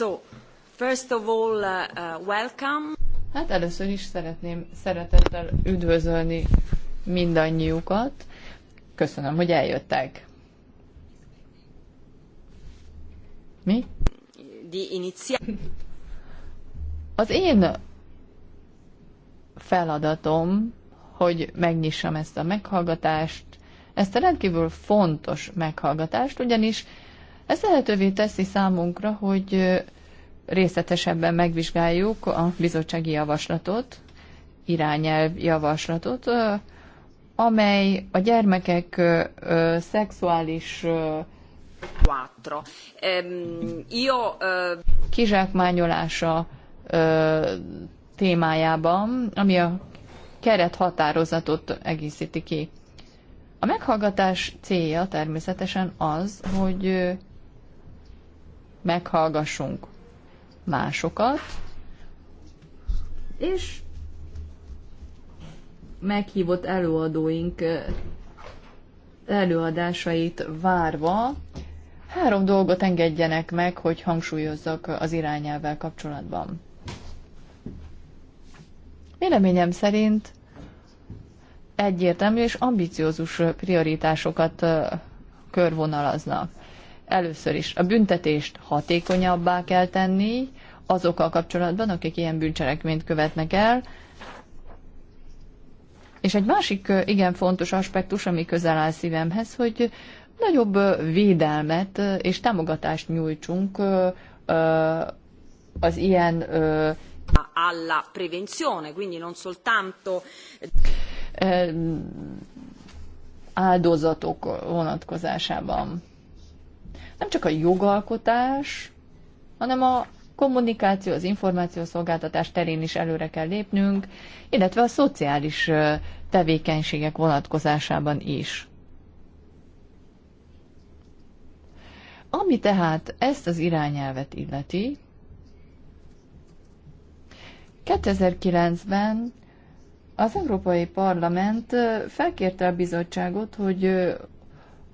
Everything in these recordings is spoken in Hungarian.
So, first of all, uh, uh, welcome. Hát először is szeretném szeretettel üdvözölni mindannyiukat. Köszönöm, hogy eljöttek. Mi? Az én feladatom, hogy megnyissam ezt a meghallgatást, ezt a rendkívül fontos meghallgatást, ugyanis ez lehetővé teszi számunkra, hogy részletesebben megvizsgáljuk a bizottsági javaslatot, irányelv javaslatot, amely a gyermekek szexuális ehm, kizsákmányolása témájában, ami a keret határozatot egészíti ki. A meghallgatás célja természetesen az, hogy meghallgassunk másokat, és meghívott előadóink előadásait várva három dolgot engedjenek meg, hogy hangsúlyozzak az irányelvvel kapcsolatban. Véleményem szerint egyértelmű és ambiciózus prioritásokat körvonalaznak. Először is a büntetést hatékonyabbá kell tenni azokkal kapcsolatban, akik ilyen bűncselekményt követnek el. És egy másik igen fontos aspektus, ami közel áll szívemhez, hogy nagyobb védelmet és támogatást nyújtsunk az ilyen alla prevenzione, quindi non soltanto áldozatok vonatkozásában nem csak a jogalkotás, hanem a kommunikáció, az információszolgáltatás terén is előre kell lépnünk, illetve a szociális tevékenységek vonatkozásában is. Ami tehát ezt az irányelvet illeti, 2009-ben az Európai Parlament felkérte a bizottságot, hogy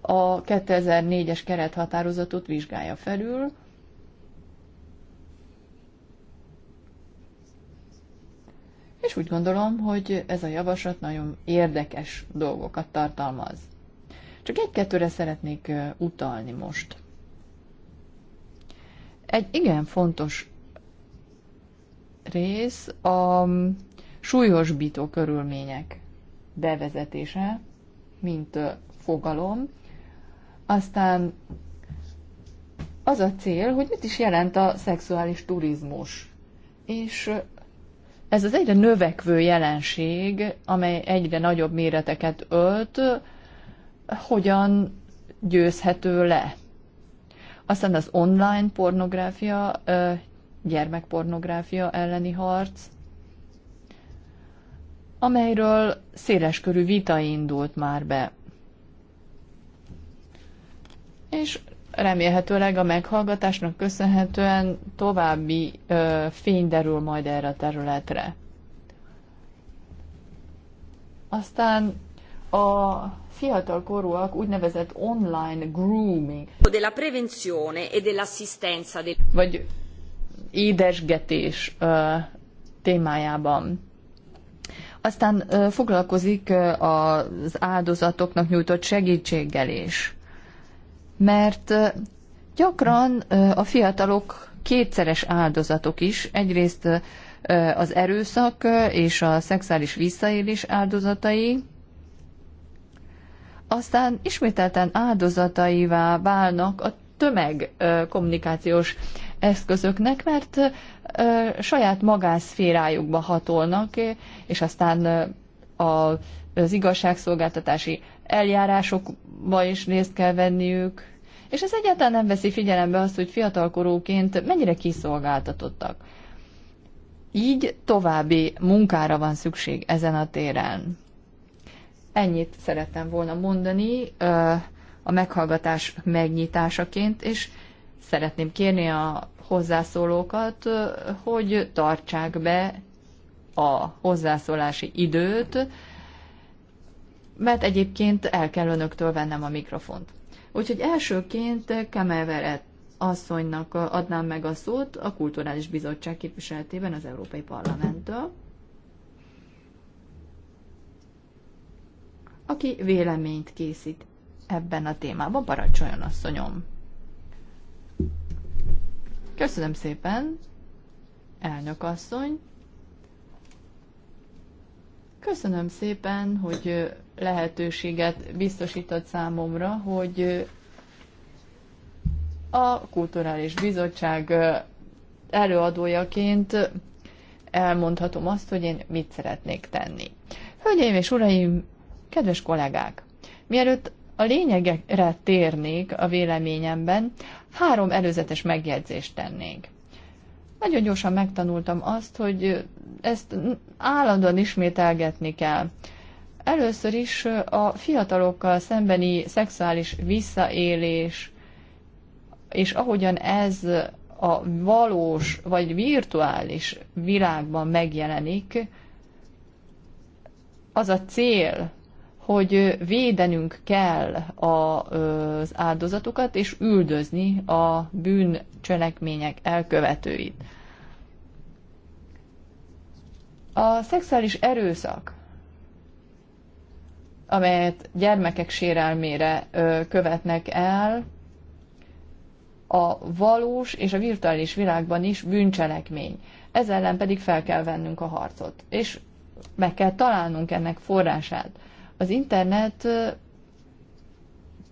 a 2004-es kerethatározatot vizsgálja felül, és úgy gondolom, hogy ez a javaslat nagyon érdekes dolgokat tartalmaz. Csak egy-kettőre szeretnék utalni most. Egy igen fontos rész a súlyosbító körülmények bevezetése, mint fogalom, aztán az a cél, hogy mit is jelent a szexuális turizmus. És ez az egyre növekvő jelenség, amely egyre nagyobb méreteket ölt, hogyan győzhető le. Aztán az online pornográfia, gyermekpornográfia elleni harc, amelyről széleskörű vita indult már be és remélhetőleg a meghallgatásnak köszönhetően további ö, fény derül majd erre a területre. Aztán a fiatal korúak úgynevezett online grooming. Della prevenzione e dell'assistenza. De... Vagy édesgetés ö, témájában. Aztán ö, foglalkozik ö, az áldozatoknak nyújtott segítséggel is mert gyakran a fiatalok kétszeres áldozatok is, egyrészt az erőszak és a szexuális visszaélés áldozatai, aztán ismételten áldozataivá válnak a tömeg kommunikációs eszközöknek, mert saját magászférájukba hatolnak, és aztán az igazságszolgáltatási eljárásokba is részt kell venniük, és ez egyáltalán nem veszi figyelembe azt, hogy fiatalkorúként mennyire kiszolgáltatottak. Így további munkára van szükség ezen a téren. Ennyit szerettem volna mondani a meghallgatás megnyitásaként, és szeretném kérni a hozzászólókat, hogy tartsák be a hozzászólási időt, mert egyébként el kell önöktől vennem a mikrofont. Úgyhogy elsőként Kemelveret asszonynak adnám meg a szót a Kulturális Bizottság képviseletében az Európai Parlamenttől, aki véleményt készít ebben a témában. Parancsoljon, asszonyom! Köszönöm szépen, elnök asszony! Köszönöm szépen, hogy lehetőséget biztosított számomra, hogy a Kulturális Bizottság előadójaként elmondhatom azt, hogy én mit szeretnék tenni. Hölgyeim és uraim, kedves kollégák! Mielőtt a lényegre térnék a véleményemben, három előzetes megjegyzést tennék. Nagyon gyorsan megtanultam azt, hogy ezt állandóan ismételgetni kell. Először is a fiatalokkal szembeni szexuális visszaélés, és ahogyan ez a valós vagy virtuális világban megjelenik, az a cél, hogy védenünk kell az áldozatokat, és üldözni a bűncselekmények elkövetőit. A szexuális erőszak, amelyet gyermekek sérelmére követnek el, a valós és a virtuális világban is bűncselekmény. Ez ellen pedig fel kell vennünk a harcot, és meg kell találnunk ennek forrását. Az internet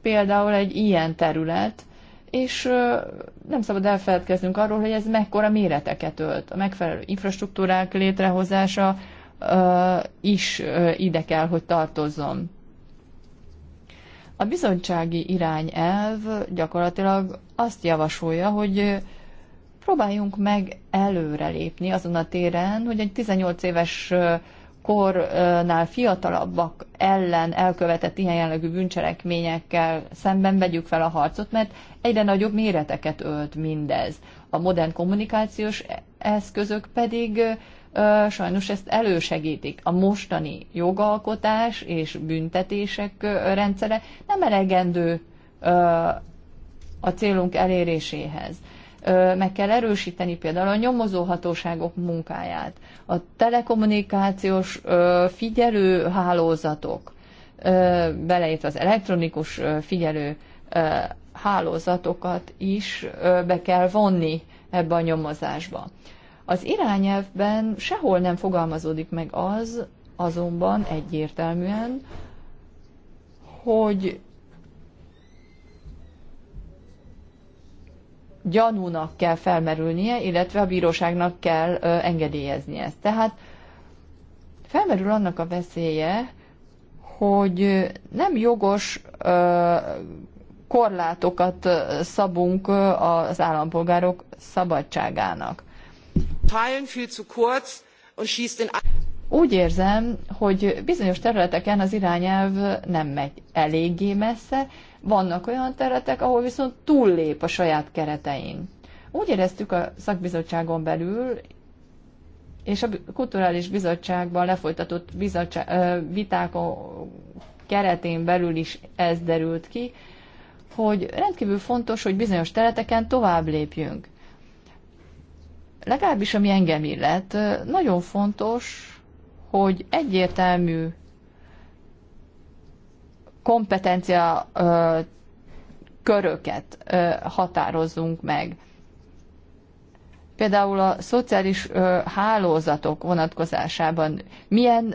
például egy ilyen terület, és nem szabad elfeledkeznünk arról, hogy ez mekkora méreteket ölt. A megfelelő infrastruktúrák létrehozása is ide kell, hogy tartozzon. A bizonysági irányelv gyakorlatilag azt javasolja, hogy próbáljunk meg előrelépni azon a téren, hogy egy 18 éves kornál fiatalabbak ellen elkövetett ilyen jellegű bűncselekményekkel szemben vegyük fel a harcot, mert egyre nagyobb méreteket ölt mindez. A modern kommunikációs eszközök pedig sajnos ezt elősegítik. A mostani jogalkotás és büntetések rendszere nem elegendő a célunk eléréséhez meg kell erősíteni például a nyomozóhatóságok munkáját, a telekommunikációs hálózatok, beleértve az elektronikus figyelő hálózatokat is be kell vonni ebbe a nyomozásba. Az irányelvben sehol nem fogalmazódik meg az, azonban egyértelműen, hogy gyanúnak kell felmerülnie, illetve a bíróságnak kell engedélyezni ezt. Tehát felmerül annak a veszélye, hogy nem jogos korlátokat szabunk az állampolgárok szabadságának. Úgy érzem, hogy bizonyos területeken az irányelv nem megy eléggé messze, vannak olyan területek, ahol viszont túllép a saját keretein. Úgy éreztük a szakbizottságon belül, és a Kulturális Bizottságban lefolytatott bizottság, viták keretén belül is ez derült ki, hogy rendkívül fontos, hogy bizonyos területeken tovább lépjünk. Legalábbis ami engem illet, nagyon fontos, hogy egyértelmű kompetencia köröket határozzunk meg. Például a szociális hálózatok vonatkozásában milyen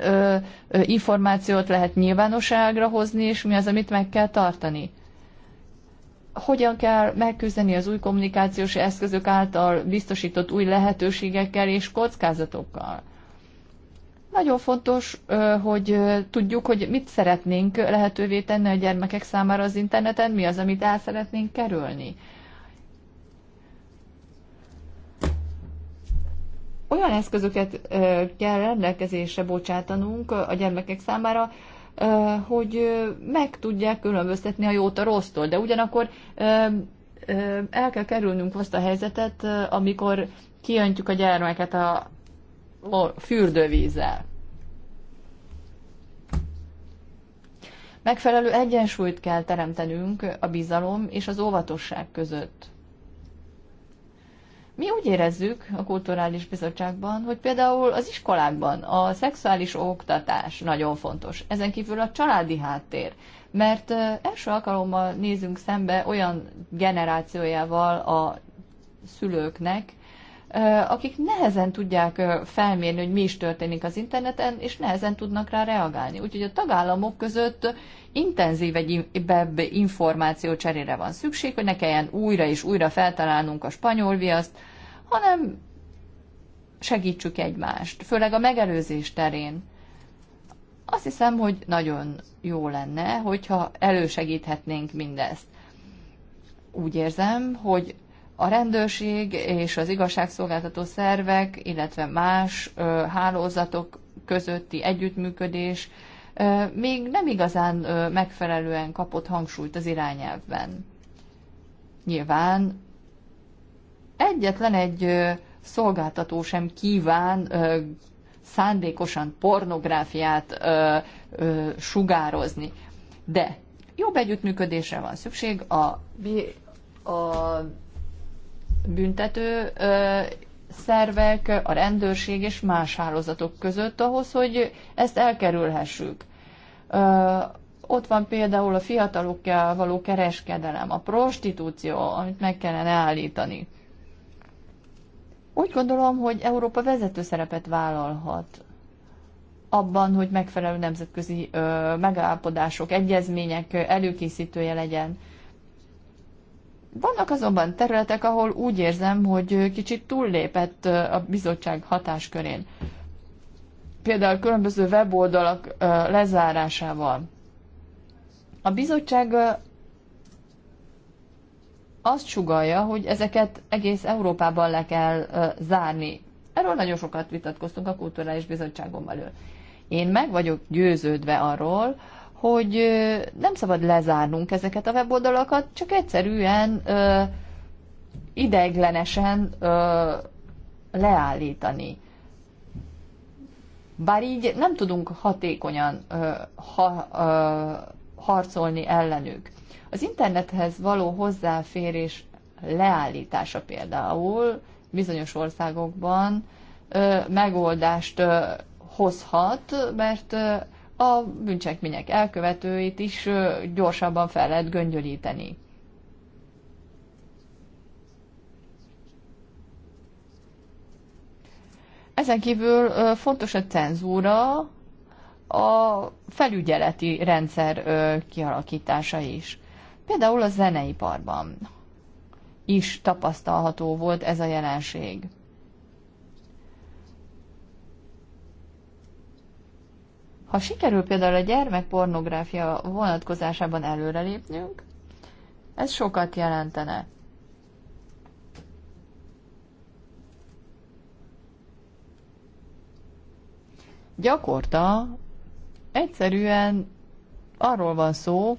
információt lehet nyilvánosságra hozni, és mi az, amit meg kell tartani? hogyan kell megküzdeni az új kommunikációs eszközök által biztosított új lehetőségekkel és kockázatokkal. Nagyon fontos, hogy tudjuk, hogy mit szeretnénk lehetővé tenni a gyermekek számára az interneten, mi az, amit el szeretnénk kerülni. Olyan eszközöket kell rendelkezésre bocsátanunk a gyermekek számára, hogy meg tudják különböztetni a jót a rossztól, de ugyanakkor el kell kerülnünk azt a helyzetet, amikor kiöntjük a gyermeket a fürdővízzel. Megfelelő egyensúlyt kell teremtenünk a bizalom és az óvatosság között. Mi úgy érezzük a Kulturális Bizottságban, hogy például az iskolákban a szexuális oktatás nagyon fontos. Ezen kívül a családi háttér, mert első alkalommal nézünk szembe olyan generációjával a szülőknek, akik nehezen tudják felmérni, hogy mi is történik az interneten, és nehezen tudnak rá reagálni. Úgyhogy a tagállamok között intenzív egy információ cserére van szükség, hogy ne kelljen újra és újra feltalálnunk a spanyol viaszt, hanem segítsük egymást, főleg a megelőzés terén. Azt hiszem, hogy nagyon jó lenne, hogyha elősegíthetnénk mindezt. Úgy érzem, hogy a rendőrség és az igazságszolgáltató szervek, illetve más hálózatok közötti együttműködés még nem igazán megfelelően kapott hangsúlyt az irányelvben. Nyilván egyetlen egy szolgáltató sem kíván szándékosan pornográfiát sugározni. De jobb együttműködésre van szükség a, a büntető szervek, a rendőrség és más hálózatok között ahhoz, hogy ezt elkerülhessük. Ott van például a fiatalokkal való kereskedelem, a prostitúció, amit meg kellene állítani. Úgy gondolom, hogy Európa vezető szerepet vállalhat abban, hogy megfelelő nemzetközi ö, megállapodások, egyezmények előkészítője legyen. Vannak azonban területek, ahol úgy érzem, hogy kicsit túllépett a bizottság hatáskörén. Például különböző weboldalak lezárásával. A bizottság azt sugalja, hogy ezeket egész Európában le kell zárni. Erről nagyon sokat vitatkoztunk a Kulturális Bizottságon belül. Én meg vagyok győződve arról, hogy nem szabad lezárnunk ezeket a weboldalakat, csak egyszerűen ö, ideiglenesen ö, leállítani. Bár így nem tudunk hatékonyan ö, ha, ö, harcolni ellenük. Az internethez való hozzáférés leállítása például bizonyos országokban ö, megoldást ö, hozhat, mert ö, a bűncsekmények elkövetőit is gyorsabban fel lehet göngyölíteni. Ezen kívül fontos a cenzúra, a felügyeleti rendszer kialakítása is. Például a zeneiparban is tapasztalható volt ez a jelenség. Ha sikerül például a gyermekpornográfia vonatkozásában előrelépnünk, ez sokat jelentene. Gyakorta egyszerűen arról van szó,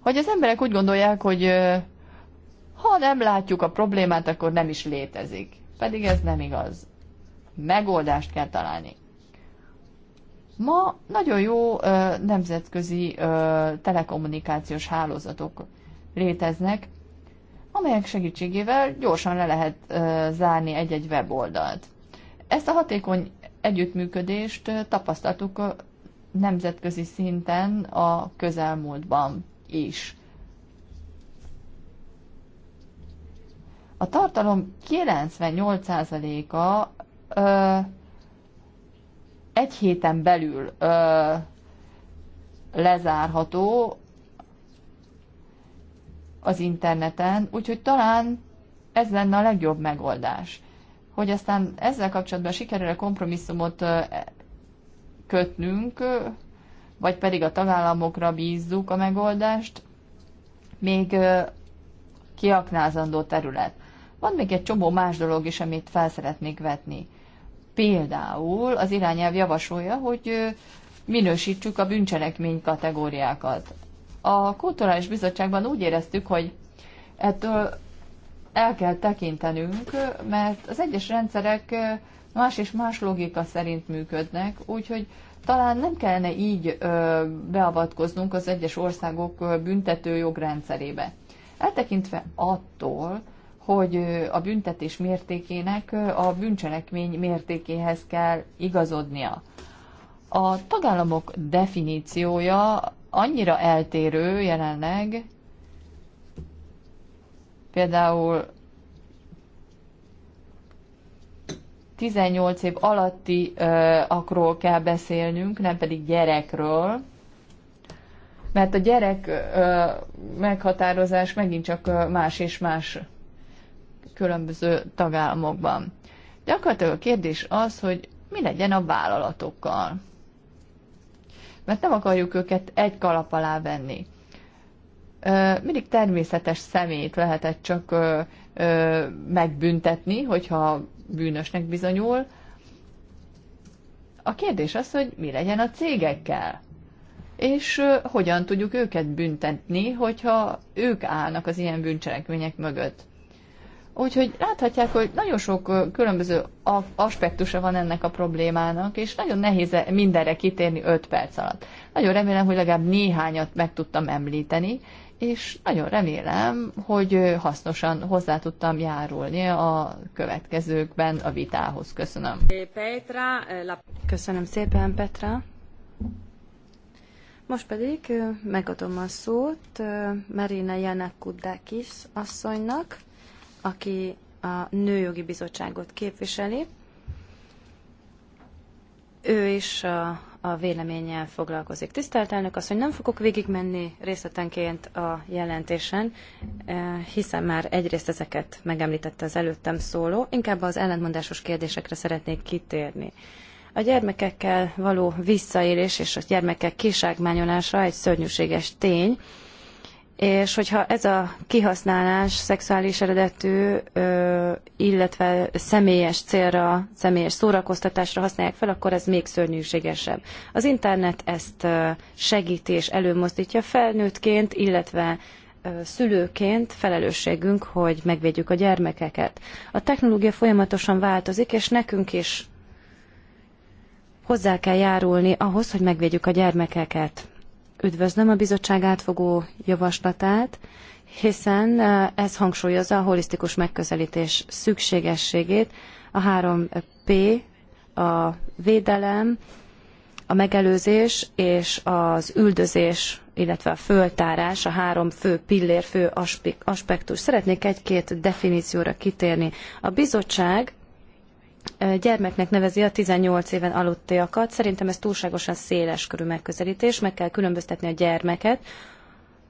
hogy az emberek úgy gondolják, hogy ha nem látjuk a problémát, akkor nem is létezik. Pedig ez nem igaz. Megoldást kell találni. Ma nagyon jó nemzetközi telekommunikációs hálózatok léteznek, amelyek segítségével gyorsan le lehet zárni egy-egy weboldalt. Ezt a hatékony együttműködést tapasztaltuk nemzetközi szinten a közelmúltban is. A tartalom 98%-a egy héten belül ö, lezárható az interneten, úgyhogy talán ez lenne a legjobb megoldás. Hogy aztán ezzel kapcsolatban sikerül a kompromisszumot kötnünk, vagy pedig a tagállamokra bízzuk a megoldást, még kiaknázandó terület. Van még egy csomó más dolog is, amit fel szeretnék vetni. Például az irányelv javasolja, hogy minősítsük a bűncselekmény kategóriákat. A Kulturális Bizottságban úgy éreztük, hogy ettől el kell tekintenünk, mert az egyes rendszerek más és más logika szerint működnek, úgyhogy talán nem kellene így beavatkoznunk az egyes országok büntető jogrendszerébe. Eltekintve attól, hogy a büntetés mértékének a bűncselekmény mértékéhez kell igazodnia. A tagállamok definíciója annyira eltérő jelenleg, például 18 év alatti ö, akról kell beszélnünk, nem pedig gyerekről, mert a gyerek ö, meghatározás megint csak más és más különböző tagállamokban. Gyakorlatilag a kérdés az, hogy mi legyen a vállalatokkal. Mert nem akarjuk őket egy kalap alá venni. Mindig természetes szemét lehetett csak megbüntetni, hogyha bűnösnek bizonyul. A kérdés az, hogy mi legyen a cégekkel és hogyan tudjuk őket büntetni, hogyha ők állnak az ilyen bűncselekmények mögött. Úgyhogy láthatják, hogy nagyon sok különböző aspektusa van ennek a problémának, és nagyon nehéz e mindenre kitérni 5 perc alatt. Nagyon remélem, hogy legalább néhányat meg tudtam említeni, és nagyon remélem, hogy hasznosan hozzá tudtam járulni a következőkben a vitához. Köszönöm. Köszönöm szépen, Petra. Most pedig megadom a szót Marina Janakudakis asszonynak aki a Nőjogi Bizottságot képviseli. Ő is a, a véleménnyel foglalkozik. Tisztelt elnök asszony, nem fogok végigmenni részletenként a jelentésen, eh, hiszen már egyrészt ezeket megemlítette az előttem szóló, inkább az ellentmondásos kérdésekre szeretnék kitérni. A gyermekekkel való visszaélés és a gyermekek kiságmányolása egy szörnyűséges tény, és hogyha ez a kihasználás szexuális eredetű, illetve személyes célra, személyes szórakoztatásra használják fel, akkor ez még szörnyűségesebb. Az internet ezt segíti és előmozdítja felnőttként, illetve szülőként felelősségünk, hogy megvédjük a gyermekeket. A technológia folyamatosan változik, és nekünk is hozzá kell járulni ahhoz, hogy megvédjük a gyermekeket. Üdvözlöm a bizottság átfogó javaslatát, hiszen ez hangsúlyozza a holisztikus megközelítés szükségességét. A 3P, a védelem, a megelőzés és az üldözés, illetve a föltárás, a három fő pillér, fő aspektus. Szeretnék egy-két definícióra kitérni. A bizottság gyermeknek nevezi a 18 éven aludtiakat. Szerintem ez túlságosan széles körű megközelítés, meg kell különböztetni a gyermeket,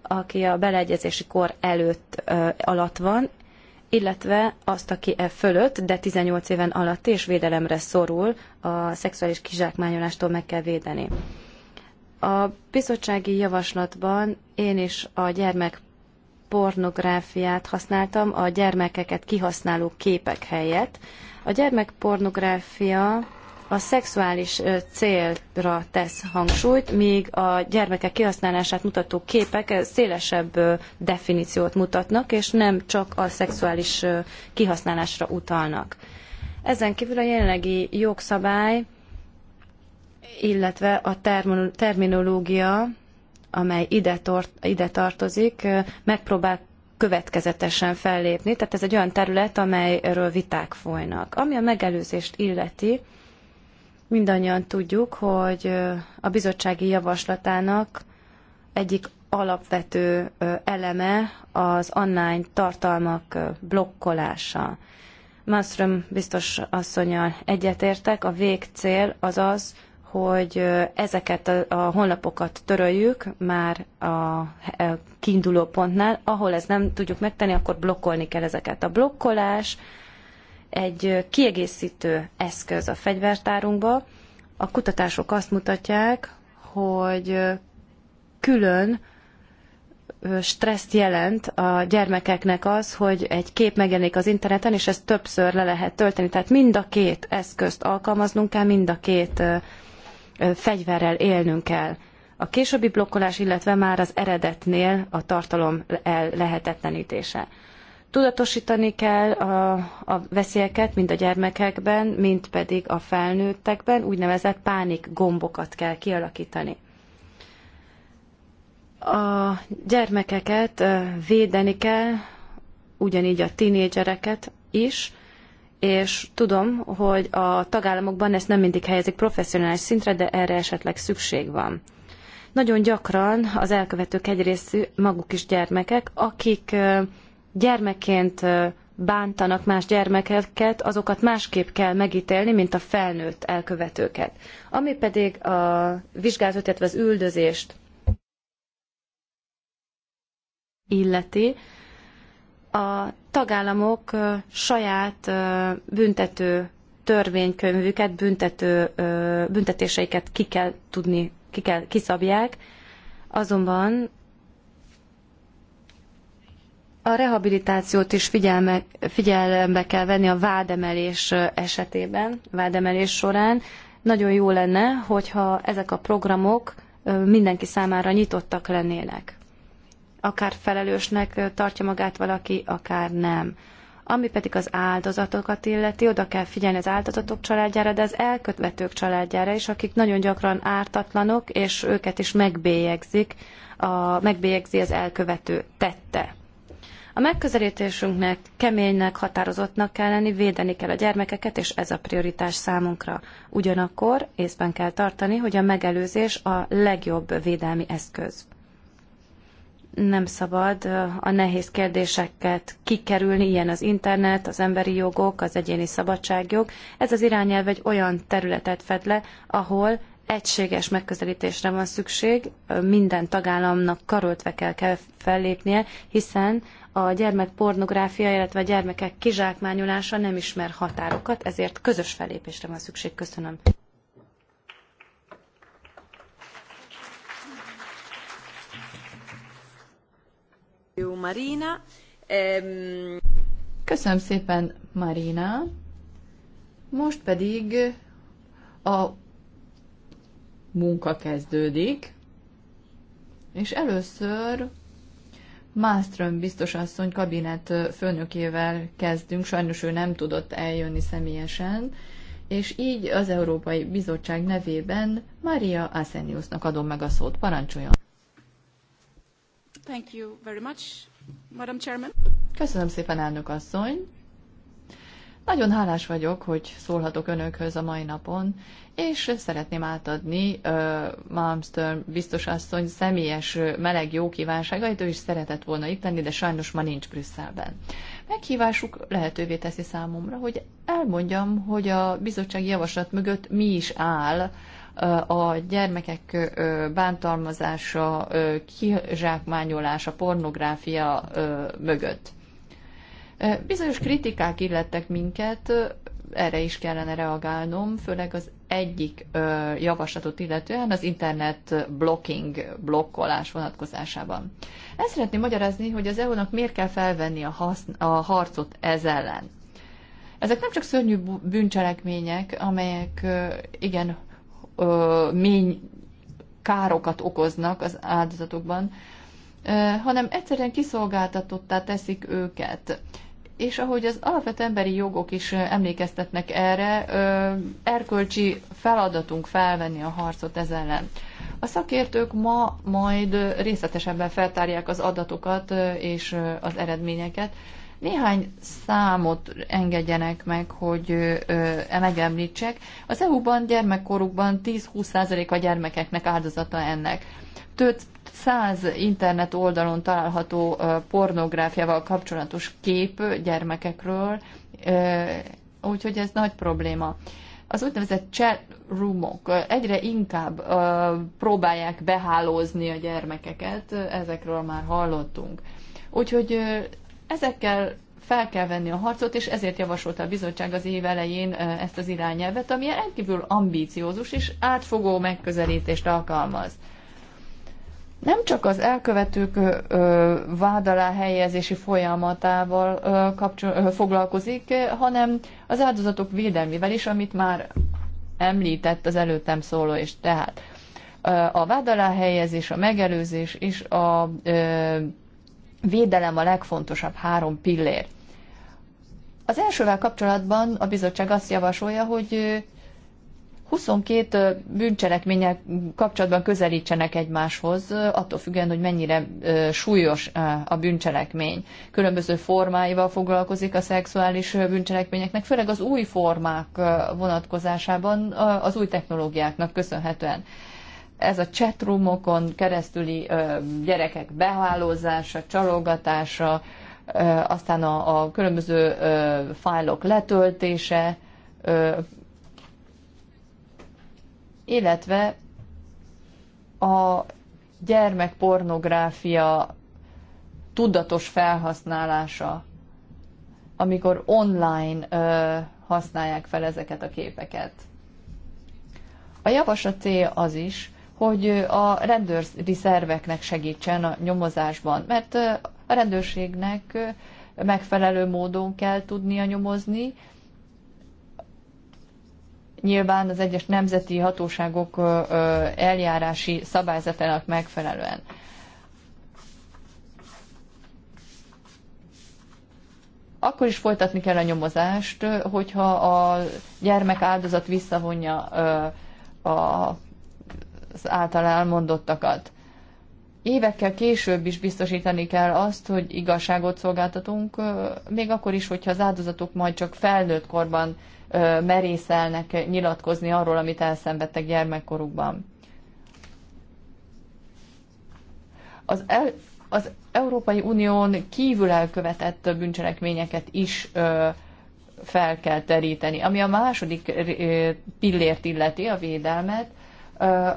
aki a beleegyezési kor előtt ö, alatt van, illetve azt, aki e fölött, de 18 éven alatt és védelemre szorul, a szexuális kizsákmányolástól meg kell védeni. A bizottsági javaslatban én is a gyermek pornográfiát használtam, a gyermekeket kihasználó képek helyett, a gyermekpornográfia a szexuális célra tesz hangsúlyt, míg a gyermekek kihasználását mutató képek szélesebb definíciót mutatnak, és nem csak a szexuális kihasználásra utalnak. Ezen kívül a jelenlegi jogszabály, illetve a terminológia, amely ide, tort, ide tartozik, megpróbál következetesen fellépni, tehát ez egy olyan terület, amelyről viták folynak. Ami a megelőzést illeti, mindannyian tudjuk, hogy a bizottsági javaslatának egyik alapvető eleme az online tartalmak blokkolása. Malmström biztos asszonyal egyetértek, a végcél az az, hogy ezeket a, honlapokat töröljük már a e, kiinduló pontnál, ahol ezt nem tudjuk megtenni, akkor blokkolni kell ezeket. A blokkolás egy kiegészítő eszköz a fegyvertárunkba. A kutatások azt mutatják, hogy külön stresszt jelent a gyermekeknek az, hogy egy kép megjelenik az interneten, és ezt többször le lehet tölteni. Tehát mind a két eszközt alkalmaznunk kell, mind a két fegyverrel élnünk kell. A későbbi blokkolás, illetve már az eredetnél a tartalom el lehetetlenítése. Tudatosítani kell a, a veszélyeket mind a gyermekekben, mind pedig a felnőttekben, úgynevezett pánik gombokat kell kialakítani a gyermekeket védeni kell, ugyanígy a tinédzsereket is, és tudom, hogy a tagállamokban ezt nem mindig helyezik professzionális szintre, de erre esetleg szükség van. Nagyon gyakran az elkövetők egyrészt maguk is gyermekek, akik gyermekként bántanak más gyermekeket, azokat másképp kell megítélni, mint a felnőtt elkövetőket. Ami pedig a vizsgálatot, illetve az üldözést illeti, a tagállamok saját büntető törvénykönyvüket, büntető, büntetéseiket ki kell tudni, ki kell, kiszabják, azonban a rehabilitációt is figyelme, figyelembe kell venni a vádemelés esetében, vádemelés során. Nagyon jó lenne, hogyha ezek a programok mindenki számára nyitottak lennének akár felelősnek tartja magát valaki, akár nem. Ami pedig az áldozatokat illeti, oda kell figyelni az áldozatok családjára, de az elkövetők családjára is, akik nagyon gyakran ártatlanok, és őket is megbélyegzik, a, megbélyegzi az elkövető tette. A megközelítésünknek keménynek, határozottnak kell lenni, védeni kell a gyermekeket, és ez a prioritás számunkra. Ugyanakkor észben kell tartani, hogy a megelőzés a legjobb védelmi eszköz nem szabad a nehéz kérdéseket kikerülni, ilyen az internet, az emberi jogok, az egyéni szabadságjog. Ez az irányelv egy olyan területet fed le, ahol egységes megközelítésre van szükség, minden tagállamnak karöltve kell, kell fellépnie, hiszen a gyermek pornográfia, illetve a gyermekek kizsákmányolása nem ismer határokat, ezért közös fellépésre van szükség. Köszönöm. Marina. Köszönöm szépen, Marina. Most pedig a munka kezdődik, és először Máström biztosasszony kabinet főnökével kezdünk, sajnos ő nem tudott eljönni személyesen, és így az Európai Bizottság nevében Maria Aseniusnak adom meg a szót, parancsoljon! Thank you very much, Madam Chairman. Köszönöm szépen, elnök asszony. Nagyon hálás vagyok, hogy szólhatok önökhöz a mai napon, és szeretném átadni uh, Malmström biztos asszony személyes meleg jó kívánságait, ő is szeretett volna itt lenni, de sajnos ma nincs Brüsszelben. Meghívásuk lehetővé teszi számomra, hogy elmondjam, hogy a bizottsági javaslat mögött mi is áll, a gyermekek bántalmazása, kizsákmányolása, pornográfia mögött. Bizonyos kritikák illettek minket, erre is kellene reagálnom, főleg az egyik javaslatot illetően az internet blocking, blokkolás vonatkozásában. Ezt szeretném magyarázni, hogy az EU-nak miért kell felvenni a, hasz, a harcot ez ellen. Ezek nem csak szörnyű bűncselekmények, amelyek igen ö, mény károkat okoznak az áldozatokban, ö, hanem egyszerűen kiszolgáltatottá teszik őket. És ahogy az alapvető emberi jogok is emlékeztetnek erre, ö, erkölcsi feladatunk felvenni a harcot ez ellen. A szakértők ma majd részletesebben feltárják az adatokat és az eredményeket, néhány számot engedjenek meg, hogy ö, megemlítsek. Az EU-ban gyermekkorukban 10-20% a gyermekeknek áldozata ennek. Több száz internet oldalon található pornográfiával kapcsolatos kép gyermekekről, úgyhogy ez nagy probléma. Az úgynevezett chat roomok egyre inkább próbálják behálózni a gyermekeket, ezekről már hallottunk. Úgyhogy Ezekkel fel kell venni a harcot, és ezért javasolta a bizottság az év elején ezt az irányelvet, ami rendkívül ambíciózus és átfogó megközelítést alkalmaz. Nem csak az elkövetők vád alá helyezési folyamatával kapcsol- foglalkozik, hanem az áldozatok védelmével is, amit már említett az előttem szóló, és tehát a vád alá helyezés, a megelőzés és a védelem a legfontosabb három pillér. Az elsővel kapcsolatban a bizottság azt javasolja, hogy 22 bűncselekménnyel kapcsolatban közelítsenek egymáshoz, attól függően, hogy mennyire súlyos a bűncselekmény. Különböző formáival foglalkozik a szexuális bűncselekményeknek, főleg az új formák vonatkozásában az új technológiáknak köszönhetően ez a chatroomokon keresztüli gyerekek behálózása, csalogatása, aztán a, a különböző fájlok letöltése, illetve a gyermekpornográfia tudatos felhasználása, amikor online ö, használják fel ezeket a képeket. A javaslat célja az is, hogy a rendőri szerveknek segítsen a nyomozásban, mert a rendőrségnek megfelelő módon kell tudnia nyomozni. Nyilván az egyes nemzeti hatóságok eljárási szabályzatának megfelelően. Akkor is folytatni kell a nyomozást, hogyha a gyermek áldozat visszavonja a az által elmondottakat. Évekkel később is biztosítani kell azt, hogy igazságot szolgáltatunk, még akkor is, hogyha az áldozatok majd csak felnőtt korban merészelnek nyilatkozni arról, amit elszenvedtek gyermekkorukban. Az, el, az Európai Unión kívül elkövetett bűncselekményeket is ö, fel kell teríteni. Ami a második pillért illeti, a védelmet,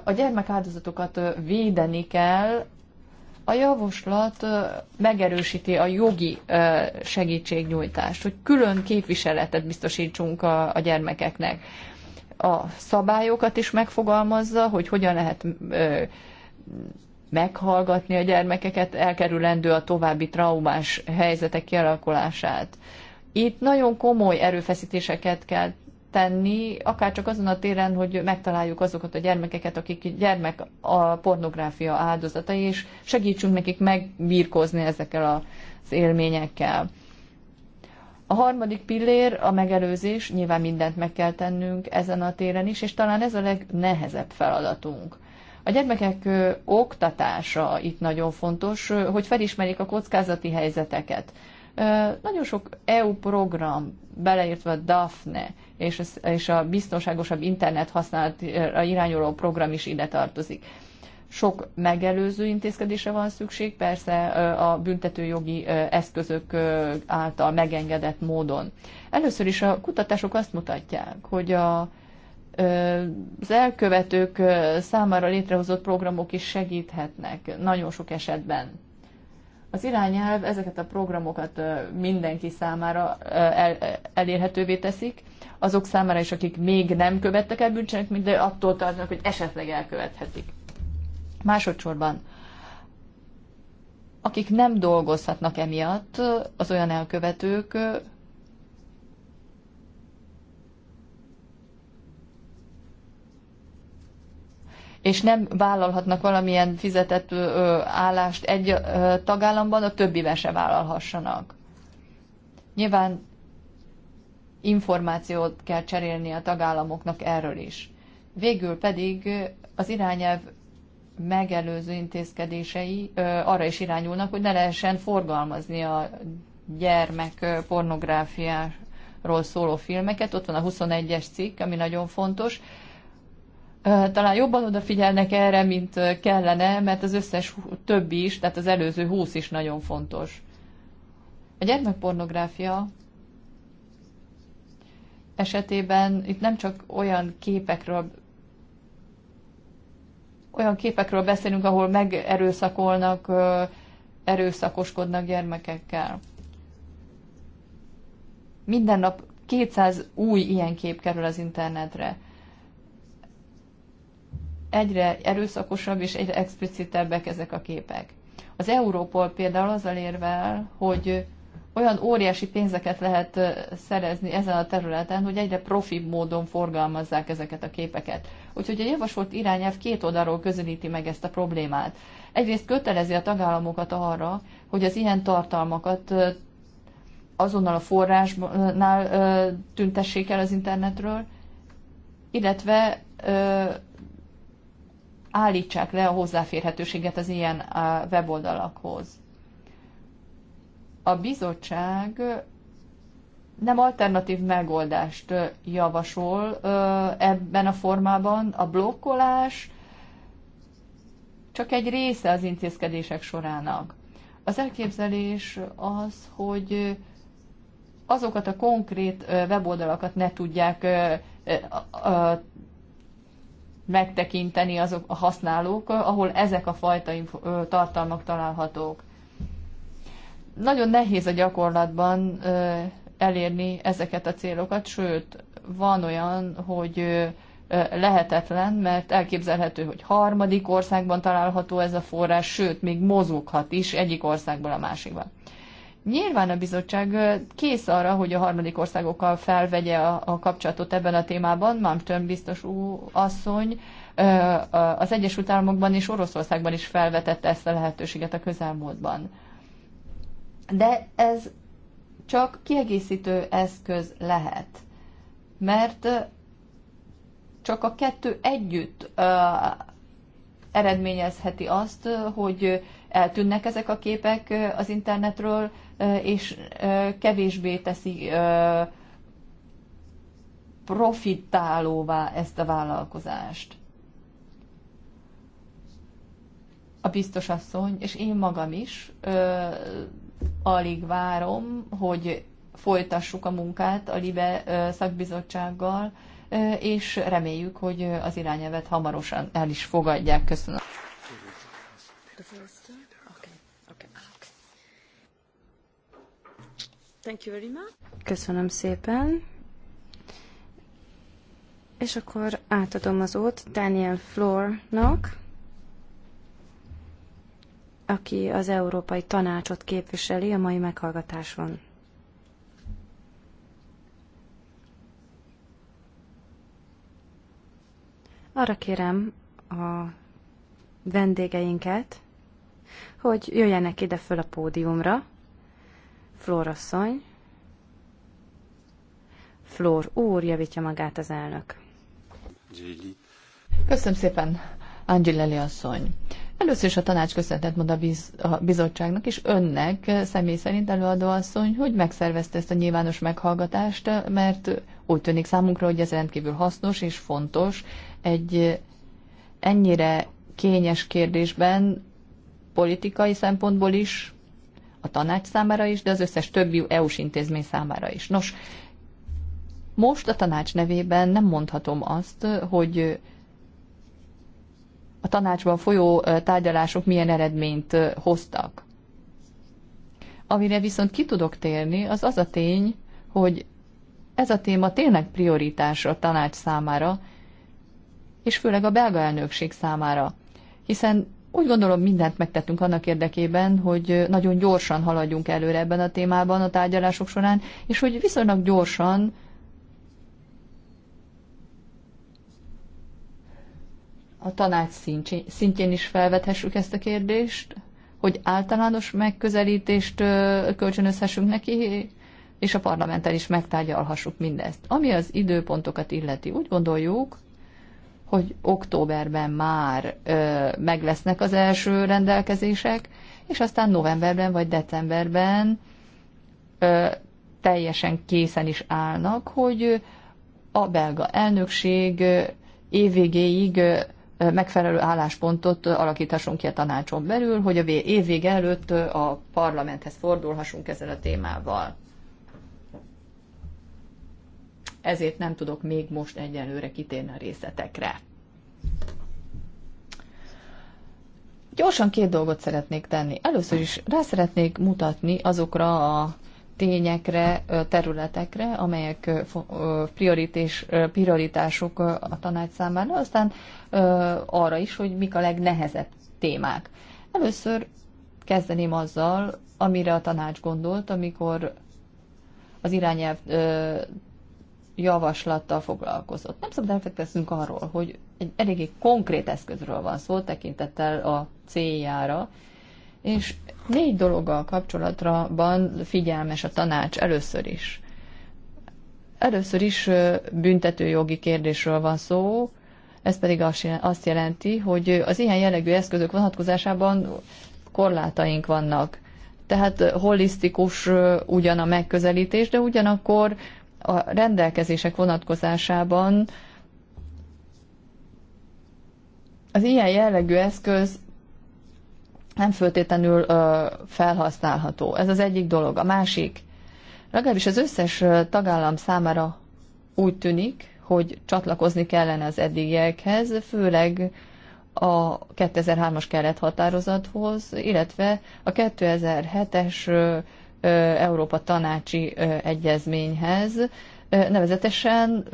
a gyermekáldozatokat védeni kell, a javaslat megerősíti a jogi segítségnyújtást, hogy külön képviseletet biztosítsunk a, a gyermekeknek. A szabályokat is megfogalmazza, hogy hogyan lehet meghallgatni a gyermekeket, elkerülendő a további traumás helyzetek kialakulását. Itt nagyon komoly erőfeszítéseket kell tenni, akár csak azon a téren, hogy megtaláljuk azokat a gyermekeket, akik gyermek a pornográfia áldozatai, és segítsünk nekik megbírkozni ezekkel az élményekkel. A harmadik pillér a megelőzés, nyilván mindent meg kell tennünk ezen a téren is, és talán ez a legnehezebb feladatunk. A gyermekek oktatása itt nagyon fontos, hogy felismerjék a kockázati helyzeteket. Nagyon sok EU program, beleértve a DAFNE, és, és a biztonságosabb internet használatra irányuló program is ide tartozik. Sok megelőző intézkedése van szükség, persze a büntetőjogi eszközök által megengedett módon. Először is a kutatások azt mutatják, hogy a, az elkövetők számára létrehozott programok is segíthetnek nagyon sok esetben. Az irányelv ezeket a programokat mindenki számára elérhetővé teszik, azok számára is, akik még nem követtek el bűncselekményt, de attól tartanak, hogy esetleg elkövethetik. Másodszorban, akik nem dolgozhatnak emiatt, az olyan elkövetők, és nem vállalhatnak valamilyen fizetett állást egy tagállamban, a többivel se vállalhassanak. Nyilván információt kell cserélni a tagállamoknak erről is. Végül pedig az irányelv megelőző intézkedései arra is irányulnak, hogy ne lehessen forgalmazni a gyermek pornográfiáról szóló filmeket. Ott van a 21-es cikk, ami nagyon fontos. Talán jobban odafigyelnek erre, mint kellene, mert az összes többi is, tehát az előző 20 is nagyon fontos. A gyermekpornográfia esetében itt nem csak olyan képekről olyan képekről beszélünk, ahol megerőszakolnak, erőszakoskodnak gyermekekkel. Minden nap 200 új ilyen kép kerül az internetre. Egyre erőszakosabb és egyre explicitebbek ezek a képek. Az Európol például azzal érvel, hogy olyan óriási pénzeket lehet szerezni ezen a területen, hogy egyre profibb módon forgalmazzák ezeket a képeket. Úgyhogy a javasolt irányelv két oldalról közelíti meg ezt a problémát. Egyrészt kötelezi a tagállamokat arra, hogy az ilyen tartalmakat azonnal a forrásnál tüntessék el az internetről, illetve állítsák le a hozzáférhetőséget az ilyen weboldalakhoz a bizottság nem alternatív megoldást javasol ebben a formában. A blokkolás csak egy része az intézkedések sorának. Az elképzelés az, hogy azokat a konkrét weboldalakat ne tudják megtekinteni azok a használók, ahol ezek a fajta tartalmak találhatók. Nagyon nehéz a gyakorlatban elérni ezeket a célokat, sőt, van olyan, hogy lehetetlen, mert elképzelhető, hogy harmadik országban található ez a forrás, sőt, még mozoghat is egyik országból a másikba. Nyilván a bizottság kész arra, hogy a harmadik országokkal felvegye a, a kapcsolatot ebben a témában. Mamtön biztos ú, asszony az Egyesült Államokban és Oroszországban is felvetette ezt a lehetőséget a közelmúltban de ez csak kiegészítő eszköz lehet, mert csak a kettő együtt eredményezheti azt, hogy eltűnnek ezek a képek az internetről, és kevésbé teszi profitálóvá ezt a vállalkozást. A biztos asszony, és én magam is alig várom, hogy folytassuk a munkát a LIBE szakbizottsággal, és reméljük, hogy az irányelvet hamarosan el is fogadják. Köszönöm. Köszönöm szépen. És akkor átadom az ót Daniel Flornak aki az Európai Tanácsot képviseli a mai meghallgatáson. Arra kérem a vendégeinket, hogy jöjjenek ide föl a pódiumra. Flórasszony, Flór úr javítja magát az elnök. Köszönöm szépen, Angeleli asszony. Először is a tanács köszönetet mond a, biz, a bizottságnak, és önnek személy szerint előadóasszony, hogy megszervezte ezt a nyilvános meghallgatást, mert úgy tűnik számunkra, hogy ez rendkívül hasznos és fontos egy ennyire kényes kérdésben, politikai szempontból is, a tanács számára is, de az összes többi EU-s intézmény számára is. Nos, most a tanács nevében nem mondhatom azt, hogy a tanácsban folyó tárgyalások milyen eredményt hoztak. Amire viszont ki tudok térni, az az a tény, hogy ez a téma tényleg prioritás a tanács számára, és főleg a belga elnökség számára. Hiszen úgy gondolom mindent megtettünk annak érdekében, hogy nagyon gyorsan haladjunk előre ebben a témában a tárgyalások során, és hogy viszonylag gyorsan a tanács szintjén is felvethessük ezt a kérdést, hogy általános megközelítést kölcsönözhessünk neki, és a parlamenten is megtárgyalhassuk mindezt. Ami az időpontokat illeti, úgy gondoljuk, hogy októberben már ö, meg lesznek az első rendelkezések, és aztán novemberben vagy decemberben ö, teljesen készen is állnak, hogy a belga elnökség évvégéig megfelelő álláspontot alakíthassunk ki a tanácson belül, hogy a évvég előtt a parlamenthez fordulhassunk ezzel a témával. Ezért nem tudok még most egyelőre kitérni a részletekre. Gyorsan két dolgot szeretnék tenni. Először is rá szeretnék mutatni azokra a tényekre, területekre, amelyek prioritás, prioritások a tanács számára, aztán arra is, hogy mik a legnehezebb témák. Először kezdeném azzal, amire a tanács gondolt, amikor az irányelv javaslattal foglalkozott. Nem szabad elfektetnünk arról, hogy egy eléggé konkrét eszközről van szó, tekintettel a céljára, és négy dologgal kapcsolatban figyelmes a tanács először is. Először is büntetőjogi kérdésről van szó, ez pedig azt jelenti, hogy az ilyen jellegű eszközök vonatkozásában korlátaink vannak. Tehát holisztikus ugyan a megközelítés, de ugyanakkor a rendelkezések vonatkozásában az ilyen jellegű eszköz nem föltétlenül felhasználható. Ez az egyik dolog. A másik, legalábbis az összes tagállam számára úgy tűnik, hogy csatlakozni kellene az eddigiekhez, főleg a 2003-as keret határozathoz, illetve a 2007-es Európa Tanácsi Egyezményhez, nevezetesen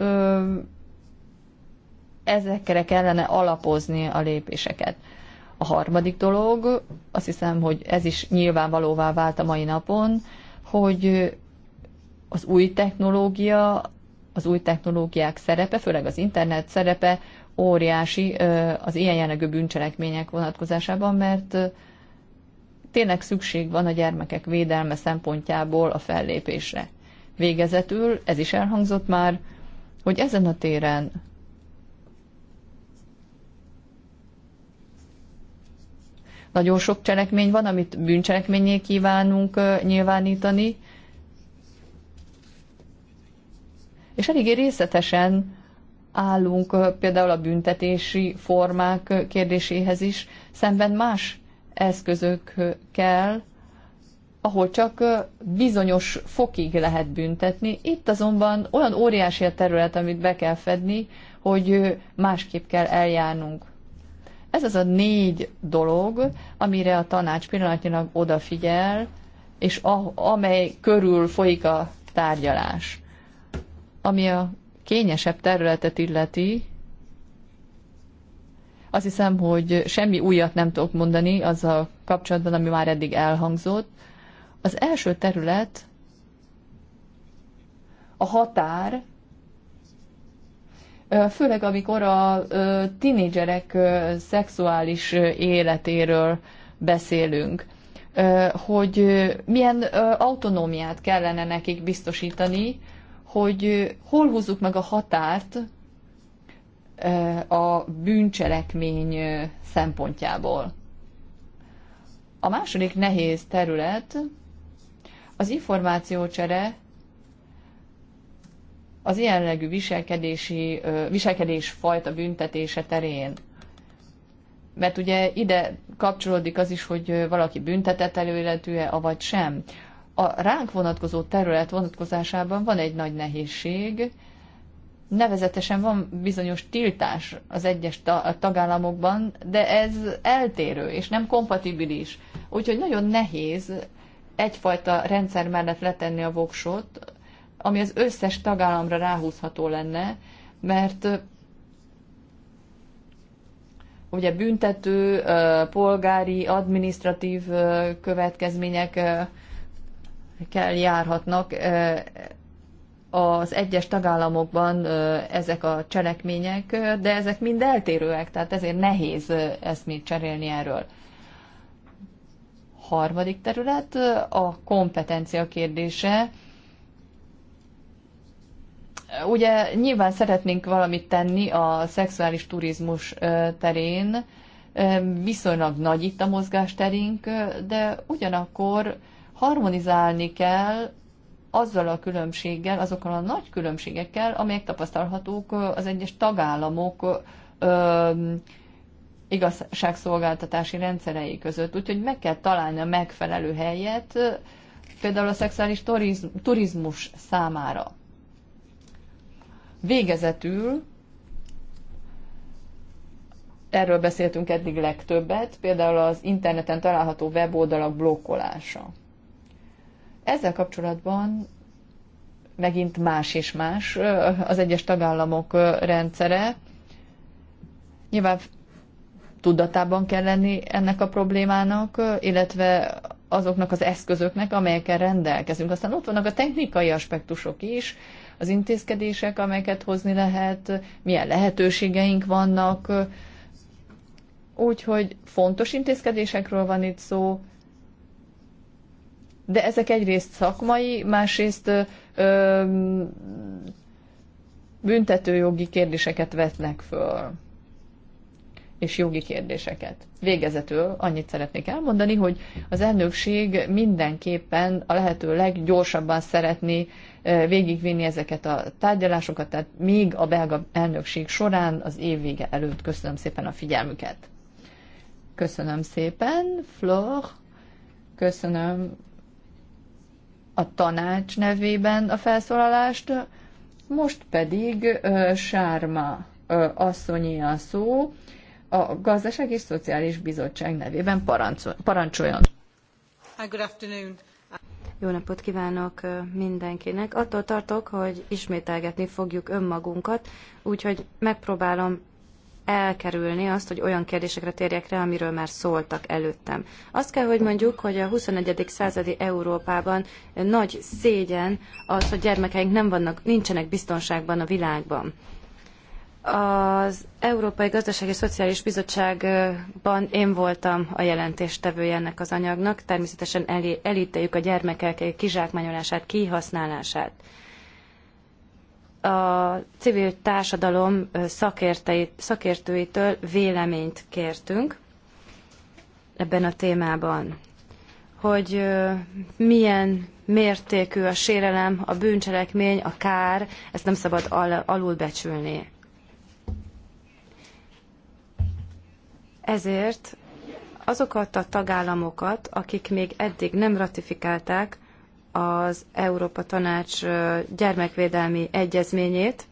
ezekre kellene alapozni a lépéseket. A harmadik dolog, azt hiszem, hogy ez is nyilvánvalóvá vált a mai napon, hogy az új technológia, az új technológiák szerepe, főleg az internet szerepe óriási az ilyen jellegű bűncselekmények vonatkozásában, mert tényleg szükség van a gyermekek védelme szempontjából a fellépésre. Végezetül, ez is elhangzott már, hogy ezen a téren Nagyon sok cselekmény van, amit bűncselekményé kívánunk nyilvánítani, és eléggé részletesen állunk például a büntetési formák kérdéséhez is, szemben más eszközök kell, ahol csak bizonyos fokig lehet büntetni. Itt azonban olyan óriási a terület, amit be kell fedni, hogy másképp kell eljárnunk. Ez az a négy dolog, amire a tanács pillanatnyilag odafigyel, és a, amely körül folyik a tárgyalás. Ami a kényesebb területet illeti, azt hiszem, hogy semmi újat nem tudok mondani azzal kapcsolatban, ami már eddig elhangzott. Az első terület a határ főleg amikor a tinédzserek szexuális életéről beszélünk, hogy milyen autonómiát kellene nekik biztosítani, hogy hol húzzuk meg a határt a bűncselekmény szempontjából. A második nehéz terület az információcsere az ilyenlegű viselkedési, viselkedés fajta büntetése terén. Mert ugye ide kapcsolódik az is, hogy valaki büntetett előletű e avagy sem. A ránk vonatkozó terület vonatkozásában van egy nagy nehézség, nevezetesen van bizonyos tiltás az egyes tagállamokban, de ez eltérő és nem kompatibilis. Úgyhogy nagyon nehéz egyfajta rendszer mellett letenni a voksot, ami az összes tagállamra ráhúzható lenne, mert ugye büntető, polgári, adminisztratív következmények kell járhatnak az egyes tagállamokban ezek a cselekmények, de ezek mind eltérőek, tehát ezért nehéz ezt mit cserélni erről. Harmadik terület a kompetencia kérdése, Ugye nyilván szeretnénk valamit tenni a szexuális turizmus terén, viszonylag nagy itt a mozgásterünk, de ugyanakkor harmonizálni kell azzal a különbséggel, azokkal a nagy különbségekkel, amelyek tapasztalhatók az egyes tagállamok igazságszolgáltatási rendszerei között. Úgyhogy meg kell találni a megfelelő helyet, például a szexuális turizmus számára. Végezetül, erről beszéltünk eddig legtöbbet, például az interneten található weboldalak blokkolása. Ezzel kapcsolatban megint más és más az egyes tagállamok rendszere. Nyilván tudatában kell lenni ennek a problémának, illetve azoknak az eszközöknek, amelyekkel rendelkezünk. Aztán ott vannak a technikai aspektusok is, az intézkedések, amelyeket hozni lehet, milyen lehetőségeink vannak. Úgyhogy fontos intézkedésekről van itt szó, de ezek egyrészt szakmai, másrészt ö, büntetőjogi kérdéseket vetnek föl és jogi kérdéseket. Végezetül annyit szeretnék elmondani, hogy az elnökség mindenképpen a lehető leggyorsabban szeretné végigvinni ezeket a tárgyalásokat, tehát még a belga elnökség során az év vége előtt köszönöm szépen a figyelmüket. Köszönöm szépen, Flor, köszönöm a tanács nevében a felszólalást, most pedig uh, Sárma uh, asszonyi a szó, a Gazdaság és Szociális Bizottság nevében parancsoljon. Good afternoon. Jó napot kívánok mindenkinek. Attól tartok, hogy ismételgetni fogjuk önmagunkat, úgyhogy megpróbálom elkerülni azt, hogy olyan kérdésekre térjek rá, amiről már szóltak előttem. Azt kell, hogy mondjuk, hogy a 21. századi Európában nagy szégyen az, hogy gyermekeink nem vannak, nincsenek biztonságban a világban. Az Európai Gazdasági és Szociális Bizottságban én voltam a jelentéstevője ennek az anyagnak. Természetesen elítéljük a gyermekek kizsákmányolását, kihasználását. A civil társadalom szakértőitől véleményt kértünk ebben a témában, hogy milyen mértékű a sérelem, a bűncselekmény, a kár, ezt nem szabad al- alulbecsülni Ezért azokat a tagállamokat, akik még eddig nem ratifikálták az Európa Tanács gyermekvédelmi egyezményét,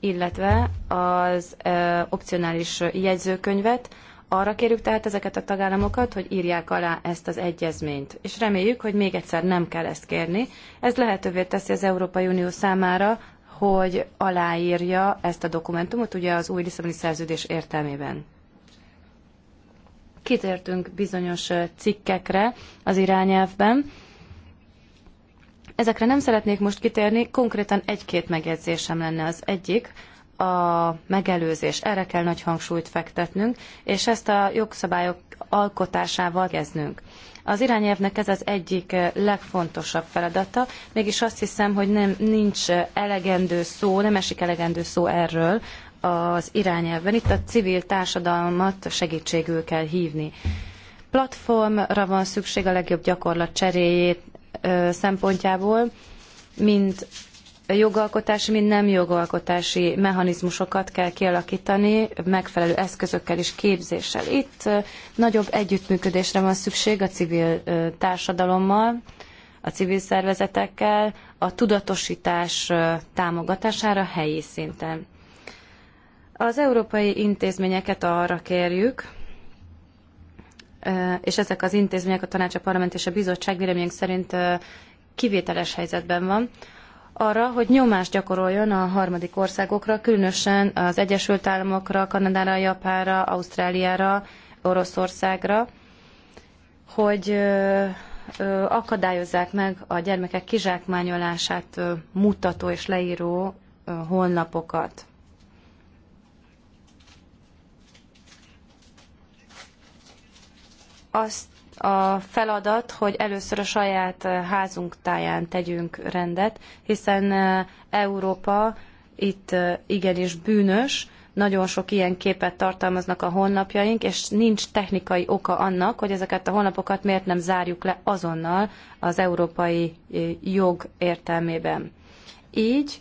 illetve az ö, opcionális jegyzőkönyvet. Arra kérjük tehát ezeket a tagállamokat, hogy írják alá ezt az egyezményt. És reméljük, hogy még egyszer nem kell ezt kérni. Ez lehetővé teszi az Európai Unió számára hogy aláírja ezt a dokumentumot, ugye az új Lisszaboni szerződés értelmében. Kitértünk bizonyos cikkekre az irányelvben. Ezekre nem szeretnék most kitérni, konkrétan egy-két megjegyzésem lenne az egyik, a megelőzés. Erre kell nagy hangsúlyt fektetnünk, és ezt a jogszabályok alkotásával kezdnünk. Az irányelvnek ez az egyik eh, legfontosabb feladata, mégis azt hiszem, hogy nem nincs eh, elegendő szó, nem esik elegendő szó erről az irányelvben. Itt a civil társadalmat segítségül kell hívni. Platformra van szükség a legjobb gyakorlat cseréjét eh, szempontjából, mint jogalkotási, mind nem jogalkotási mechanizmusokat kell kialakítani, megfelelő eszközökkel és képzéssel. Itt nagyobb együttműködésre van szükség a civil társadalommal, a civil szervezetekkel, a tudatosítás támogatására helyi szinten. Az európai intézményeket arra kérjük, és ezek az intézmények, a tanács, a parlament és a bizottság véleményünk szerint kivételes helyzetben van, arra, hogy nyomást gyakoroljon a harmadik országokra, különösen az Egyesült Államokra, Kanadára, Japánra, Ausztráliára, Oroszországra, hogy akadályozzák meg a gyermekek kizsákmányolását mutató és leíró honlapokat. Azt a feladat, hogy először a saját eh, házunk táján tegyünk rendet, hiszen eh, Európa itt eh, igenis bűnös, nagyon sok ilyen képet tartalmaznak a honlapjaink, és nincs technikai oka annak, hogy ezeket a honlapokat miért nem zárjuk le azonnal az európai jog értelmében. Így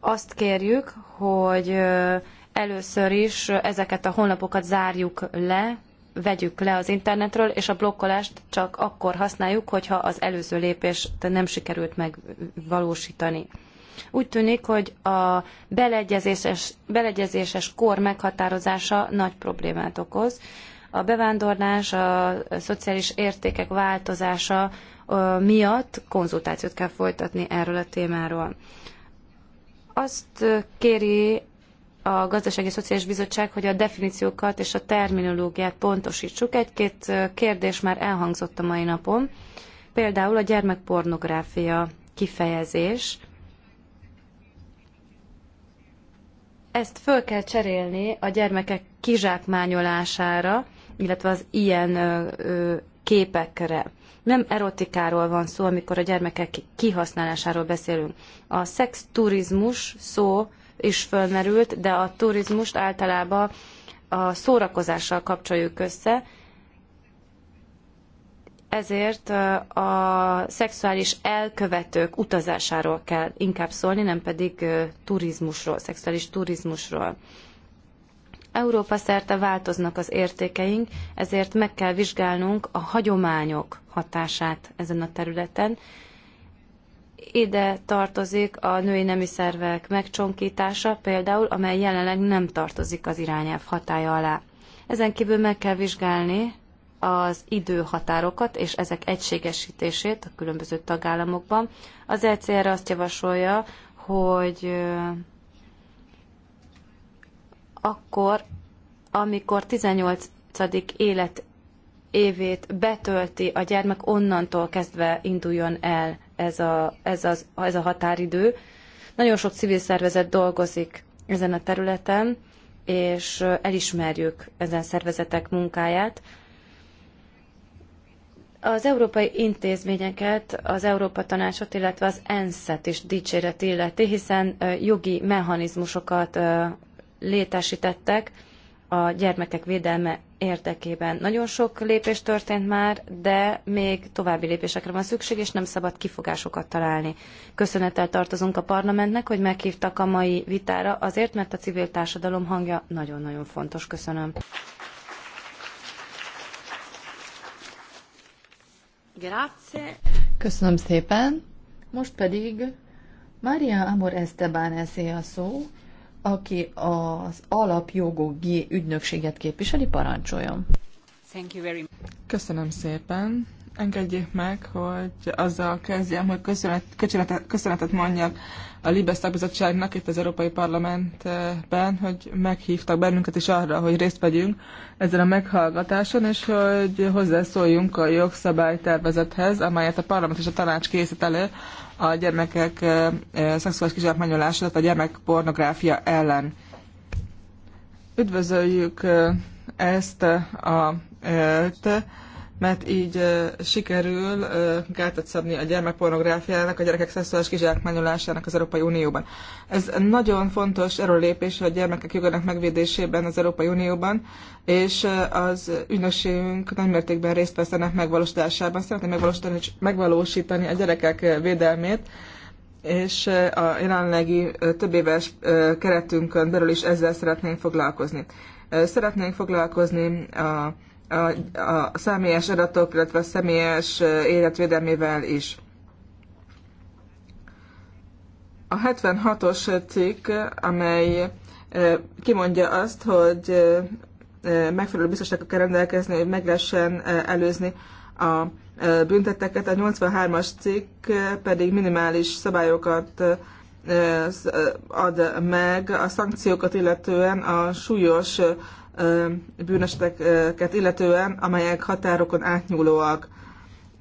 azt kérjük, hogy először is ezeket a honlapokat zárjuk le, vegyük le az internetről, és a blokkolást csak akkor használjuk, hogyha az előző lépést nem sikerült megvalósítani. Úgy tűnik, hogy a beleegyezéses, beleegyezéses kor meghatározása nagy problémát okoz. A bevándorlás, a szociális értékek változása miatt konzultációt kell folytatni erről a témáról. Azt kéri a Gazdasági Szociális Bizottság, hogy a definíciókat és a terminológiát pontosítsuk. Egy-két kérdés már elhangzott a mai napon. Például a gyermekpornográfia kifejezés. Ezt föl kell cserélni a gyermekek kizsákmányolására, illetve az ilyen képekre. Nem erotikáról van szó, amikor a gyermekek kihasználásáról beszélünk. A szexturizmus szó is fölmerült, de a turizmust általában a szórakozással kapcsoljuk össze, ezért a szexuális elkövetők utazásáról kell inkább szólni, nem pedig turizmusról, szexuális turizmusról. Európa szerte változnak az értékeink, ezért meg kell vizsgálnunk a hagyományok hatását ezen a területen, ide tartozik a női nemi szervek megcsonkítása, például, amely jelenleg nem tartozik az irányelv hatája alá. Ezen kívül meg kell vizsgálni az időhatárokat és ezek egységesítését a különböző tagállamokban. Az ECR azt javasolja, hogy akkor, amikor 18. élet évét betölti a gyermek, onnantól kezdve induljon el ez a, ez, az, ez a határidő. Nagyon sok civil szervezet dolgozik ezen a területen, és elismerjük ezen szervezetek munkáját. Az európai intézményeket, az Európa Tanácsot, illetve az ENSZ-et is dicséret illeti, hiszen jogi mechanizmusokat létesítettek, a gyermekek védelme érdekében. Nagyon sok lépés történt már, de még további lépésekre van szükség, és nem szabad kifogásokat találni. Köszönettel tartozunk a parlamentnek, hogy meghívtak a mai vitára, azért, mert a civil társadalom hangja nagyon-nagyon fontos. Köszönöm. Grazie. Köszönöm szépen. Most pedig Maria Amor Esteban eszé a szó, aki az alapjogogi ügynökséget képviseli, parancsoljon. Thank you very much. Köszönöm szépen. Engedjék meg, hogy azzal kezdjem, hogy köszönet, köszönetet, köszönetet mondjak a Libes szakbizottságnak itt az Európai Parlamentben, hogy meghívtak bennünket is arra, hogy részt vegyünk ezen a meghallgatáson, és hogy hozzászóljunk a jogszabálytervezethez, amelyet a parlament és a tanács készít elő a gyermekek szexuális kizsákmányolása, illetve a gyermekpornográfia ellen. Üdvözöljük ezt a mert így sikerül gátat szabni a gyermekpornográfiának, a gyerekek szexuális kizsákmányolásának az Európai Unióban. Ez nagyon fontos erőlépés a gyermekek jogának megvédésében az Európai Unióban, és az ügynökségünk nagymértékben részt vesz ennek megvalósításában. Szeretném megvalósítani, megvalósítani a gyerekek védelmét, és a jelenlegi több éves keretünkön belül is ezzel szeretnénk foglalkozni. Szeretnénk foglalkozni a a, a személyes adatok, illetve a személyes életvédelmével is. A 76-os cikk, amely kimondja azt, hogy megfelelő biztonságra kell rendelkezni, hogy meg lehessen előzni a büntetteket. A 83-as cikk pedig minimális szabályokat ad meg a szankciókat illetően a súlyos bűnösteket illetően, amelyek határokon átnyúlóak.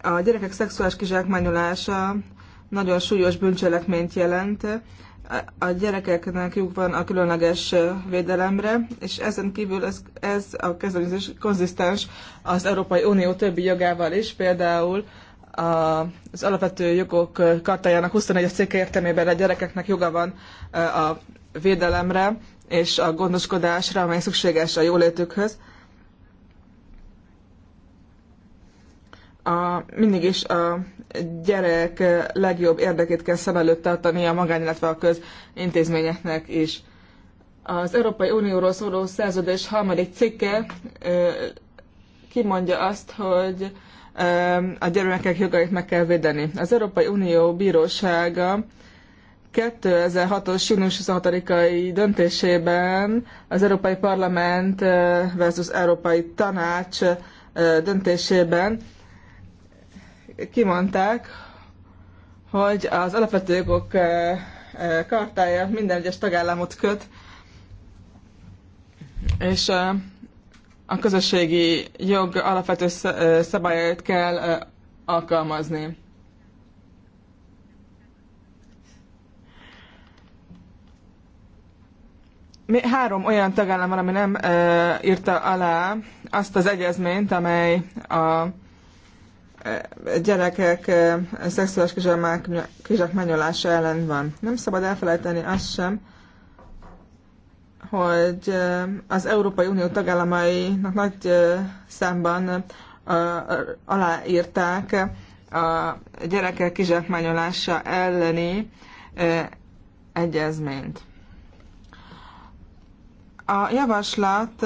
A gyerekek szexuális kizsákmányolása nagyon súlyos bűncselekményt jelent. A gyerekeknek jog van a különleges védelemre, és ezen kívül ez, ez a kezdeményezés konzisztens az Európai Unió többi jogával is, például az alapvető jogok kartájának 21-es cikke értelmében a gyerekeknek joga van a védelemre, és a gondoskodásra, amely szükséges a jólétükhöz. A, mindig is a gyerek legjobb érdekét kell szem előtt tartani a magány, illetve a közintézményeknek is. Az Európai Unióról szóló szerződés harmadik cikke ö, kimondja azt, hogy ö, a gyermekek jogait meg kell védeni. Az Európai Unió bírósága 2006-os június 26-ai döntésében az Európai Parlament versus Európai Tanács döntésében kimondták, hogy az alapvető jogok kartája minden egyes tagállamot köt, és a közösségi jog alapvető szabályait kell alkalmazni. három olyan tagállam van, ami nem ö, írta alá azt az egyezményt, amely a gyerekek szexuális kizsákmányolása ellen van. Nem szabad elfelejteni azt sem, hogy az Európai Unió tagállamainak nagy számban aláírták a gyerekek kizsákmányolása elleni egyezményt. A javaslat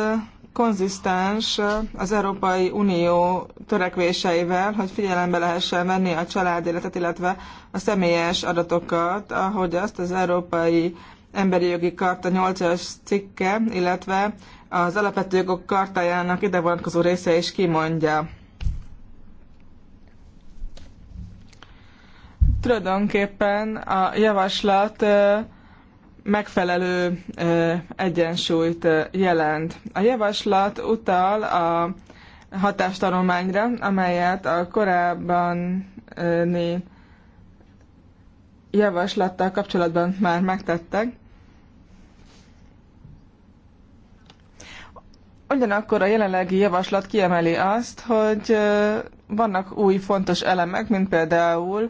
konzisztens az Európai Unió törekvéseivel, hogy figyelembe lehessen venni a családéletet, illetve a személyes adatokat, ahogy azt az Európai Emberi Jogi Karta 8-as cikke, illetve az Alapvető Jogok Kartájának ide vonatkozó része is kimondja. Tulajdonképpen a javaslat megfelelő egyensúlyt jelent. A javaslat utal a hatástanulmányra, amelyet a korábban né javaslattal kapcsolatban már megtettek. Ugyanakkor a jelenlegi javaslat kiemeli azt, hogy vannak új fontos elemek, mint például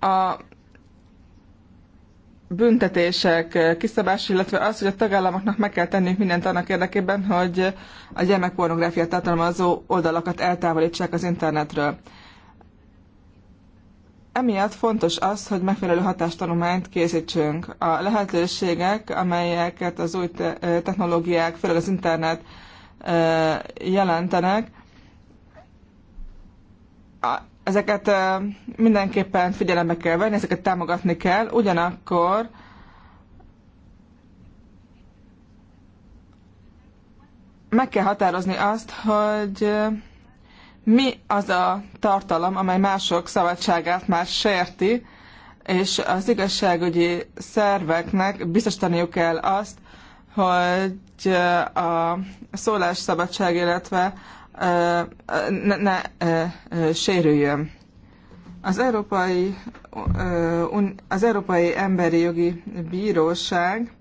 a büntetések eh, kiszabása, illetve az, hogy a tagállamoknak meg kell tenniük mindent annak érdekében, hogy a gyermekpornográfiát tartalmazó oldalakat eltávolítsák az internetről. Emiatt fontos az, hogy megfelelő hatástanulmányt készítsünk. A lehetőségek, amelyeket az új eh, technológiák, főleg az internet eh, jelentenek, ezeket mindenképpen figyelembe kell venni, ezeket támogatni kell, ugyanakkor meg kell határozni azt, hogy mi az a tartalom, amely mások szabadságát már sérti, és az igazságügyi szerveknek biztosítaniuk kell azt, hogy a szólásszabadság, illetve ne, ne sérüljön. Az Európai, az Európai Emberi Jogi Bíróság,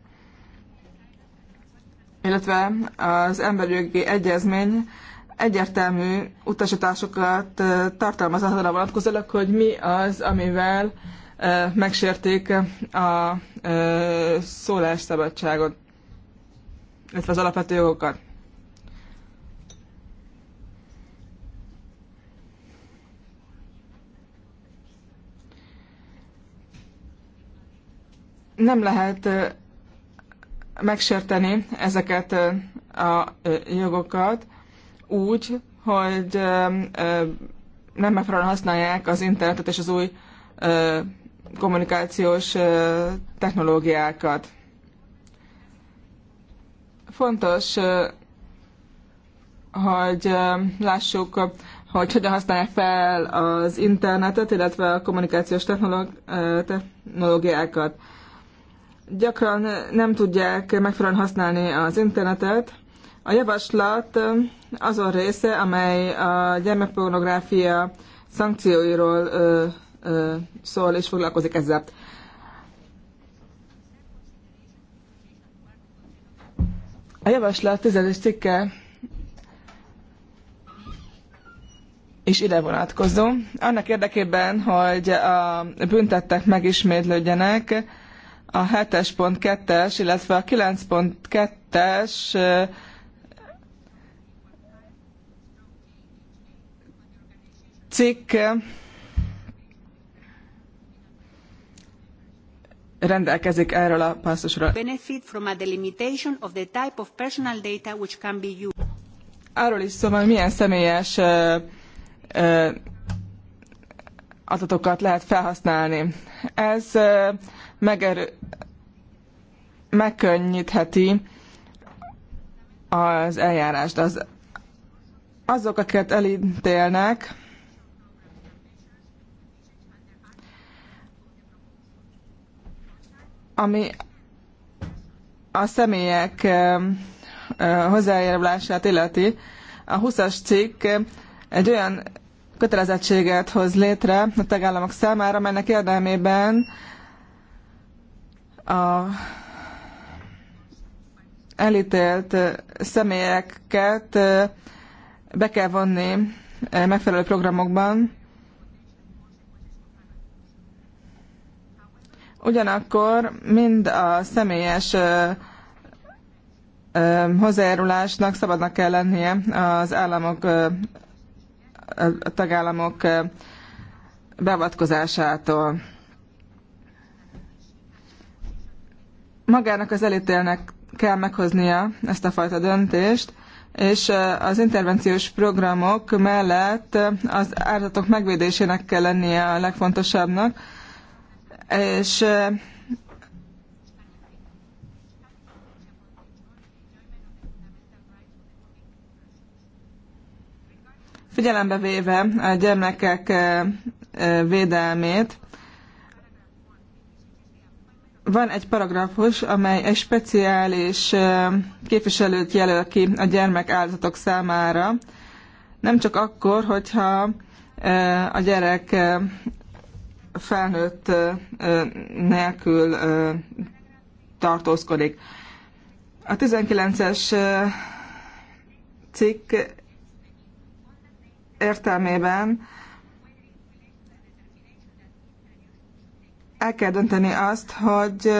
illetve az Emberi Jogi Egyezmény egyértelmű utasításokat tartalmaz arra vonatkozólag, hogy mi az, amivel megsérték a szólásszabadságot, illetve az alapvető jogokat. nem lehet megsérteni ezeket a jogokat úgy, hogy nem megfelelően használják az internetet és az új kommunikációs technológiákat. Fontos, hogy lássuk, hogy hogyan használják fel az internetet, illetve a kommunikációs technológiákat gyakran nem tudják megfelelően használni az internetet. A javaslat azon része, amely a gyermekpornográfia szankcióiról ö, ö, szól és foglalkozik ezzel. A javaslat 10. cikke is ide vonatkozó. Annak érdekében, hogy a büntettek megismétlődjenek, a 7.2-es, illetve a 9.2-es cikk rendelkezik erről a passzusról. Benefit from a delimitation of the type of personal data which can be used. Arról is szó hogy milyen személyes ö, ö, adatokat lehet felhasználni. Ez megerő, megkönnyítheti az eljárást. Az, azok, akiket elítélnek, ami a személyek hozzájárulását illeti, a 20-as cikk egy olyan kötelezettséget hoz létre a tagállamok számára, melynek érdemében a elítélt eh, személyeket eh, be kell vonni eh, megfelelő programokban. Ugyanakkor mind a személyes hozzájárulásnak szabadnak kell lennie az államok, a tagállamok beavatkozásától. Magának az elítélnek kell meghoznia ezt a fajta döntést, és az intervenciós programok mellett az áldozatok megvédésének kell lennie a legfontosabbnak, és figyelembe véve a gyermekek védelmét, van egy paragrafus, amely egy speciális képviselőt jelöl ki a gyermek áldozatok számára, nem csak akkor, hogyha a gyerek felnőtt nélkül tartózkodik. A 19-es cikk értelmében el kell dönteni azt, hogy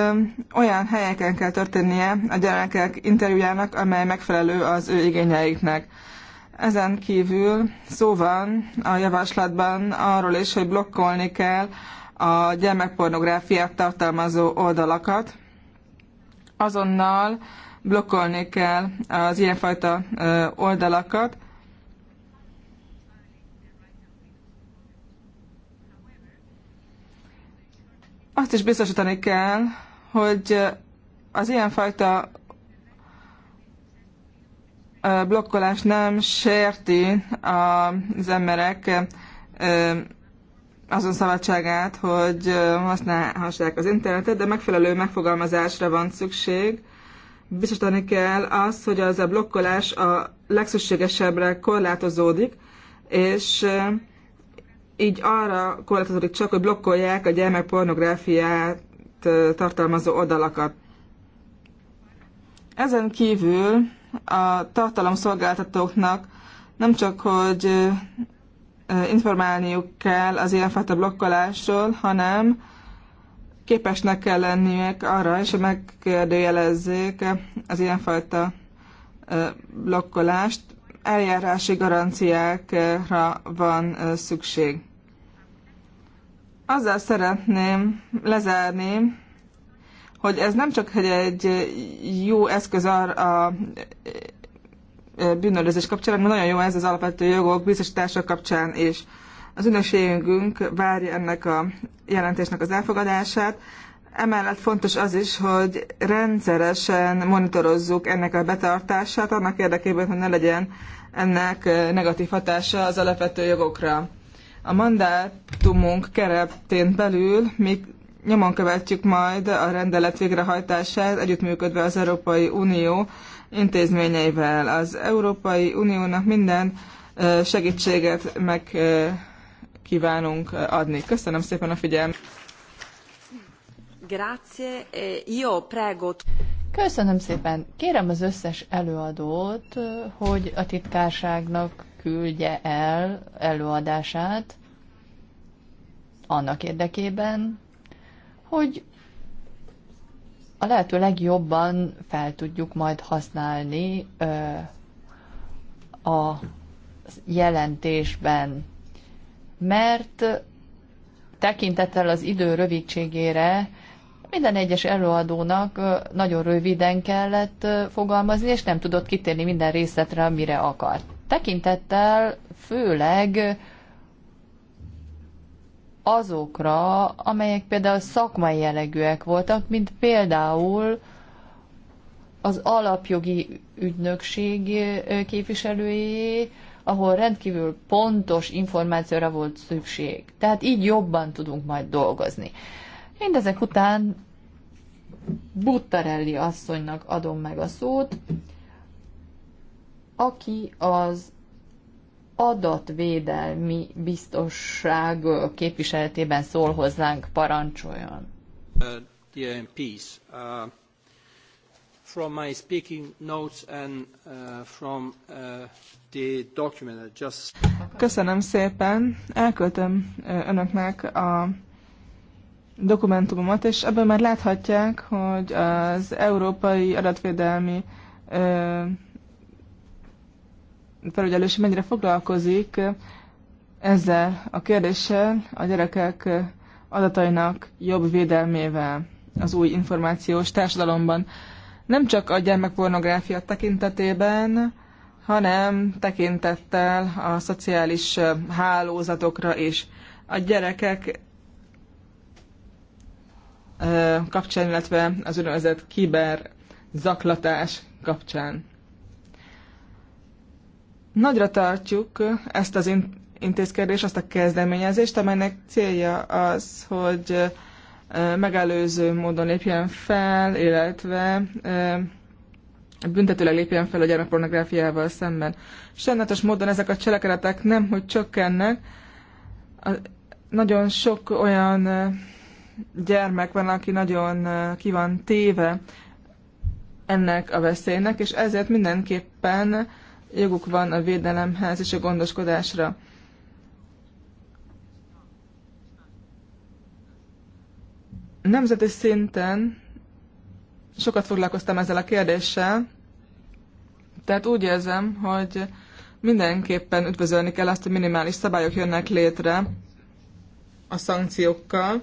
olyan helyeken kell történnie a gyerekek interjújának, amely megfelelő az ő igényeiknek. Ezen kívül szó van a javaslatban arról is, hogy blokkolni kell a gyermekpornográfiát tartalmazó oldalakat. Azonnal blokkolni kell az ilyenfajta oldalakat, Azt is biztosítani kell, hogy az ilyenfajta blokkolás nem sérti az emberek azon szabadságát, hogy használhassák az internetet, de megfelelő megfogalmazásra van szükség. Biztosítani kell az, hogy az a blokkolás a legszükségesebbre korlátozódik, és így arra korlátozódik csak, hogy blokkolják a gyermek pornográfiát tartalmazó oldalakat. Ezen kívül a tartalomszolgáltatóknak nem csak, hogy informálniuk kell az ilyenfajta blokkolásról, hanem képesnek kell lenniük arra és megkérdőjelezzék az ilyenfajta blokkolást eljárási garanciákra van szükség. Azzal szeretném lezárni, hogy ez nem csak egy jó eszköz a bűnöldözés kapcsán, hanem nagyon jó ez az alapvető jogok biztosítása kapcsán is. Az ünnepségünk várja ennek a jelentésnek az elfogadását. Emellett fontos az is, hogy rendszeresen monitorozzuk ennek a betartását, annak érdekében, hogy ne legyen ennek negatív hatása az alapvető jogokra. A mandátumunk keretén belül mi nyomon követjük majd a rendelet végrehajtását, együttműködve az Európai Unió intézményeivel. Az Európai Uniónak minden segítséget meg kívánunk adni. Köszönöm szépen a figyelmet! E Köszönöm szépen. Kérem az összes előadót, hogy a titkárságnak küldje el előadását annak érdekében, hogy a lehető legjobban fel tudjuk majd használni ö, a jelentésben. Mert tekintettel az idő rövidségére minden egyes előadónak nagyon röviden kellett fogalmazni, és nem tudott kitérni minden részletre, amire akart. Tekintettel főleg azokra, amelyek például szakmai jellegűek voltak, mint például az alapjogi ügynökség képviselői, ahol rendkívül pontos információra volt szükség. Tehát így jobban tudunk majd dolgozni. Mindezek után Buttarelli asszonynak adom meg a szót, aki az adatvédelmi biztosság képviseletében szól hozzánk, parancsoljon. Uh, dear MPs, uh, from my speaking notes and uh, from uh, the document I just... Köszönöm szépen. Elköltöm uh, önöknek a dokumentumomat és ebből már láthatják, hogy az európai adatvédelmi ö, felügyelős mennyire foglalkozik ezzel a kérdéssel, a gyerekek adatainak jobb védelmével az új információs társadalomban. Nem csak a gyermekpornográfia tekintetében, hanem tekintettel a szociális hálózatokra is. A gyerekek kapcsán, illetve az úgynevezett kiber zaklatás kapcsán. Nagyra tartjuk ezt az intézkedést, azt a kezdeményezést, amelynek célja az, hogy megelőző módon lépjen fel, illetve büntetőleg lépjen fel a gyermekpornográfiával szemben. Sajnálatos módon ezek a cselekedetek nem, hogy csökkennek, nagyon sok olyan gyermek van, aki nagyon ki van téve ennek a veszélynek, és ezért mindenképpen joguk van a védelemhez és a gondoskodásra. Nemzeti szinten sokat foglalkoztam ezzel a kérdéssel, tehát úgy érzem, hogy mindenképpen üdvözölni kell azt, hogy minimális szabályok jönnek létre a szankciókkal,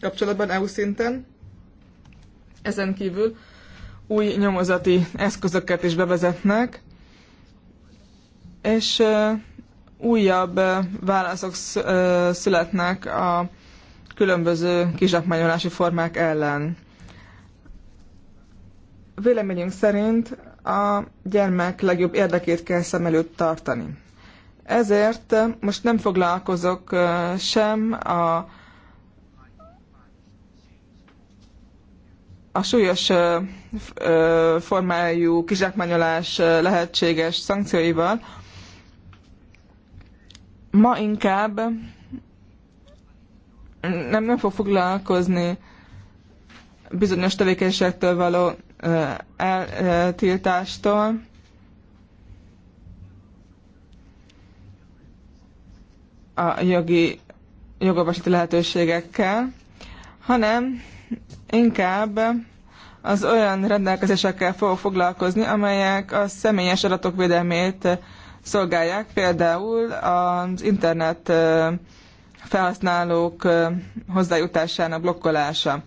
kapcsolatban EU szinten. Ezen kívül új nyomozati eszközöket is bevezetnek, és újabb válaszok születnek a különböző kizsákmányolási formák ellen. Véleményünk szerint a gyermek legjobb érdekét kell szem előtt tartani. Ezért most nem foglalkozok sem a a súlyos formájú kizsákmányolás lehetséges szankcióival, ma inkább nem, nem fog foglalkozni bizonyos tevékenységtől való eltiltástól. a jogi jogolvasati lehetőségekkel, hanem inkább az olyan rendelkezésekkel fog foglalkozni, amelyek a személyes adatok védelmét szolgálják, például az internet felhasználók hozzájutásának blokkolása.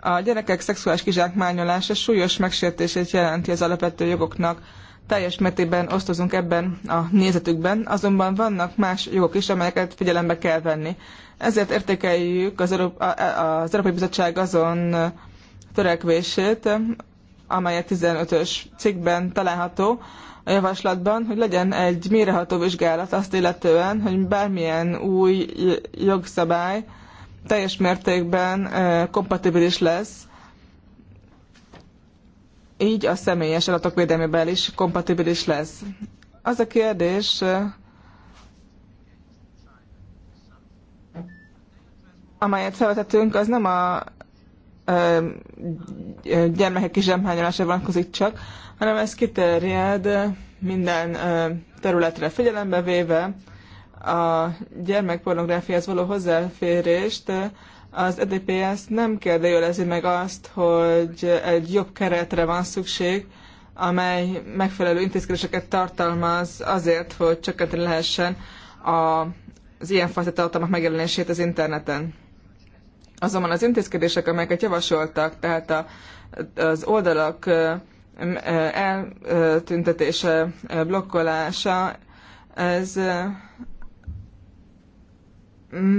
A gyerekek szexuális kizsákmányolása súlyos megsértését jelenti az alapvető jogoknak. Teljes mértékben osztozunk ebben a nézetükben, azonban vannak más jogok is, amelyeket figyelembe kell venni. Ezért értékeljük az, Euró- az Európai Bizottság azon törekvését, amely a 15-ös cikkben található a javaslatban, hogy legyen egy méreható vizsgálat azt illetően, hogy bármilyen új jogszabály teljes mértékben kompatibilis lesz, így a személyes adatok védelmében is kompatibilis lesz. Az a kérdés, amelyet felvetettünk, az nem a ö, gyermekek kizsámhányolásra vonatkozik csak, hanem ez kiterjed minden ö, területre figyelembe véve a gyermekpornográfiához való hozzáférést, az EDPS nem kérdőjelezi meg azt, hogy egy jobb keretre van szükség, amely megfelelő intézkedéseket tartalmaz azért, hogy csökkenteni lehessen a, az ilyenfajta tartalmak megjelenését az interneten. Azonban az intézkedések, amelyeket javasoltak, tehát a, az oldalak eltüntetése, blokkolása, ez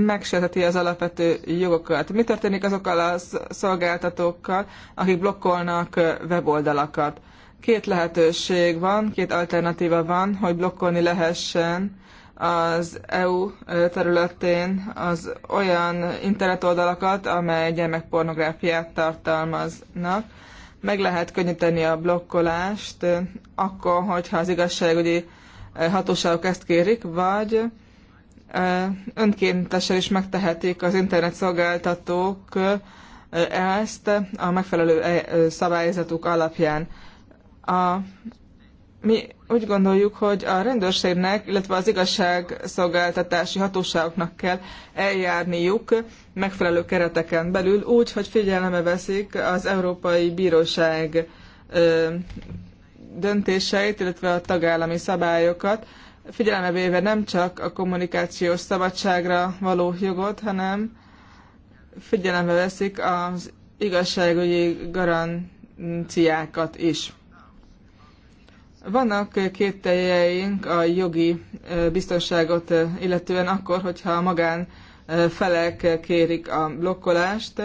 megsérteti az alapvető jogokat. Mi történik azokkal a szolgáltatókkal, akik blokkolnak weboldalakat? Két lehetőség van, két alternatíva van, hogy blokkolni lehessen az EU területén az olyan internetoldalakat, amely gyermekpornográfiát tartalmaznak. Meg lehet könnyíteni a blokkolást akkor, hogyha az igazságügyi hatóságok ezt kérik, vagy önkéntesen is megtehetik az internet szolgáltatók ezt a megfelelő szabályzatuk alapján. A mi úgy gondoljuk, hogy a rendőrségnek, illetve az igazságszolgáltatási hatóságoknak kell eljárniuk megfelelő kereteken belül, úgy, hogy figyelembe veszik az Európai Bíróság ö, döntéseit, illetve a tagállami szabályokat, figyelembe véve nem csak a kommunikációs szabadságra való jogot, hanem figyelembe veszik az igazságügyi garanciákat is. Vannak eh, kételjeink a jogi eh, biztonságot eh, illetően akkor, hogyha a magán felek kérik a blokkolást.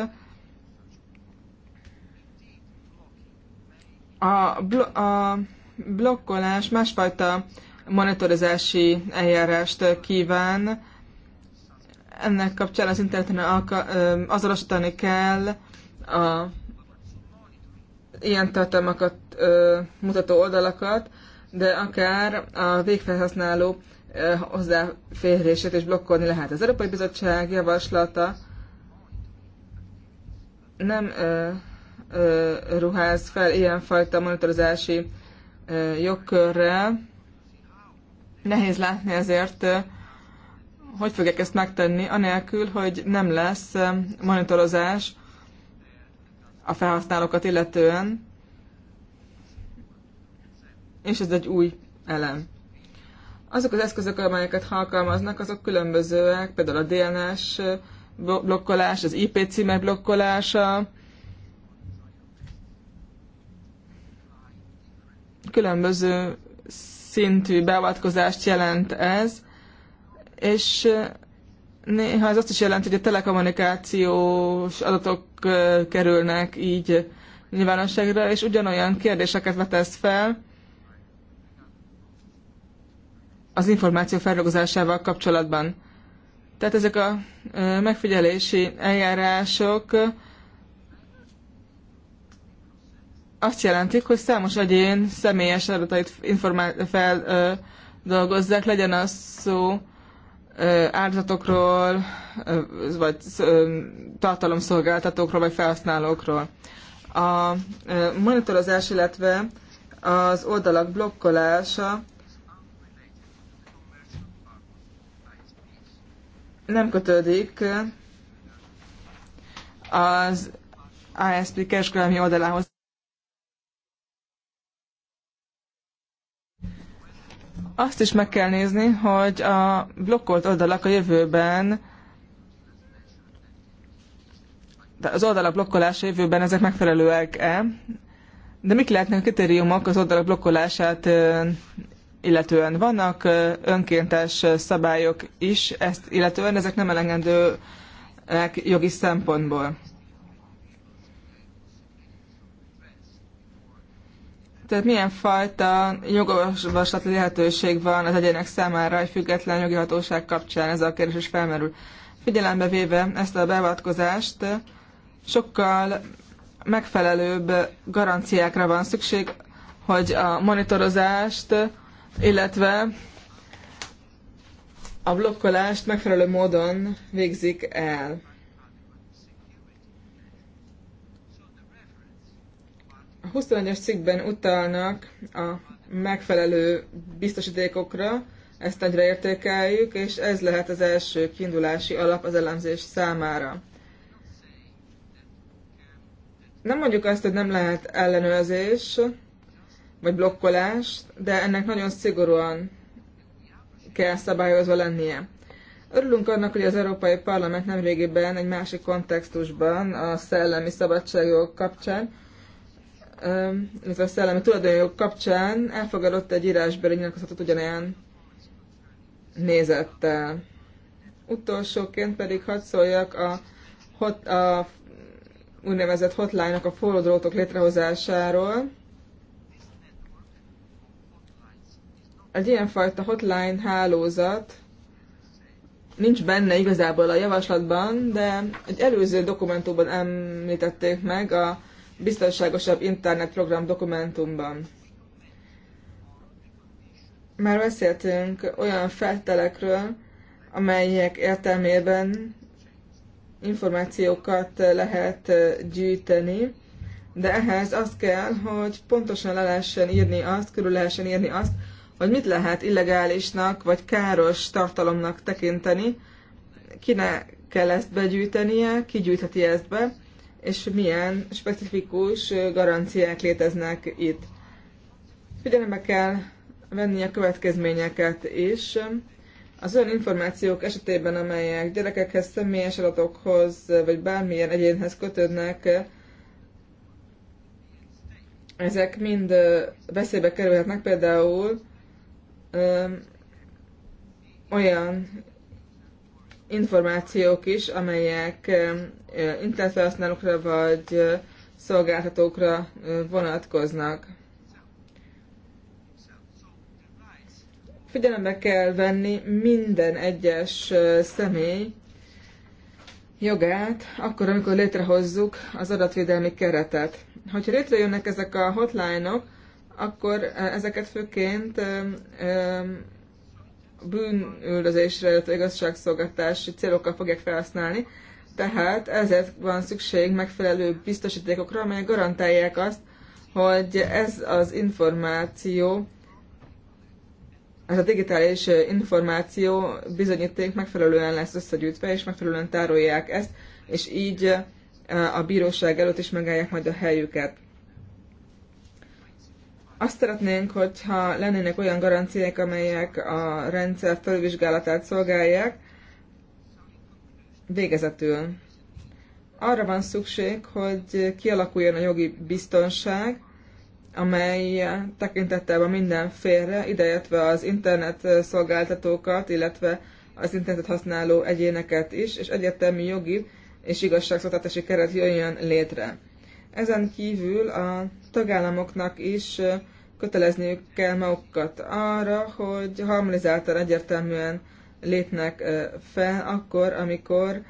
A, blo- a blokkolás másfajta monitorizási eljárást kíván. Ennek kapcsán az interneten azonosítani kell a ilyen tartalmakat ö, mutató oldalakat, de akár a végfelhasználó ö, hozzáférését is blokkolni lehet. Az Európai Bizottság javaslata nem ö, ö, ruház fel ilyenfajta monitorozási ö, jogkörre. Nehéz látni ezért, ö, hogy fogják ezt megtenni, anélkül, hogy nem lesz monitorozás a felhasználókat illetően, és ez egy új elem. Azok az eszközök, amelyeket alkalmaznak, azok különbözőek, például a DNS blokkolás, az IP címek blokkolása, különböző szintű beavatkozást jelent ez, és néha ez azt is jelenti, hogy a telekommunikációs adatok kerülnek így nyilvánosságra, és ugyanolyan kérdéseket vetesz fel, az információ feldolgozásával kapcsolatban. Tehát ezek a megfigyelési eljárások azt jelentik, hogy számos egyén személyes adatait feldolgozzák, legyen az szó áldozatokról, vagy tartalomszolgáltatókról, vagy felhasználókról. A monitorozás, illetve az oldalak blokkolása nem kötődik az ASP kereskedelmi oldalához. Azt is meg kell nézni, hogy a blokkolt oldalak a jövőben de az oldalak blokkolása jövőben ezek megfelelőek-e? De mik lehetnek a kritériumok az oldalak blokkolását illetően. Vannak önkéntes szabályok is ezt illetően, ezek nem elengedőek jogi szempontból. Tehát milyen fajta jogorvoslati lehetőség van az egyének számára egy független jogi hatóság kapcsán, ez a kérdés is felmerül. Figyelembe véve ezt a beavatkozást, sokkal megfelelőbb garanciákra van szükség, hogy a monitorozást illetve a blokkolást megfelelő módon végzik el. A 21-es cikkben utalnak a megfelelő biztosítékokra, ezt egyre értékeljük, és ez lehet az első kiindulási alap az elemzés számára. Nem mondjuk azt, hogy nem lehet ellenőrzés, vagy blokkolás, de ennek nagyon szigorúan kell szabályozva lennie. Örülünk annak, hogy az Európai Parlament nemrégiben egy másik kontextusban a szellemi szabadságok kapcsán, illetve a szellemi tulajdonjog kapcsán elfogadott egy írásbeli nyilatkozatot ugyanilyen nézettel. Utolsóként pedig hadd szóljak a, hot, a úgynevezett hotline-nak a forró drótok létrehozásáról. egy ilyenfajta hotline hálózat nincs benne igazából a javaslatban, de egy előző dokumentumban említették meg a biztonságosabb internetprogram dokumentumban. Már beszéltünk olyan feltelekről, amelyek értelmében információkat lehet gyűjteni, de ehhez az kell, hogy pontosan le lehessen írni azt, körül lehessen írni azt, hogy mit lehet illegálisnak vagy káros tartalomnak tekinteni, kinek kell ezt begyűjtenie, ki gyűjtheti ezt be, és milyen specifikus garanciák léteznek itt. Figyelembe kell venni a következményeket is. Az olyan információk esetében, amelyek gyerekekhez, személyes adatokhoz, vagy bármilyen egyénhez kötődnek, ezek mind veszélybe kerülhetnek, például ö, olyan információk is, amelyek internetfelhasználókra vagy szolgáltatókra vonatkoznak. Figyelembe kell venni minden egyes személy jogát, akkor, amikor létrehozzuk az adatvédelmi keretet. Hogyha létrejönnek ezek a hotline-ok, -ok, akkor ezeket főként bűnüldözésre, illetve igazságszolgáltási célokkal fogják felhasználni, tehát ezért van szükség megfelelő biztosítékokra, amelyek garantálják azt, hogy ez az információ, ez a digitális információ bizonyíték megfelelően lesz összegyűjtve, és megfelelően tárolják ezt, és így a bíróság előtt is megállják majd a helyüket. Azt szeretnénk, hogyha lennének olyan garanciák, amelyek a rendszer felvizsgálatát szolgálják, végezetül. Arra van szükség, hogy kialakuljon a jogi biztonság, amely tekintettel van mindenféle, félre, ideértve az internet szolgáltatókat, illetve az internetet használó egyéneket is, és egyetemi jogi és igazságszolgáltatási keret jöjjön létre. Ezen kívül a tagállamoknak is kötelezniük kell magukat arra, hogy harmonizáltan egyértelműen lépnek fel akkor, amikor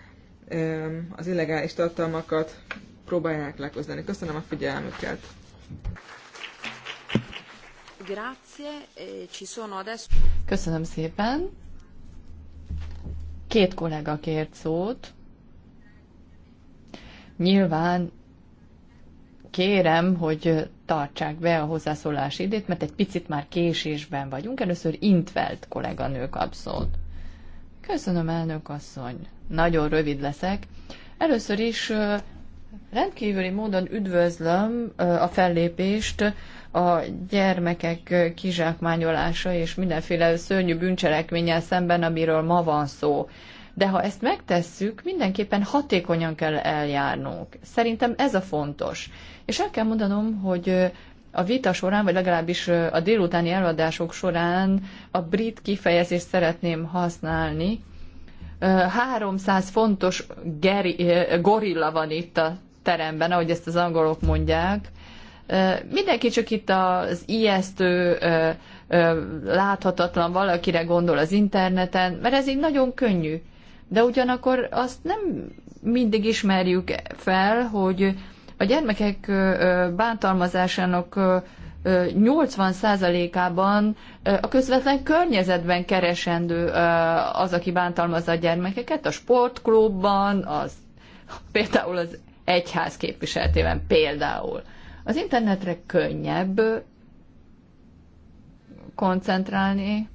az illegális tartalmakat próbálják leközdeni, Köszönöm a figyelmüket! E, Köszönöm szépen! Két kollega kért szót. Nyilván kérem, hogy tartsák be a hozzászólás idét, mert egy picit már késésben vagyunk. Először Intvelt kolléganők abszolút. Köszönöm, elnök asszony. Nagyon rövid leszek. Először is rendkívüli módon üdvözlöm a fellépést a gyermekek kizsákmányolása és mindenféle szörnyű bűncselekménnyel szemben, amiről ma van szó. De ha ezt megtesszük, mindenképpen hatékonyan kell eljárnunk. Szerintem ez a fontos. És el kell mondanom, hogy a vita során, vagy legalábbis a délutáni előadások során a brit kifejezést szeretném használni. 300 fontos geri, gorilla van itt a teremben, ahogy ezt az angolok mondják. Mindenki csak itt az ijesztő, láthatatlan valakire gondol az interneten, mert ez így nagyon könnyű. De ugyanakkor azt nem mindig ismerjük fel, hogy a gyermekek bántalmazásának 80%-ában a közvetlen környezetben keresendő az, aki bántalmazza a gyermekeket, a sportklubban, az, például az egyház képviseletében például. Az internetre könnyebb koncentrálni,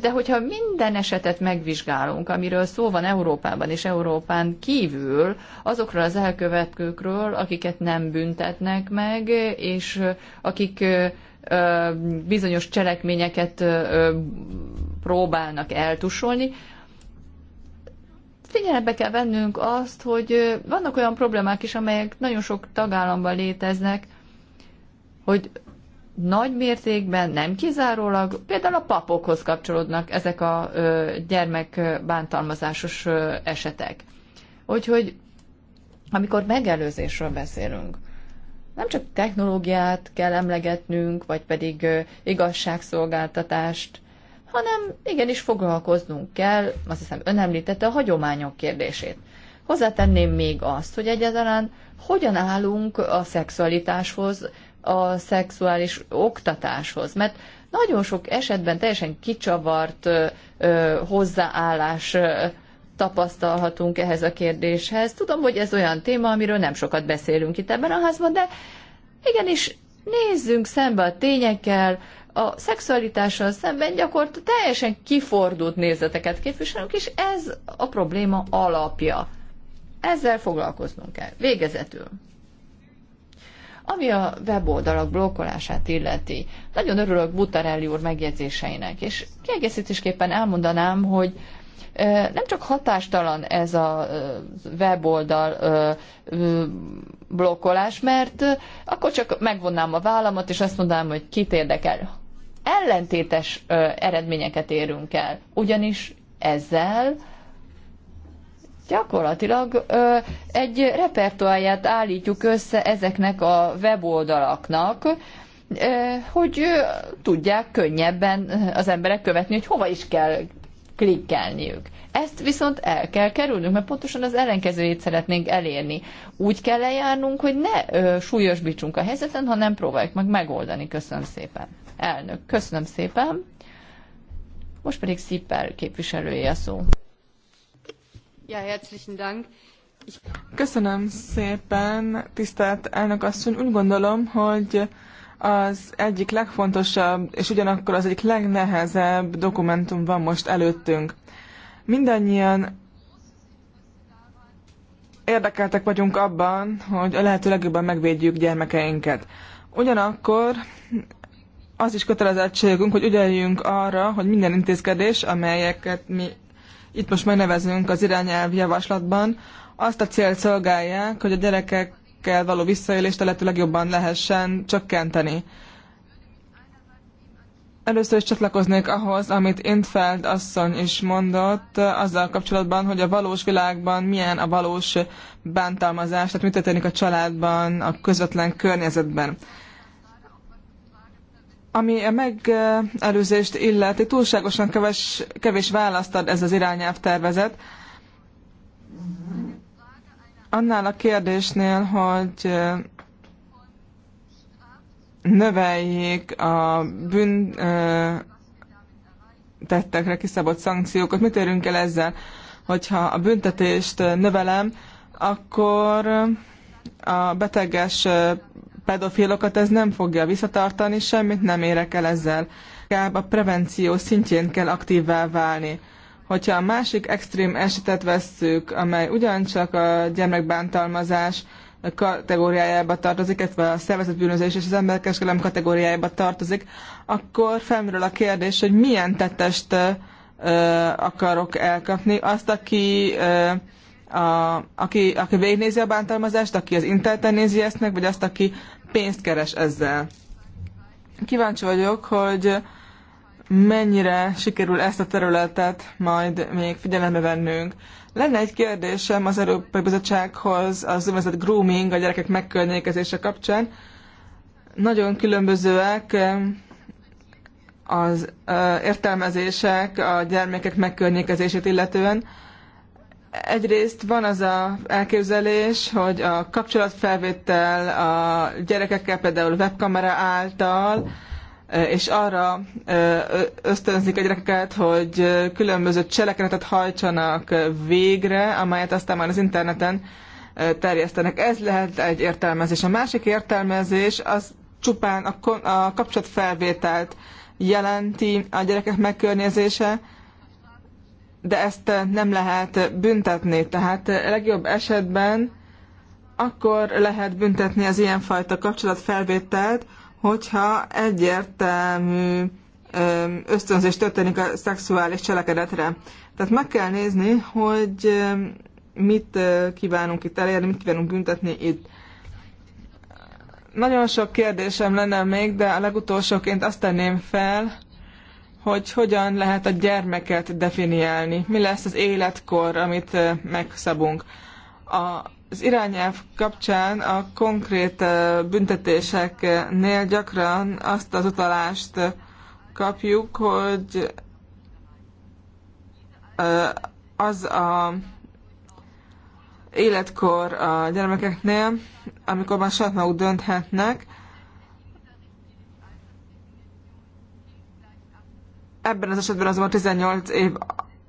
de hogyha minden esetet megvizsgálunk, amiről szó van Európában és Európán kívül, azokról az elkövetőkről, akiket nem büntetnek meg, és akik bizonyos cselekményeket próbálnak eltusolni, figyelembe kell vennünk azt, hogy vannak olyan problémák is, amelyek nagyon sok tagállamban léteznek, hogy nagy mértékben, nem kizárólag, például a papokhoz kapcsolódnak ezek a gyermekbántalmazásos esetek. Úgyhogy amikor megelőzésről beszélünk, nem csak technológiát kell emlegetnünk, vagy pedig igazságszolgáltatást, hanem igenis foglalkoznunk kell, azt hiszem ön említette a hagyományok kérdését. Hozzátenném még azt, hogy egyáltalán hogyan állunk a szexualitáshoz, a szexuális oktatáshoz, mert nagyon sok esetben teljesen kicsavart ö, ö, hozzáállás ö, tapasztalhatunk ehhez a kérdéshez. Tudom, hogy ez olyan téma, amiről nem sokat beszélünk itt ebben a házban, de igenis nézzünk szembe a tényekkel, a szexualitással szemben gyakorlatilag teljesen kifordult nézeteket képviselünk, és ez a probléma alapja. Ezzel foglalkoznunk kell. Végezetül. Ami a weboldalak blokkolását illeti, nagyon örülök Butarelli úr megjegyzéseinek, és kiegészítésképpen elmondanám, hogy nem csak hatástalan ez a weboldal blokkolás, mert akkor csak megvonnám a vállamat, és azt mondanám, hogy kit érdekel. Ellentétes eredményeket érünk el, ugyanis ezzel gyakorlatilag ö, egy repertoárját állítjuk össze ezeknek a weboldalaknak, ö, hogy ö, tudják könnyebben az emberek követni, hogy hova is kell klikkelniük. Ezt viszont el kell kerülnünk, mert pontosan az ellenkezőjét szeretnénk elérni. Úgy kell lejárnunk, hogy ne ö, súlyosbítsunk a helyzeten, hanem próbáljuk meg megoldani. Köszönöm szépen. Elnök, köszönöm szépen. Most pedig Szippel képviselője a szó. Köszönöm szépen, tisztelt elnök asszony. Úgy gondolom, hogy az egyik legfontosabb és ugyanakkor az egyik legnehezebb dokumentum van most előttünk. Mindannyian érdekeltek vagyunk abban, hogy a lehető legjobban megvédjük gyermekeinket. Ugyanakkor az is kötelezettségünk, hogy ügyeljünk arra, hogy minden intézkedés, amelyeket mi itt most megnevezünk az irányelv javaslatban, azt a cél szolgálják, hogy a gyerekekkel való visszaélést a lehető legjobban lehessen csökkenteni. Először is csatlakoznék ahhoz, amit Intfeld asszony is mondott, azzal kapcsolatban, hogy a valós világban milyen a valós bántalmazás, tehát mi történik a családban, a közvetlen környezetben. Ami a megelőzést illeti, túlságosan keves, kevés választ ad ez az irányelv tervezet. Annál a kérdésnél, hogy növeljék a bűn tettekre kiszabott szankciókat. Mit érünk el ezzel? Hogyha a büntetést növelem, akkor a beteges pedofilokat ez nem fogja visszatartani, semmit nem érek el ezzel. Inkább a prevenció szintjén kell aktívvá válni. Hogyha a másik extrém esetet vesszük, amely ugyancsak a gyermekbántalmazás kategóriájába tartozik, illetve a szervezetbűnözés és az emberkereskedelem kategóriájába tartozik, akkor felmerül a kérdés, hogy milyen tettest ö, akarok elkapni. Azt, aki ö, a, aki, aki végignézi a bántalmazást, aki az interneten nézi ezt meg, vagy azt, aki pénzt keres ezzel. Kíváncsi vagyok, hogy mennyire sikerül ezt a területet majd még figyelembe vennünk. Lenne egy kérdésem az Európai Bizottsághoz az úgynevezett grooming, a gyerekek megkörnyékezése kapcsán. Nagyon különbözőek az értelmezések a gyermekek megkörnyékezését illetően egyrészt van az a elképzelés, hogy a kapcsolatfelvétel a gyerekekkel például webkamera által, és arra ösztönzik a gyerekeket, hogy különböző cselekedetet hajtsanak végre, amelyet aztán már az interneten terjesztenek. Ez lehet egy értelmezés. A másik értelmezés az csupán a, a kapcsolatfelvételt jelenti a gyerekek megkörnyezése, de ezt eh, nem lehet büntetni. Tehát eh, legjobb esetben akkor lehet büntetni az ilyenfajta kapcsolatfelvételt, hogyha egyértelmű ösztönzés történik a szexuális cselekedetre. Tehát meg kell nézni, hogy mit eh, kívánunk itt elérni, mit kívánunk büntetni itt. Nagyon sok kérdésem lenne még, de a legutolsóként azt tenném fel, hogy hogyan lehet a gyermeket definiálni, mi lesz az életkor, amit megszabunk. Az irányelv kapcsán a konkrét büntetéseknél gyakran azt az utalást kapjuk, hogy az a életkor a gyermekeknél, amikor már saját maguk dönthetnek, Ebben az esetben azonban 18 év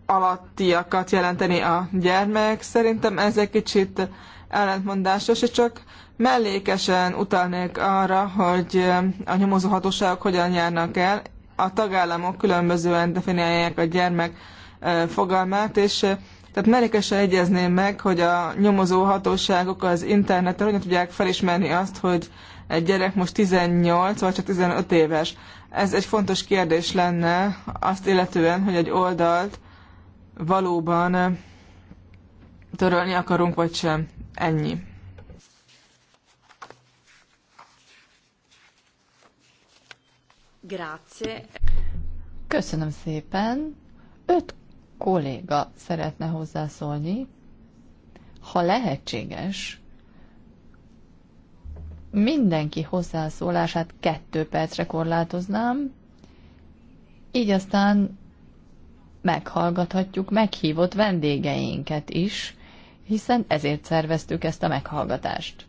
alattiakat jelenteni a gyermek. Szerintem ez egy kicsit ellentmondásos, és csak mellékesen utalnék arra, hogy a nyomozó hatóságok hogyan járnak el. A tagállamok különbözően definiálják a gyermek fogalmát, és tehát mellékesen egyezném meg, hogy a nyomozó hatóságok az interneten hogyan tudják felismerni azt, hogy egy gyerek most 18 vagy csak 15 éves. Ez egy fontos kérdés lenne azt illetően, hogy egy oldalt valóban eh, törölni akarunk, vagy sem. Ennyi. Grazie. Köszönöm szépen. Öt kolléga szeretne hozzászólni. Ha lehetséges, mindenki hozzászólását kettő percre korlátoznám, így aztán meghallgathatjuk meghívott vendégeinket is, hiszen ezért szerveztük ezt a meghallgatást.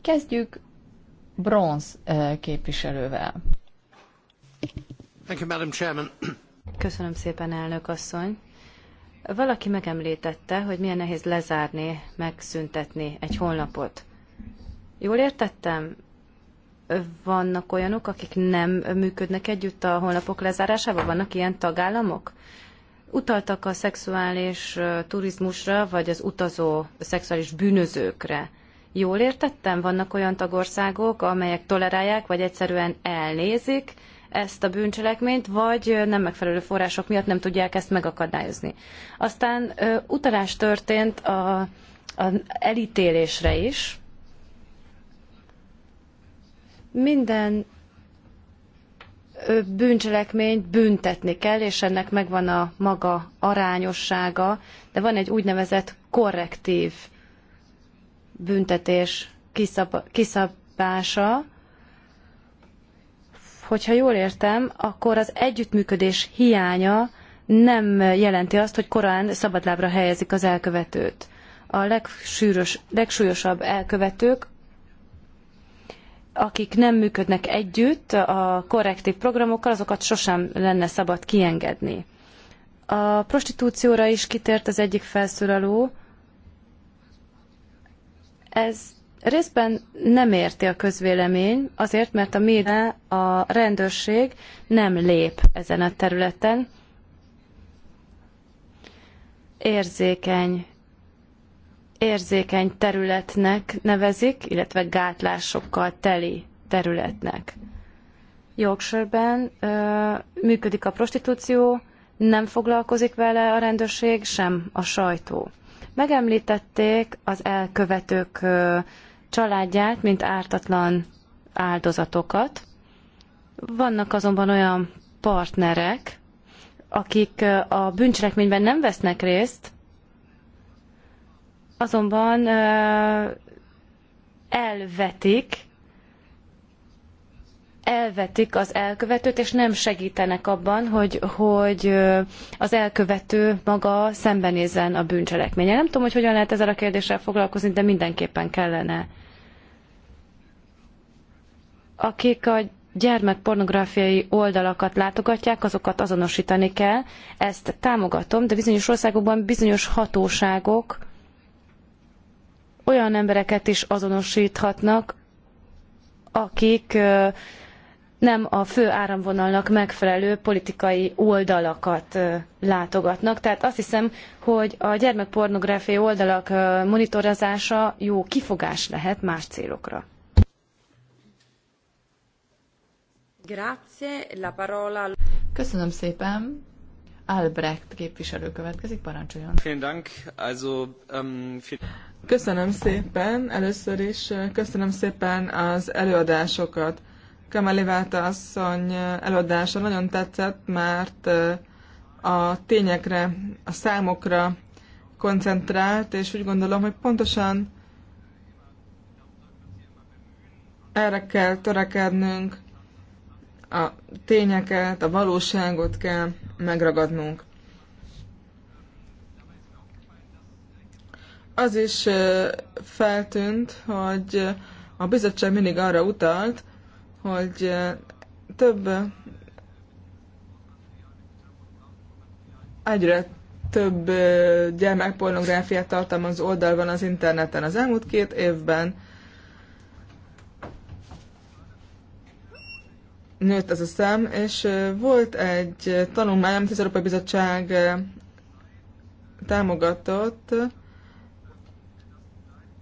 Kezdjük bronz képviselővel. Thank you, Madam Chairman. Köszönöm szépen, elnök asszony. Valaki megemlítette, hogy milyen nehéz lezárni, megszüntetni egy honlapot. Jól értettem? Vannak olyanok, akik nem működnek együtt a holnapok lezárásával? Vannak ilyen tagállamok? Utaltak a szexuális turizmusra, vagy az utazó szexuális bűnözőkre. Jól értettem? Vannak olyan tagországok, amelyek tolerálják, vagy egyszerűen elnézik ezt a bűncselekményt, vagy nem megfelelő források miatt nem tudják ezt megakadályozni. Aztán utalás történt a, a elítélésre is, minden bűncselekményt büntetni kell, és ennek megvan a maga arányossága, de van egy úgynevezett korrektív büntetés kiszab- kiszabása. Hogyha jól értem, akkor az együttműködés hiánya nem jelenti azt, hogy korán szabadlábra helyezik az elkövetőt. A legsűrös, legsúlyosabb elkövetők akik nem működnek együtt a korrektív programokkal, azokat sosem lenne szabad kiengedni. A prostitúcióra is kitért az egyik felszólaló. Ez részben nem érti a közvélemény, azért, mert a média, a rendőrség nem lép ezen a területen. Érzékeny érzékeny területnek nevezik, illetve gátlásokkal teli területnek. Jogsörben működik a prostitúció, nem foglalkozik vele a rendőrség, sem a sajtó. Megemlítették az elkövetők ö, családját, mint ártatlan áldozatokat. Vannak azonban olyan partnerek, akik a bűncselekményben nem vesznek részt, azonban elvetik, elvetik az elkövetőt, és nem segítenek abban, hogy, hogy az elkövető maga szembenézzen a bűncselekménye. Nem tudom, hogy hogyan lehet ezzel a kérdéssel foglalkozni, de mindenképpen kellene. Akik a gyermekpornográfiai oldalakat látogatják, azokat azonosítani kell. Ezt támogatom, de bizonyos országokban bizonyos hatóságok olyan embereket is azonosíthatnak, akik nem a fő áramvonalnak megfelelő politikai oldalakat látogatnak. Tehát azt hiszem, hogy a gyermekpornográfiai oldalak monitorozása jó kifogás lehet más célokra. Köszönöm szépen. Albrecht képviselő következik, parancsoljon. Ähm, Köszönöm szépen, először is köszönöm szépen az előadásokat. Válta asszony előadása nagyon tetszett, mert a tényekre, a számokra koncentrált, és úgy gondolom, hogy pontosan erre kell törekednünk, a tényeket, a valóságot kell megragadnunk. az is feltűnt, hogy a bizottság mindig arra utalt, hogy több egyre több gyermekpornográfiát tartalmaz oldal van az interneten az elmúlt két évben. Nőtt ez a szám, és volt egy tanulmány, amit az Európai Bizottság támogatott,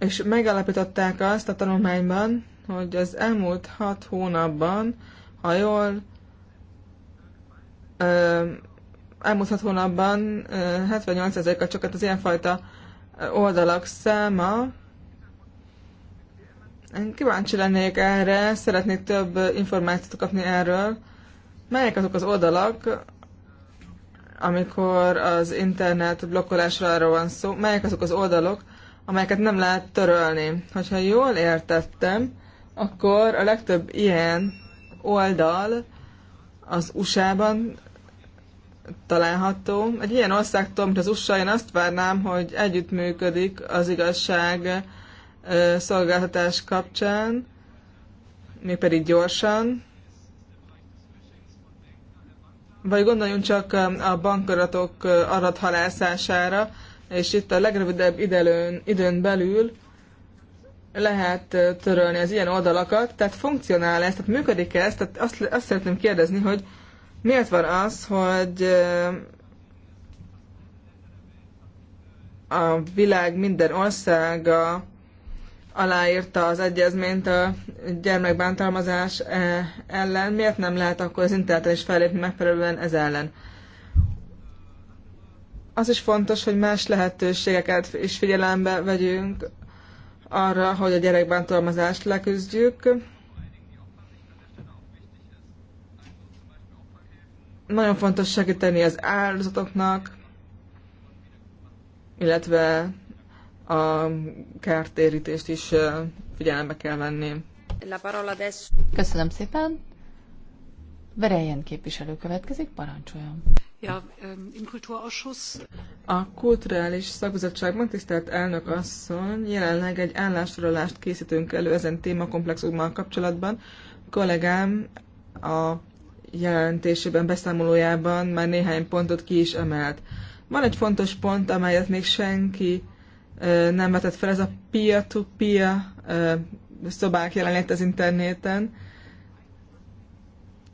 és megállapították azt a tanulmányban, hogy az elmúlt hat hónapban, ha jól elmúlt hat hónapban 78%-kal csökkent az ilyenfajta oldalak száma. Én kíváncsi lennék erre, szeretnék több információt kapni erről. Melyek azok az oldalak, amikor az internet blokkolásra arról van szó, melyek azok az oldalok, amelyeket nem lehet törölni. Hogyha jól értettem, akkor a legtöbb ilyen oldal az USA-ban található. Egy ilyen országtól, mint az USA, én azt várnám, hogy együttműködik az igazság szolgáltatás kapcsán, még pedig gyorsan. Vagy gondoljunk csak a bankadatok adathalászására, és itt a legrövidebb időn, időn belül lehet törölni az ilyen oldalakat, tehát funkcionál ez, tehát működik ez, tehát azt, azt szeretném kérdezni, hogy miért van az, hogy a világ minden országa aláírta az egyezményt a gyermekbántalmazás e, ellen, miért nem lehet akkor az interneten is fellépni megfelelően ez ellen? az is fontos, hogy más lehetőségeket is figyelembe vegyünk arra, hogy a gyerekbántalmazást leküzdjük. Nagyon fontos segíteni az áldozatoknak, illetve a kártérítést is figyelembe kell venni. Köszönöm szépen. Verejen képviselő következik, parancsoljon. Ähm, a Kulturális Szakbizottságban tisztelt elnök asszony, jelenleg egy állásfoglalást készítünk elő ezen témakomplexummal kapcsolatban. kollégám a jelentésében, beszámolójában már néhány pontot ki is emelt. Van egy fontos pont, amelyet még senki nem vetett fel, ez a peer-to-peer -peer, szobák jelenlét az interneten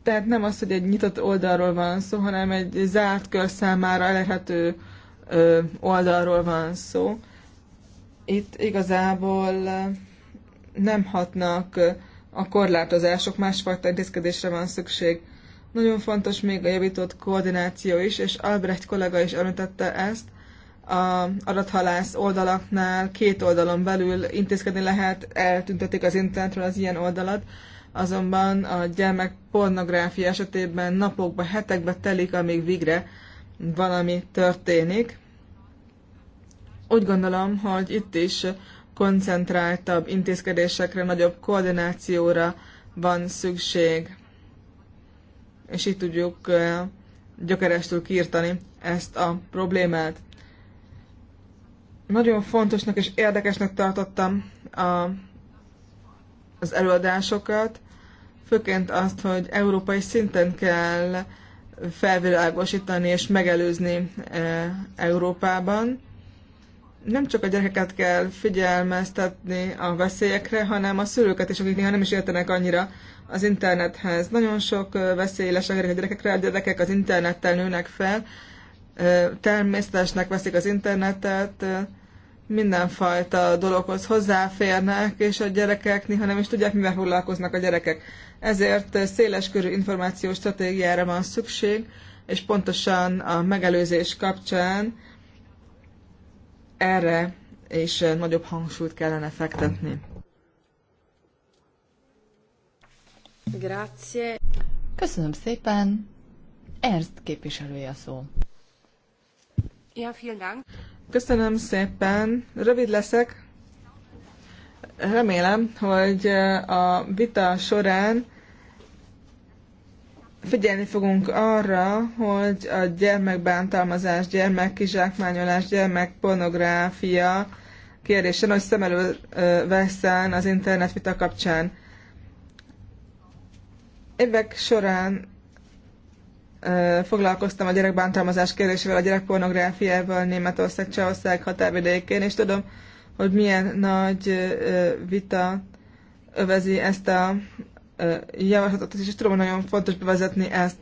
tehát nem az, hogy egy nyitott oldalról van szó, hanem egy zárt kör számára elérhető oldalról van szó. Itt igazából nem hatnak a korlátozások, másfajta intézkedésre van szükség. Nagyon fontos még a javított koordináció is, és Albrecht kollega is említette ezt, a adathalász oldalaknál két oldalon belül intézkedni lehet, eltüntetik az internetről az ilyen oldalat, azonban a gyermek pornográfia esetében napokba, hetekbe telik, amíg végre valami történik. Úgy gondolom, hogy itt is koncentráltabb intézkedésekre, nagyobb koordinációra van szükség, és itt tudjuk gyökerestül kiirtani ezt a problémát. Nagyon fontosnak és érdekesnek tartottam a az előadásokat, főként azt, hogy európai szinten kell felvilágosítani és megelőzni e, Európában. Nem csak a gyerekeket kell figyelmeztetni a veszélyekre, hanem a szülőket is, akik néha nem is értenek annyira az internethez. Nagyon sok e, veszély a gyerekekre, a gyerekek az internettel nőnek fel, e, természetesnek veszik az internetet, mindenfajta dologhoz hozzáférnek, és a gyerekek néha nem is tudják, mivel foglalkoznak a gyerekek. Ezért széleskörű információs stratégiára van szükség, és pontosan a megelőzés kapcsán erre és nagyobb hangsúlyt kellene fektetni. Grazie. Köszönöm szépen. Ernst képviselője a szó. Ja, vielen Dank. Köszönöm szépen. Rövid leszek. Remélem, hogy eh, a vita során figyelni fogunk arra, hogy a gyermekbántalmazás, gyermekkizsákmányolás, gyermekpornográfia kérdése nagy szem elől eh, veszten az internet vita kapcsán. Évek során foglalkoztam a gyerekbántalmazás kérdésével, a gyerekpornográfiával Németország, Csehország határvidékén, és tudom, hogy milyen nagy vita övezi ezt a javaslatot, és tudom, hogy nagyon fontos bevezetni ezt.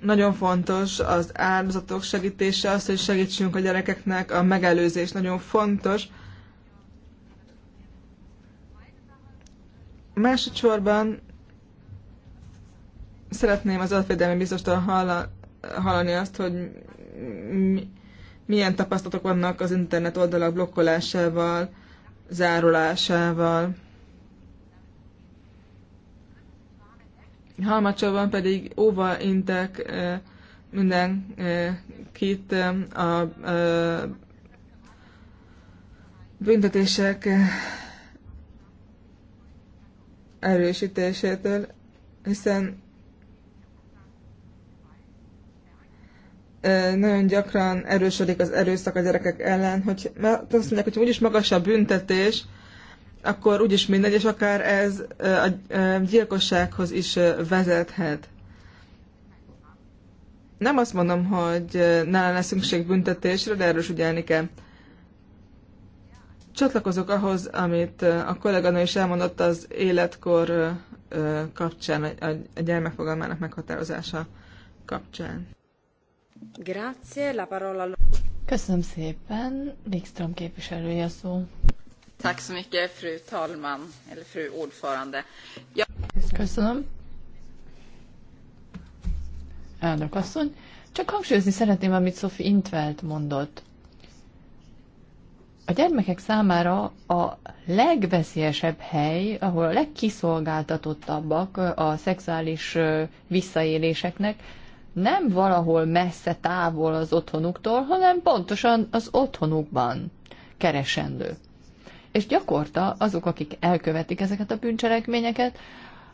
Nagyon fontos az áldozatok segítése, az, hogy segítsünk a gyerekeknek, a megelőzés nagyon fontos. Másodszorban szeretném az adatvédelmi biztostól hallani azt, hogy milyen tapasztalatok vannak az internet oldalak blokkolásával, zárulásával. Halmacsóban pedig óva intek mindenkit a büntetések erősítésétől, hiszen nagyon gyakran erősödik az erőszak a gyerekek ellen, hogy mert azt mondják, hogy úgyis magas a büntetés, akkor úgyis mindegy, és akár ez a gyilkossághoz is vezethet. Nem azt mondom, hogy ne lesz szükség büntetésre, de erről is ügyelni kell. Csatlakozok ahhoz, amit a kolléganő is elmondott az életkor kapcsán, a gyermekfogalmának meghatározása kapcsán. Grazie, la parola... Köszönöm szépen, Wikström képviselője szó. Tack så mycket, fru talman, eller fru ordförande. Ja... Köszönöm. Elnök asszony, csak hangsúlyozni szeretném, amit Sophie Intvelt mondott. A gyermekek számára a legveszélyesebb hely, ahol a legkiszolgáltatottabbak a szexuális visszaéléseknek, nem valahol messze távol az otthonuktól, hanem pontosan az otthonukban keresendő. És gyakorta azok, akik elkövetik ezeket a bűncselekményeket,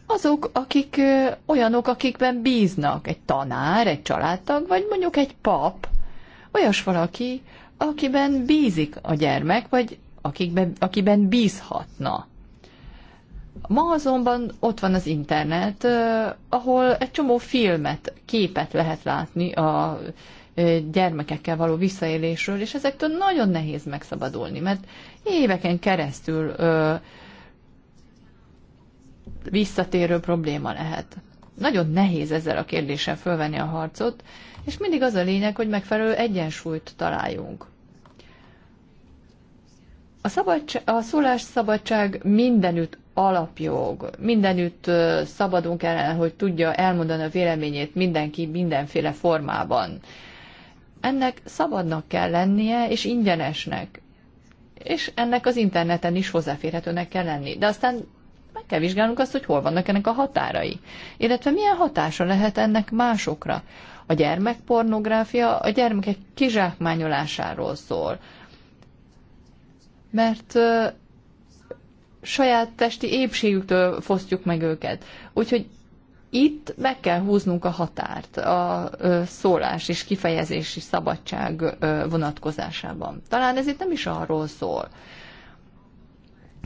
azok, akik ö, olyanok, akikben bíznak. Egy tanár, egy családtag, vagy mondjuk egy pap. Olyas valaki, akiben bízik a gyermek, vagy akikben, akiben bízhatna. Ma azonban ott van az internet, ahol egy csomó filmet, képet lehet látni a gyermekekkel való visszaélésről, és ezektől nagyon nehéz megszabadulni, mert éveken keresztül visszatérő probléma lehet. Nagyon nehéz ezzel a kérdéssel fölvenni a harcot, és mindig az a lényeg, hogy megfelelő egyensúlyt találjunk. A, szabadság, a szólásszabadság mindenütt alapjog. Mindenütt szabadunk el, hogy tudja elmondani a véleményét mindenki mindenféle formában. Ennek szabadnak kell lennie, és ingyenesnek. És ennek az interneten is hozzáférhetőnek kell lenni. De aztán meg kell vizsgálnunk azt, hogy hol vannak ennek a határai. Illetve milyen hatása lehet ennek másokra. A gyermekpornográfia a gyermekek kizsákmányolásáról szól. Mert saját testi épségüktől fosztjuk meg őket. Úgyhogy itt meg kell húznunk a határt a szólás és kifejezési szabadság vonatkozásában. Talán ez itt nem is arról szól.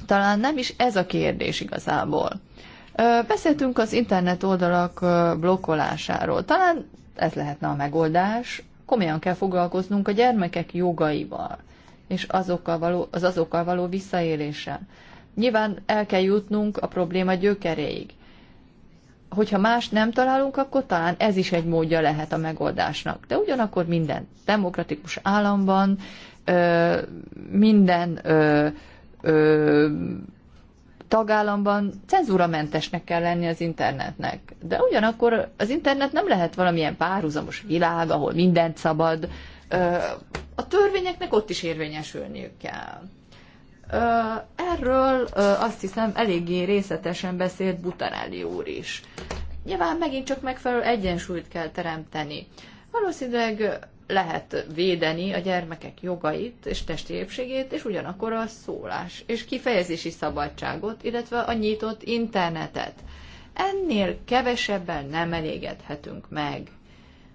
Talán nem is ez a kérdés igazából. Beszéltünk az internet oldalak blokkolásáról. Talán ez lehetne a megoldás. Komolyan kell foglalkoznunk a gyermekek jogaival és azokkal való, az azokkal való visszaéléssel. Nyilván el kell jutnunk a probléma gyökeréig. Hogyha más nem találunk, akkor talán ez is egy módja lehet a megoldásnak. De ugyanakkor minden demokratikus államban, minden tagállamban cenzúramentesnek kell lenni az internetnek. De ugyanakkor az internet nem lehet valamilyen párhuzamos világ, ahol mindent szabad. A törvényeknek ott is érvényesülniük kell. Erről azt hiszem eléggé részletesen beszélt Butanelli úr is. Nyilván megint csak megfelelő egyensúlyt kell teremteni. Valószínűleg lehet védeni a gyermekek jogait és testi épségét, és ugyanakkor a szólás és kifejezési szabadságot, illetve a nyitott internetet. Ennél kevesebben nem elégedhetünk meg.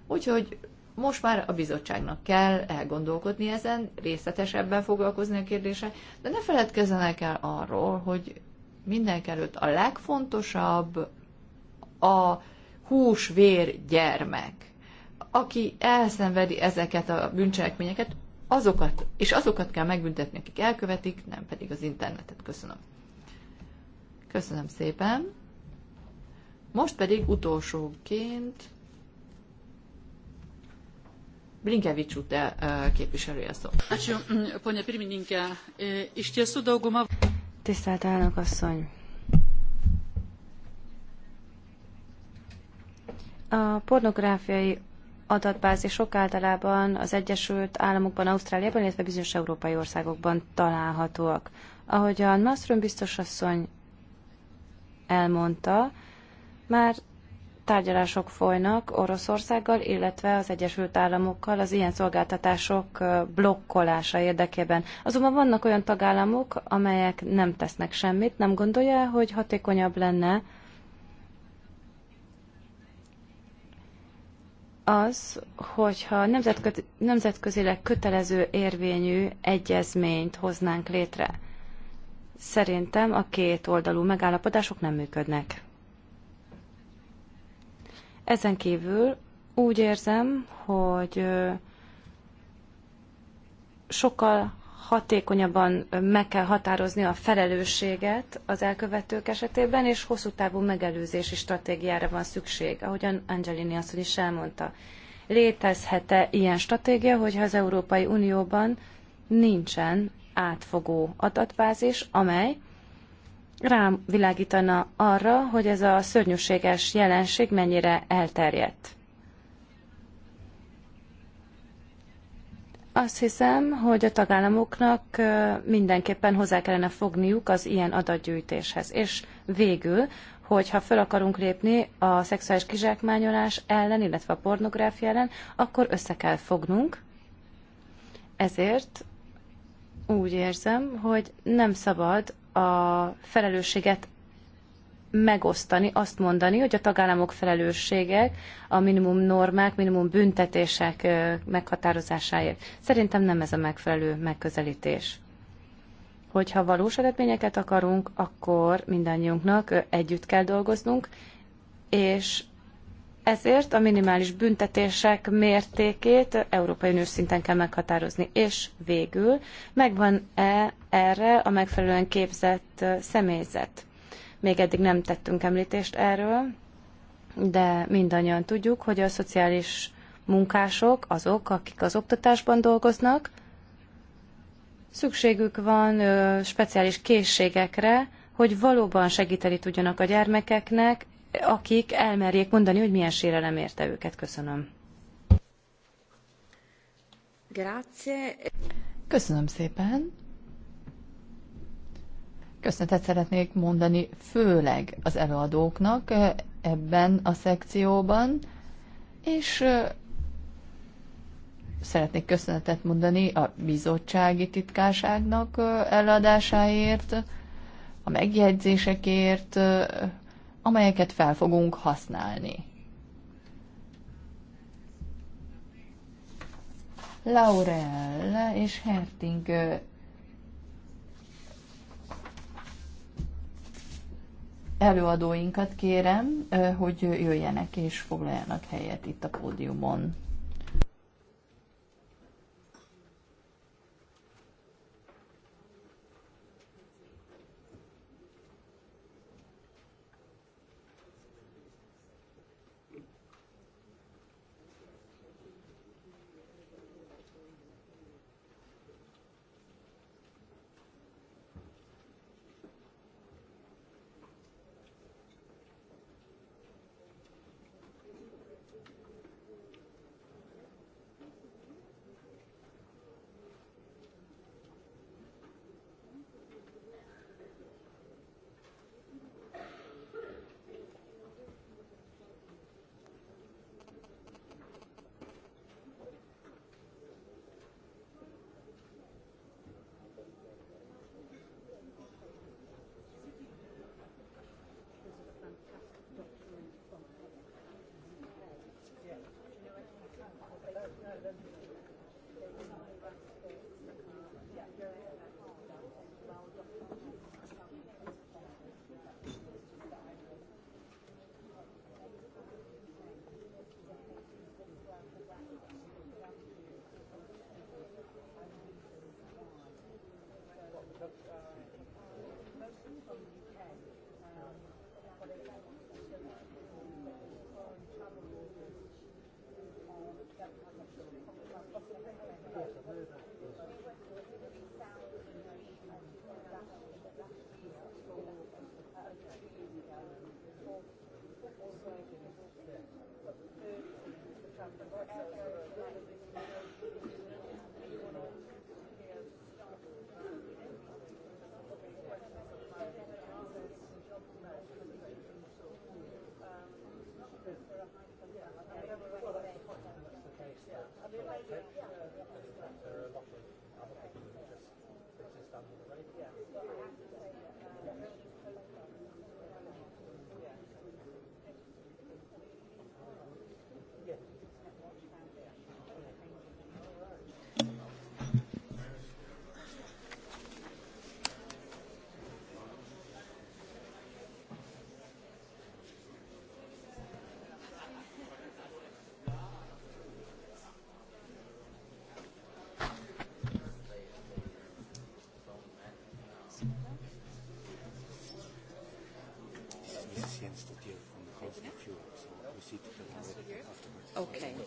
Úgyhogy most már a bizottságnak kell elgondolkodni ezen, részletesebben foglalkozni a kérdése, de ne feledkezzenek el arról, hogy mindenek előtt a legfontosabb a húsvér gyermek, aki elszenvedi ezeket a bűncselekményeket, azokat, és azokat kell megbüntetni, akik elkövetik, nem pedig az internetet. Köszönöm. Köszönöm szépen. Most pedig utolsóként Blinkevics úte képviselője szó. E, Tisztelt elnök asszony! A pornográfiai adatbázisok általában az Egyesült Államokban, Ausztráliában, illetve bizonyos európai országokban találhatóak. Ahogy a Nasrön asszony elmondta, már tárgyalások folynak Oroszországgal, illetve az Egyesült Államokkal az ilyen szolgáltatások blokkolása érdekében. Azonban vannak olyan tagállamok, amelyek nem tesznek semmit. Nem gondolja, hogy hatékonyabb lenne az, hogyha nemzetközi, nemzetközileg kötelező érvényű egyezményt hoznánk létre. Szerintem a két oldalú megállapodások nem működnek. Ezen kívül úgy érzem, hogy sokkal hatékonyabban meg kell határozni a felelősséget az elkövetők esetében, és hosszú távú megelőzési stratégiára van szükség, ahogyan Angelini asszony is elmondta. Létezhet-e ilyen stratégia, hogyha az Európai Unióban nincsen átfogó adatbázis, amely rám világítana arra, hogy ez a szörnyűséges jelenség mennyire elterjedt. Azt hiszem, hogy a tagállamoknak mindenképpen hozzá kellene fogniuk az ilyen adatgyűjtéshez. És végül, hogyha fel akarunk lépni a szexuális kizsákmányolás ellen, illetve a pornográfia ellen, akkor össze kell fognunk. Ezért úgy érzem, hogy nem szabad a felelősséget megosztani, azt mondani, hogy a tagállamok felelősségek a minimum normák, minimum büntetések meghatározásáért. Szerintem nem ez a megfelelő megközelítés. Hogyha valós eredményeket akarunk, akkor mindannyiunknak együtt kell dolgoznunk, és ezért a minimális büntetések mértékét európai uniós szinten kell meghatározni. És végül megvan-e erre a megfelelően képzett személyzet? Még eddig nem tettünk említést erről, de mindannyian tudjuk, hogy a szociális munkások, azok, akik az oktatásban dolgoznak, szükségük van speciális készségekre, hogy valóban segíteni tudjanak a gyermekeknek, akik elmerjék mondani, hogy milyen sérelem érte őket. Köszönöm. Grazie. Köszönöm szépen. Köszönetet szeretnék mondani főleg az előadóknak eh, ebben a szekcióban, és eh, szeretnék köszönetet mondani a bizottsági titkárságnak eh, előadásáért, a megjegyzésekért, amelyeket fel fogunk használni. Laurel és Herting előadóinkat kérem, hogy jöjjenek és foglaljanak helyet itt a pódiumon.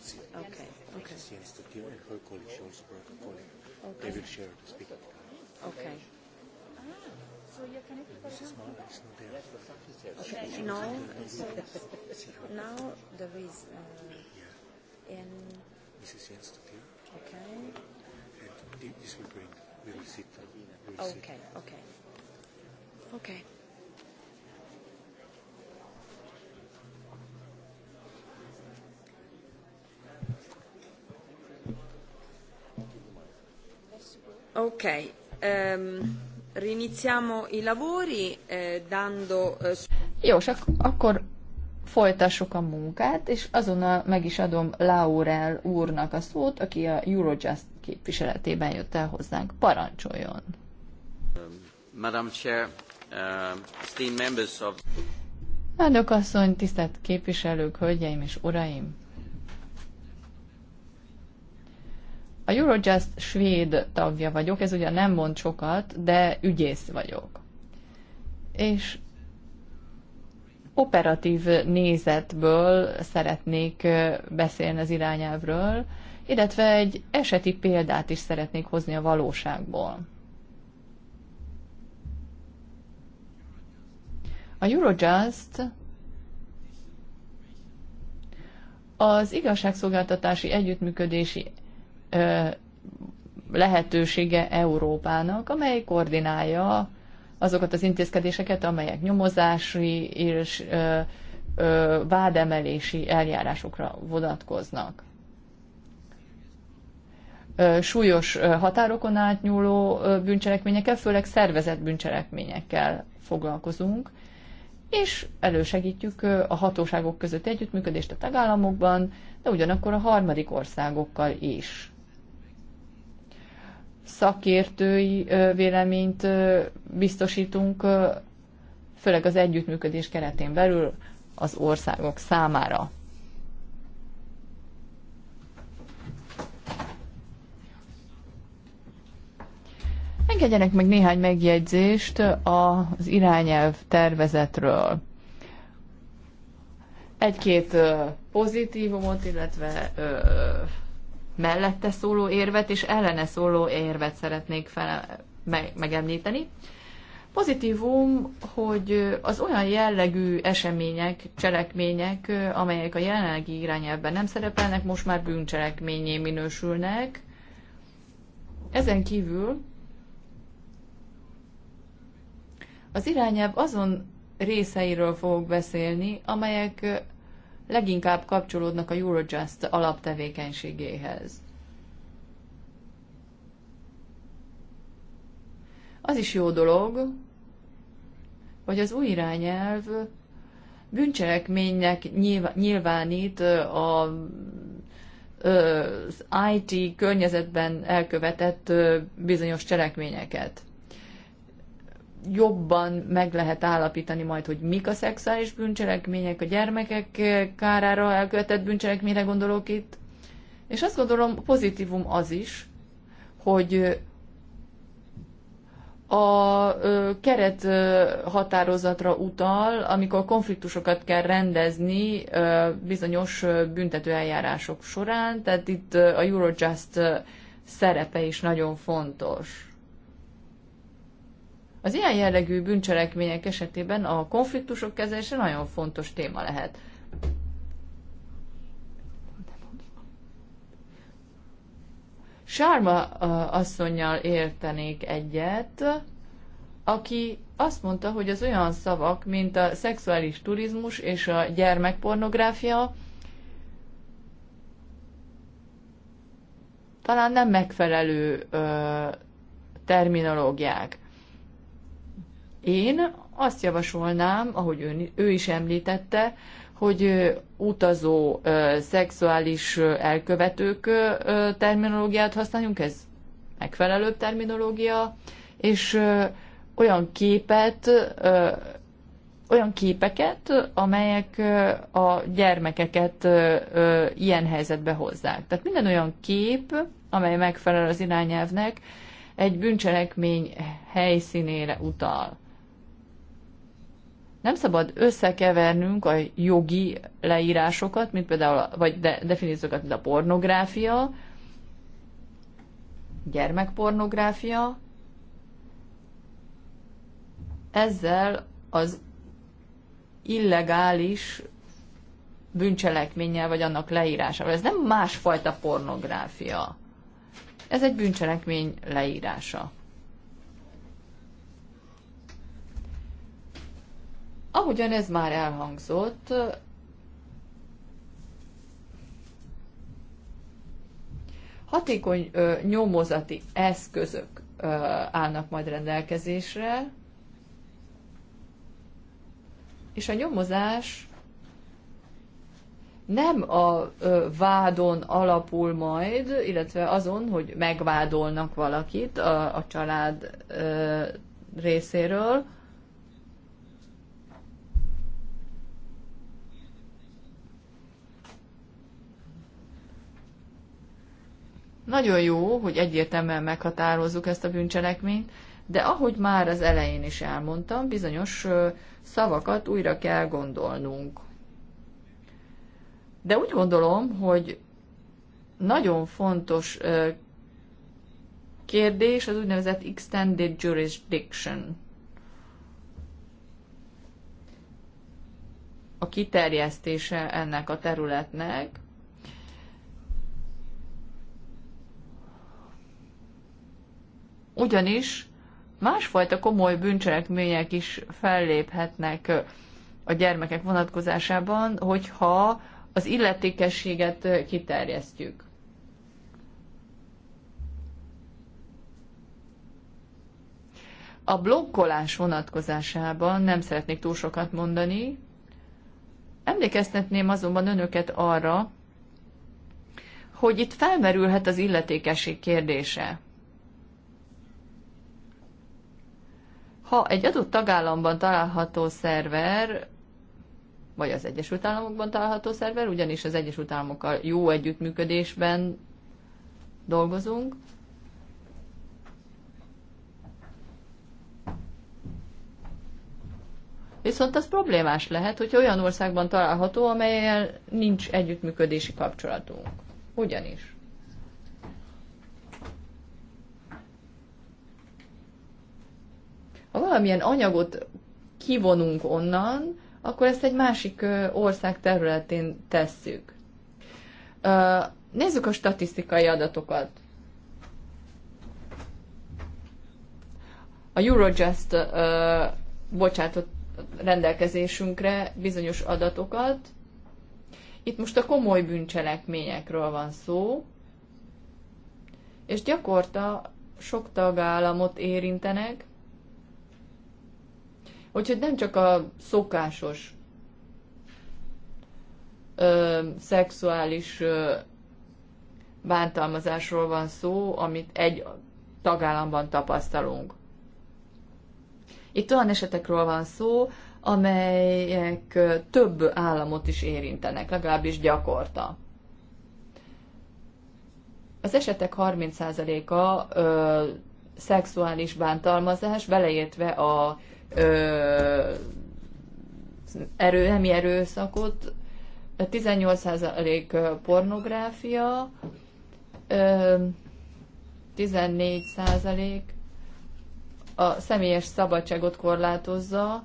Okay, okay. Okay. Okay. Okay. Okay. Okay. Okay. Okay. Okay. Okay. Okay. Okay. Okay. Okay. Okay. Okay. the speaking time. Okay. Ah, so you're connected by Mrs. Mahler is not there. Okay, no. So now there is. Uh, yeah. In. Mrs. Jens to deal. Okay. And this will bring, we will sit. Okay. Okay. okay, okay. okay. Okay. Ok, um, riniziamo i lavori eh, dando... Eh... Jó, és ak- akkor folytassuk a munkát, és azonnal meg is adom Laurel úrnak a szót, aki a Eurojust képviseletében jött el hozzánk. Parancsoljon! Madam Chair, uh, members of... Elnök asszony, tisztelt képviselők, hölgyeim és uraim! A Eurojust svéd tagja vagyok, ez ugye nem mond sokat, de ügyész vagyok. És operatív nézetből szeretnék beszélni az irányelvről, illetve egy eseti példát is szeretnék hozni a valóságból. A Eurojust az igazságszolgáltatási együttműködési lehetősége Európának, amely koordinálja azokat az intézkedéseket, amelyek nyomozási és vádemelési eljárásokra vonatkoznak. Súlyos határokon átnyúló bűncselekményekkel, főleg szervezett bűncselekményekkel foglalkozunk, és elősegítjük a hatóságok között együttműködést a tagállamokban, de ugyanakkor a harmadik országokkal is szakértői véleményt biztosítunk, főleg az együttműködés keretén belül az országok számára. Engedjenek meg néhány megjegyzést az irányelv tervezetről. Egy-két pozitívumot, illetve mellette szóló érvet és ellene szóló érvet szeretnék fele, me, megemlíteni. Pozitívum, hogy az olyan jellegű események, cselekmények, amelyek a jelenlegi irányelvben nem szerepelnek, most már bűncselekményé minősülnek. Ezen kívül az irányelv azon részeiről fogok beszélni, amelyek leginkább kapcsolódnak a Eurojust alaptevékenységéhez. Az is jó dolog, hogy az új irányelv bűncselekménynek nyilvánít a az IT környezetben elkövetett bizonyos cselekményeket jobban meg lehet állapítani majd, hogy mik a szexuális bűncselekmények, a gyermekek kárára elkövetett bűncselekményre gondolok itt. És azt gondolom, pozitívum az is, hogy a keret határozatra utal, amikor konfliktusokat kell rendezni bizonyos eljárások során, tehát itt a Eurojust szerepe is nagyon fontos. Az ilyen jellegű bűncselekmények esetében a konfliktusok kezelése nagyon fontos téma lehet. Sárma asszonynal értenék egyet, aki azt mondta, hogy az olyan szavak, mint a szexuális turizmus és a gyermekpornográfia talán nem megfelelő ö, terminológiák. Én azt javasolnám, ahogy ő, ő is említette, hogy utazó szexuális elkövetők terminológiát használjunk, ez megfelelőbb terminológia, és olyan képet, olyan képeket, amelyek a gyermekeket ilyen helyzetbe hozzák. Tehát minden olyan kép, amely megfelel az irányelvnek, egy bűncselekmény helyszínére utal nem szabad összekevernünk a jogi leírásokat, mint például, a, vagy de, definíciókat, mint a pornográfia, gyermekpornográfia, ezzel az illegális bűncselekménnyel, vagy annak leírásával. Ez nem másfajta pornográfia. Ez egy bűncselekmény leírása. Ahogyan ez már elhangzott, hatékony ö, nyomozati eszközök ö, állnak majd rendelkezésre, és a nyomozás nem a ö, vádon alapul majd, illetve azon, hogy megvádolnak valakit a, a család ö, részéről, Nagyon jó, hogy egyértelműen meghatározzuk ezt a bűncselekményt, de ahogy már az elején is elmondtam, bizonyos szavakat újra kell gondolnunk. De úgy gondolom, hogy nagyon fontos kérdés az úgynevezett extended jurisdiction. A kiterjesztése ennek a területnek, ugyanis másfajta komoly bűncselekmények is felléphetnek a gyermekek vonatkozásában, hogyha az illetékességet kiterjesztjük. A blokkolás vonatkozásában nem szeretnék túl sokat mondani. Emlékeztetném azonban önöket arra, hogy itt felmerülhet az illetékesség kérdése. Ha egy adott tagállamban található szerver, vagy az Egyesült Államokban található szerver, ugyanis az Egyesült Államokkal jó együttműködésben dolgozunk, Viszont az problémás lehet, hogy olyan országban található, amelyel nincs együttműködési kapcsolatunk. Ugyanis. Ha valamilyen anyagot kivonunk onnan, akkor ezt egy másik ország területén tesszük. Nézzük a statisztikai adatokat. A Eurojust bocsátott rendelkezésünkre bizonyos adatokat. Itt most a komoly bűncselekményekről van szó, és gyakorta sok tagállamot érintenek, Úgyhogy nem csak a szokásos ö, szexuális ö, bántalmazásról van szó, amit egy tagállamban tapasztalunk. Itt olyan esetekről van szó, amelyek több államot is érintenek, legalábbis gyakorta. Az esetek 30%-a szexuális bántalmazás, beleértve a ö, erő, nemi erőszakot, 18% pornográfia, 14% a személyes szabadságot korlátozza,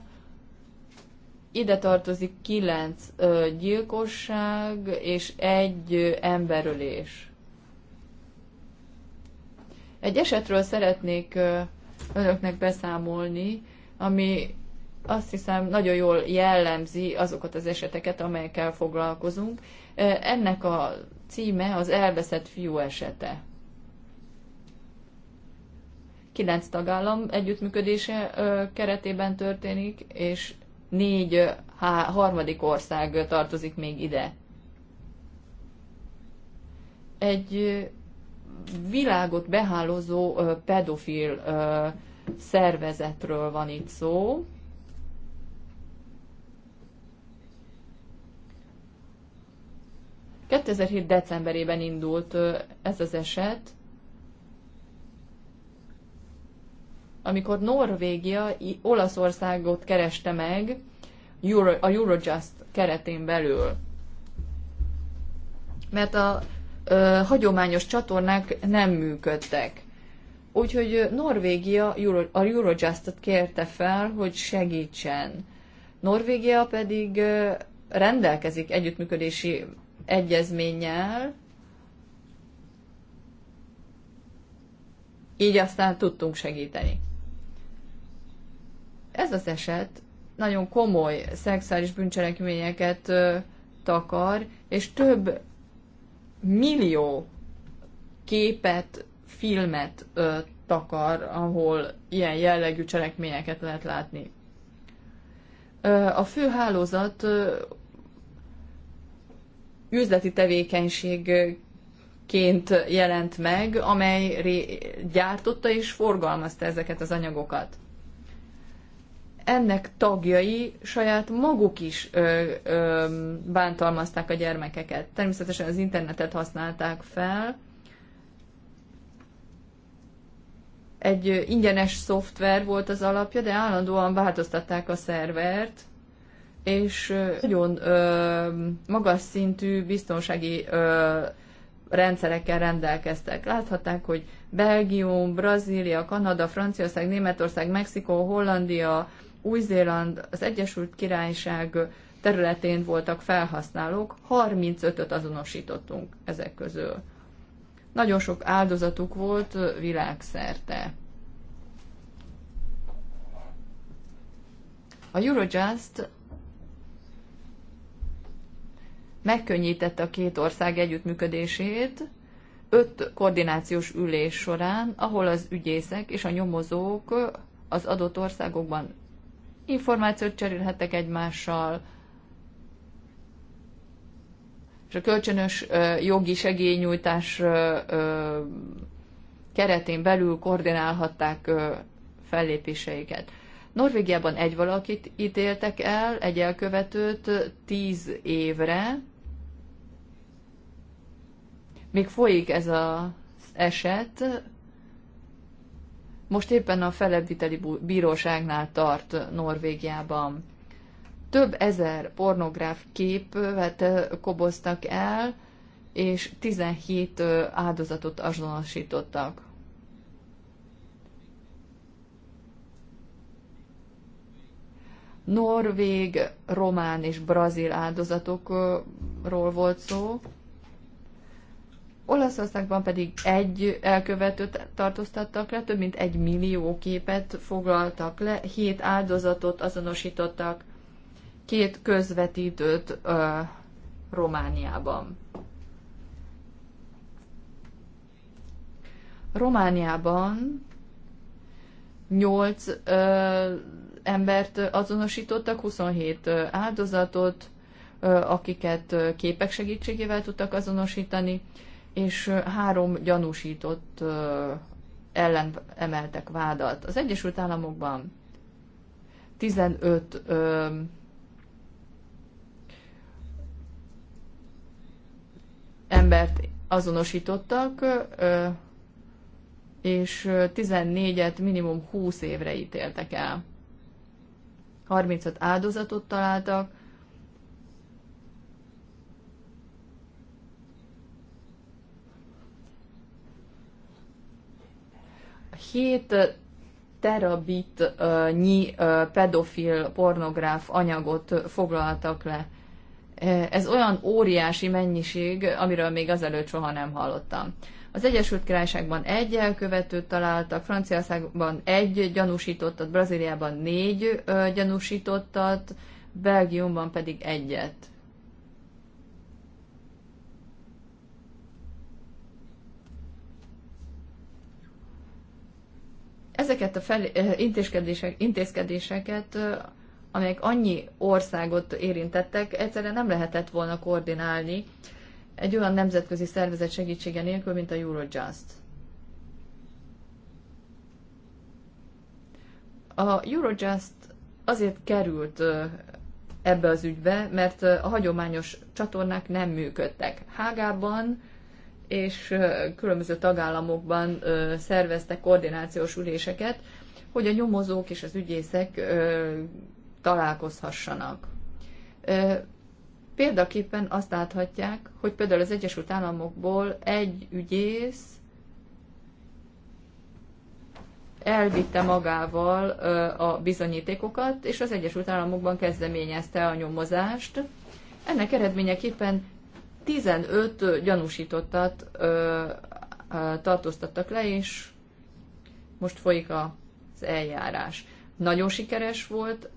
ide tartozik 9 gyilkosság és egy emberölés. Egy esetről szeretnék önöknek beszámolni, ami azt hiszem nagyon jól jellemzi azokat az eseteket, amelyekkel foglalkozunk. Ennek a címe az elveszett fiú esete. Kilenc tagállam együttműködése keretében történik, és négy harmadik ország tartozik még ide. Egy világot behálózó pedofil szervezetről van itt szó. ...2007 decemberében indult ez az eset, amikor Norvégia Olaszországot kereste meg Euro, a Eurojust keretén belül. Mert a ö, hagyományos csatornák nem működtek. Úgyhogy Norvégia a Eurojustot kérte fel, hogy segítsen. Norvégia pedig rendelkezik együttműködési egyezménnyel, így aztán tudtunk segíteni. Ez az eset nagyon komoly szexuális bűncselekményeket takar, és több millió képet filmet ö, takar, ahol ilyen jellegű cselekményeket lehet látni. Ö, a fő hálózat ö, üzleti tevékenységként jelent meg, amely gyártotta és forgalmazta ezeket az anyagokat. Ennek tagjai saját maguk is ö, ö, bántalmazták a gyermekeket. Természetesen az internetet használták fel, egy ingyenes szoftver volt az alapja, de állandóan változtatták a szervert, és nagyon ö, magas szintű biztonsági ö, rendszerekkel rendelkeztek. Láthatták, hogy Belgium, Brazília, Kanada, Franciaország, Németország, Mexikó, Hollandia, Új-Zéland, az Egyesült Királyság területén voltak felhasználók, 35-öt azonosítottunk ezek közül. Nagyon sok áldozatuk volt világszerte. A Eurojust megkönnyítette a két ország együttműködését öt koordinációs ülés során, ahol az ügyészek és a nyomozók az adott országokban információt cserélhettek egymással, és a kölcsönös jogi segélynyújtás keretén belül koordinálhatták fellépéseiket. Norvégiában egy valakit ítéltek el, egy elkövetőt tíz évre. Még folyik ez az eset. Most éppen a felebbviteli bíróságnál tart Norvégiában több ezer pornográf képet koboztak el, és 17 áldozatot azonosítottak. Norvég, román és brazil áldozatokról volt szó. Olaszországban pedig egy elkövetőt tartóztattak le, több mint egy millió képet foglaltak le, hét áldozatot azonosítottak, két közvetítőt ö, Romániában. Romániában nyolc embert azonosítottak, 27 áldozatot, akiket képek segítségével tudtak azonosítani, és három gyanúsított ellen emeltek vádat. Az Egyesült Államokban 15 embert azonosítottak, és 14-et minimum 20 évre ítéltek el. 35 áldozatot találtak, Hét terabitnyi pedofil pornográf anyagot foglaltak le. Ez olyan óriási mennyiség, amiről még azelőtt soha nem hallottam. Az Egyesült Királyságban egy elkövetőt találtak, Franciaországban egy gyanúsítottat, Brazíliában négy gyanúsítottat, Belgiumban pedig egyet. Ezeket a fel, intézkedések, intézkedéseket amelyek annyi országot érintettek, egyszerűen nem lehetett volna koordinálni egy olyan nemzetközi szervezet segítsége nélkül, mint a Eurojust. A Eurojust azért került ebbe az ügybe, mert a hagyományos csatornák nem működtek. Hágában és különböző tagállamokban szerveztek koordinációs üléseket, hogy a nyomozók és az ügyészek találkozhassanak. Példaképpen azt láthatják, hogy például az Egyesült Államokból egy ügyész elvitte magával a bizonyítékokat, és az Egyesült Államokban kezdeményezte a nyomozást. Ennek eredményeképpen 15 gyanúsítottat tartóztattak le, és most folyik az eljárás. Nagyon sikeres volt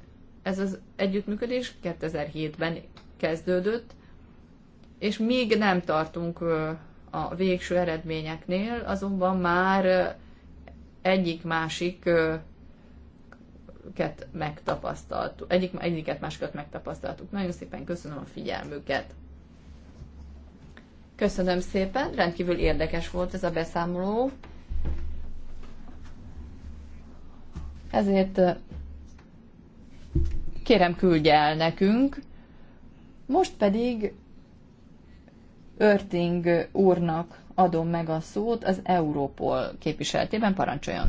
ez az együttműködés 2007-ben kezdődött, és még nem tartunk a végső eredményeknél, azonban már egyik-másik megtapasztaltuk, egyik, egyiket másikat megtapasztaltuk. Nagyon szépen köszönöm a figyelmüket. Köszönöm szépen, rendkívül érdekes volt ez a beszámoló. Ezért kérem küldje el nekünk. Most pedig Örting úrnak adom meg a szót az Európol képviseletében, parancsoljon.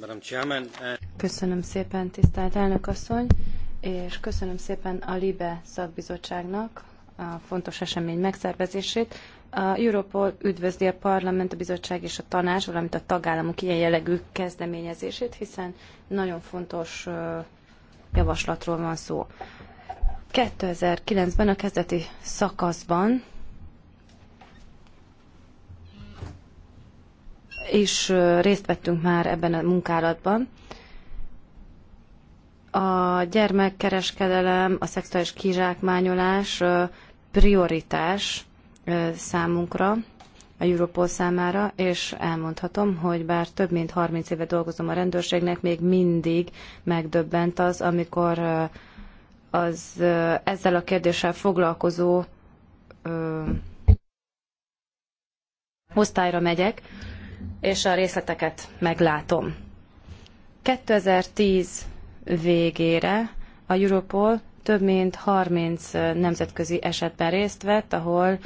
Eh, köszönöm szépen, tisztelt elnök asszony, és köszönöm szépen a LIBE szakbizottságnak a fontos esemény megszervezését. A Europol üdvözli a parlament, a bizottság és a tanács, valamint a tagállamok ilyen jellegű kezdeményezését, hiszen nagyon fontos javaslatról van szó. 2009-ben a kezdeti szakaszban is részt vettünk már ebben a munkálatban. A gyermekkereskedelem, a szexuális kizsákmányolás prioritás számunkra, a Europol számára, és elmondhatom, hogy bár több mint 30 éve dolgozom a rendőrségnek, még mindig megdöbbent az, amikor az ezzel a kérdéssel foglalkozó ö, osztályra megyek, és a részleteket meglátom. 2010 végére a Europol több mint 30 nemzetközi esetben részt vett, ahol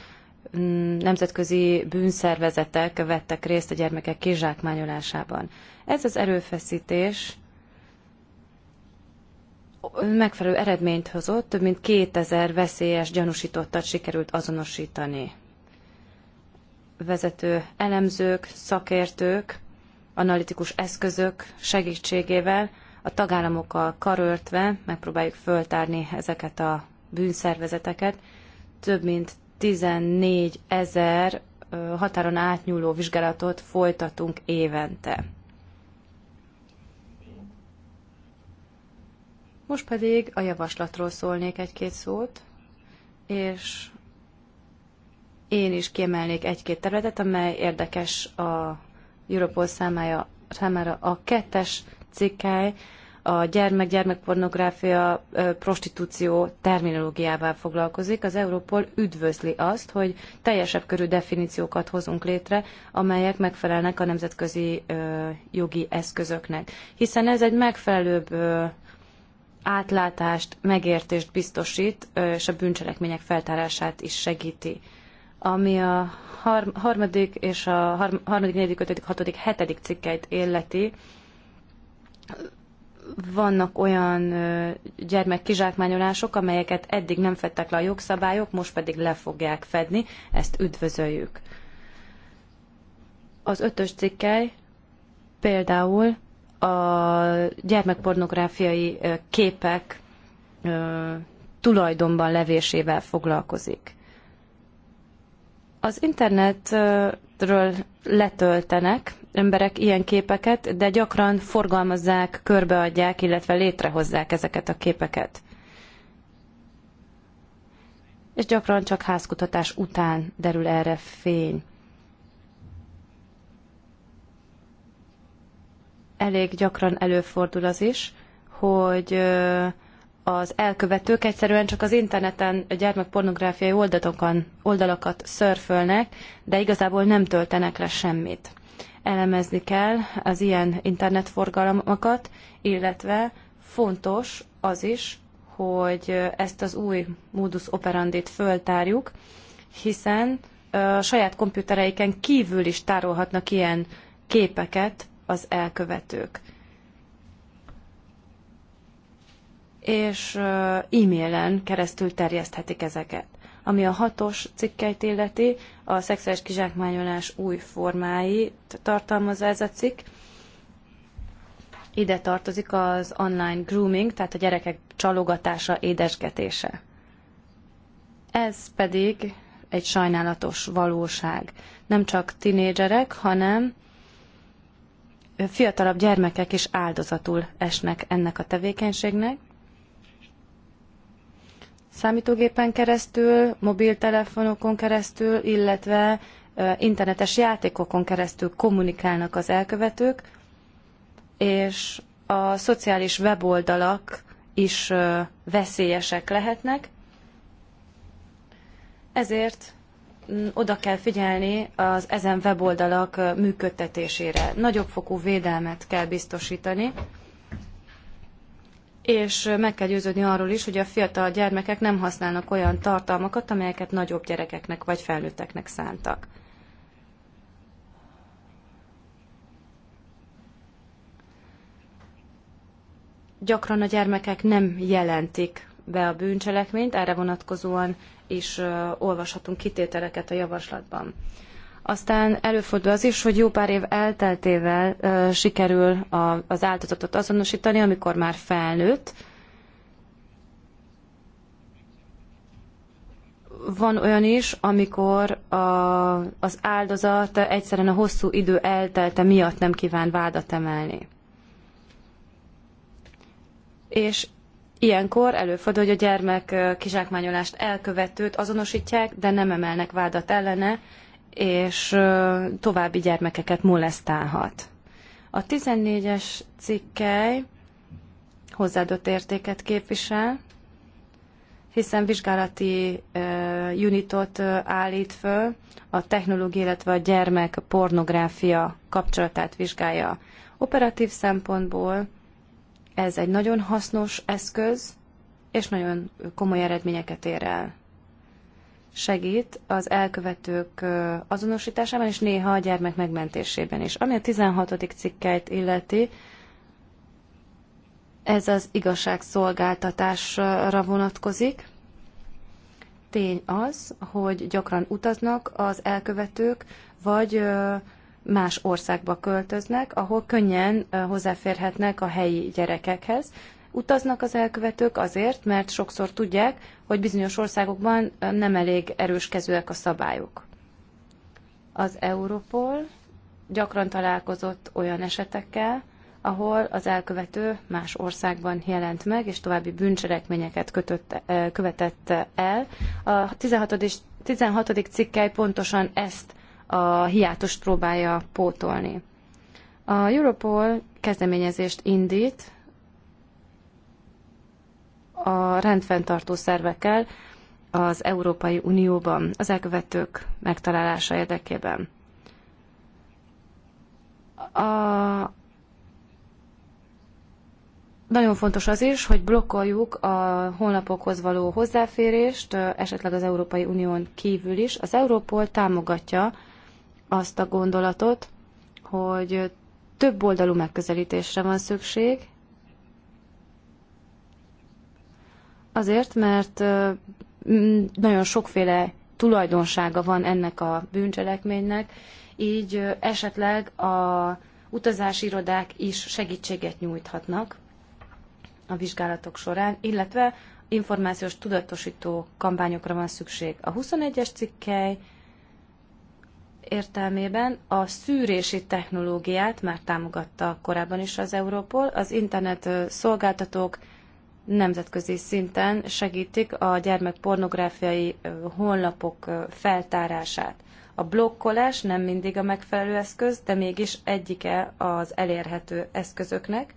nemzetközi bűnszervezetek vettek részt a gyermekek kizsákmányolásában. Ez az erőfeszítés megfelelő eredményt hozott, több mint 2000 veszélyes gyanúsítottat sikerült azonosítani. Vezető elemzők, szakértők, analitikus eszközök segítségével a tagállamokkal karöltve megpróbáljuk föltárni ezeket a bűnszervezeteket. Több mint 14 ezer határon átnyúló vizsgálatot folytatunk évente. Most pedig a javaslatról szólnék egy-két szót, és én is kiemelnék egy-két területet, amely érdekes a Europol számára, a kettes cikkely, a gyermek, gyermekpornográfia, prostitúció terminológiával foglalkozik. Az Európol üdvözli azt, hogy teljesebb körű definíciókat hozunk létre, amelyek megfelelnek a nemzetközi jogi eszközöknek. Hiszen ez egy megfelelőbb átlátást, megértést biztosít, és a bűncselekmények feltárását is segíti. Ami a harmadik és a harmadik, negyedik, ötödik, hatodik, hetedik cikkeit illeti, vannak olyan gyermekkizsákmányolások, amelyeket eddig nem fedtek le a jogszabályok, most pedig le fogják fedni, ezt üdvözöljük. Az ötös cikkely például a gyermekpornográfiai képek tulajdonban levésével foglalkozik. Az internetről letöltenek emberek ilyen képeket, de gyakran forgalmazzák, körbeadják, illetve létrehozzák ezeket a képeket. És gyakran csak házkutatás után derül erre fény. Elég gyakran előfordul az is, hogy az elkövetők egyszerűen csak az interneten gyermekpornográfiai oldalakat szörfölnek, de igazából nem töltenek le semmit elemezni kell az ilyen internetforgalmakat, illetve fontos az is, hogy ezt az új modus operandit föltárjuk, hiszen a saját komputereiken kívül is tárolhatnak ilyen képeket az elkövetők. És e-mailen keresztül terjeszthetik ezeket. Ami a hatos cikkeit illeti, a szexuális kizsákmányolás új formái tartalmazza ez a cikk. Ide tartozik az online grooming, tehát a gyerekek csalogatása, édesgetése. Ez pedig egy sajnálatos valóság. Nem csak tinédzserek, hanem fiatalabb gyermekek is áldozatul esnek ennek a tevékenységnek, számítógépen keresztül, mobiltelefonokon keresztül, illetve internetes játékokon keresztül kommunikálnak az elkövetők, és a szociális weboldalak is veszélyesek lehetnek. Ezért mm, oda kell figyelni az ezen weboldalak működtetésére. Nagyobb fokú védelmet kell biztosítani és meg kell győződni arról is, hogy a fiatal gyermekek nem használnak olyan tartalmakat, amelyeket nagyobb gyerekeknek vagy felnőtteknek szántak. Gyakran a gyermekek nem jelentik be a bűncselekményt, erre vonatkozóan is olvashatunk kitételeket a javaslatban. Aztán előfordul az is, hogy jó pár év elteltével ö, sikerül a, az áldozatot azonosítani, amikor már felnőtt. Van olyan is, amikor a, az áldozat egyszerűen a hosszú idő eltelte miatt nem kíván vádat emelni. És Ilyenkor előfordul, hogy a gyermek kizsákmányolást elkövetőt azonosítják, de nem emelnek vádat ellene, és további gyermekeket molesztálhat. A 14-es cikkely hozzáadott értéket képvisel, hiszen vizsgálati uh, unitot uh, állít föl, a technológia, illetve a gyermek pornográfia kapcsolatát vizsgálja. Operatív szempontból ez egy nagyon hasznos eszköz, és nagyon komoly eredményeket ér el segít az elkövetők azonosításában, és néha a gyermek megmentésében is. Ami a 16. cikkeit illeti, ez az igazságszolgáltatásra vonatkozik. Tény az, hogy gyakran utaznak az elkövetők, vagy más országba költöznek, ahol könnyen hozzáférhetnek a helyi gyerekekhez utaznak az elkövetők azért, mert sokszor tudják, hogy bizonyos országokban nem elég erős kezűek a szabályok. Az Europol gyakran találkozott olyan esetekkel, ahol az elkövető más országban jelent meg, és további bűncselekményeket kötött, követett el. A 16. 16. cikkely pontosan ezt a hiátust próbálja pótolni. A Europol kezdeményezést indít a rendfenntartó szervekkel az Európai Unióban az elkövetők megtalálása érdekében. A... Nagyon fontos az is, hogy blokkoljuk a honlapokhoz való hozzáférést, esetleg az Európai Unión kívül is. Az Európol támogatja azt a gondolatot, hogy több oldalú megközelítésre van szükség, Azért, mert nagyon sokféle tulajdonsága van ennek a bűncselekménynek, így esetleg a utazási irodák is segítséget nyújthatnak a vizsgálatok során, illetve információs tudatosító kampányokra van szükség. A 21-es cikkely értelmében a szűrési technológiát már támogatta korábban is az Európol, az internet szolgáltatók nemzetközi szinten segítik a gyermekpornográfiai honlapok feltárását. A blokkolás nem mindig a megfelelő eszköz, de mégis egyike az elérhető eszközöknek.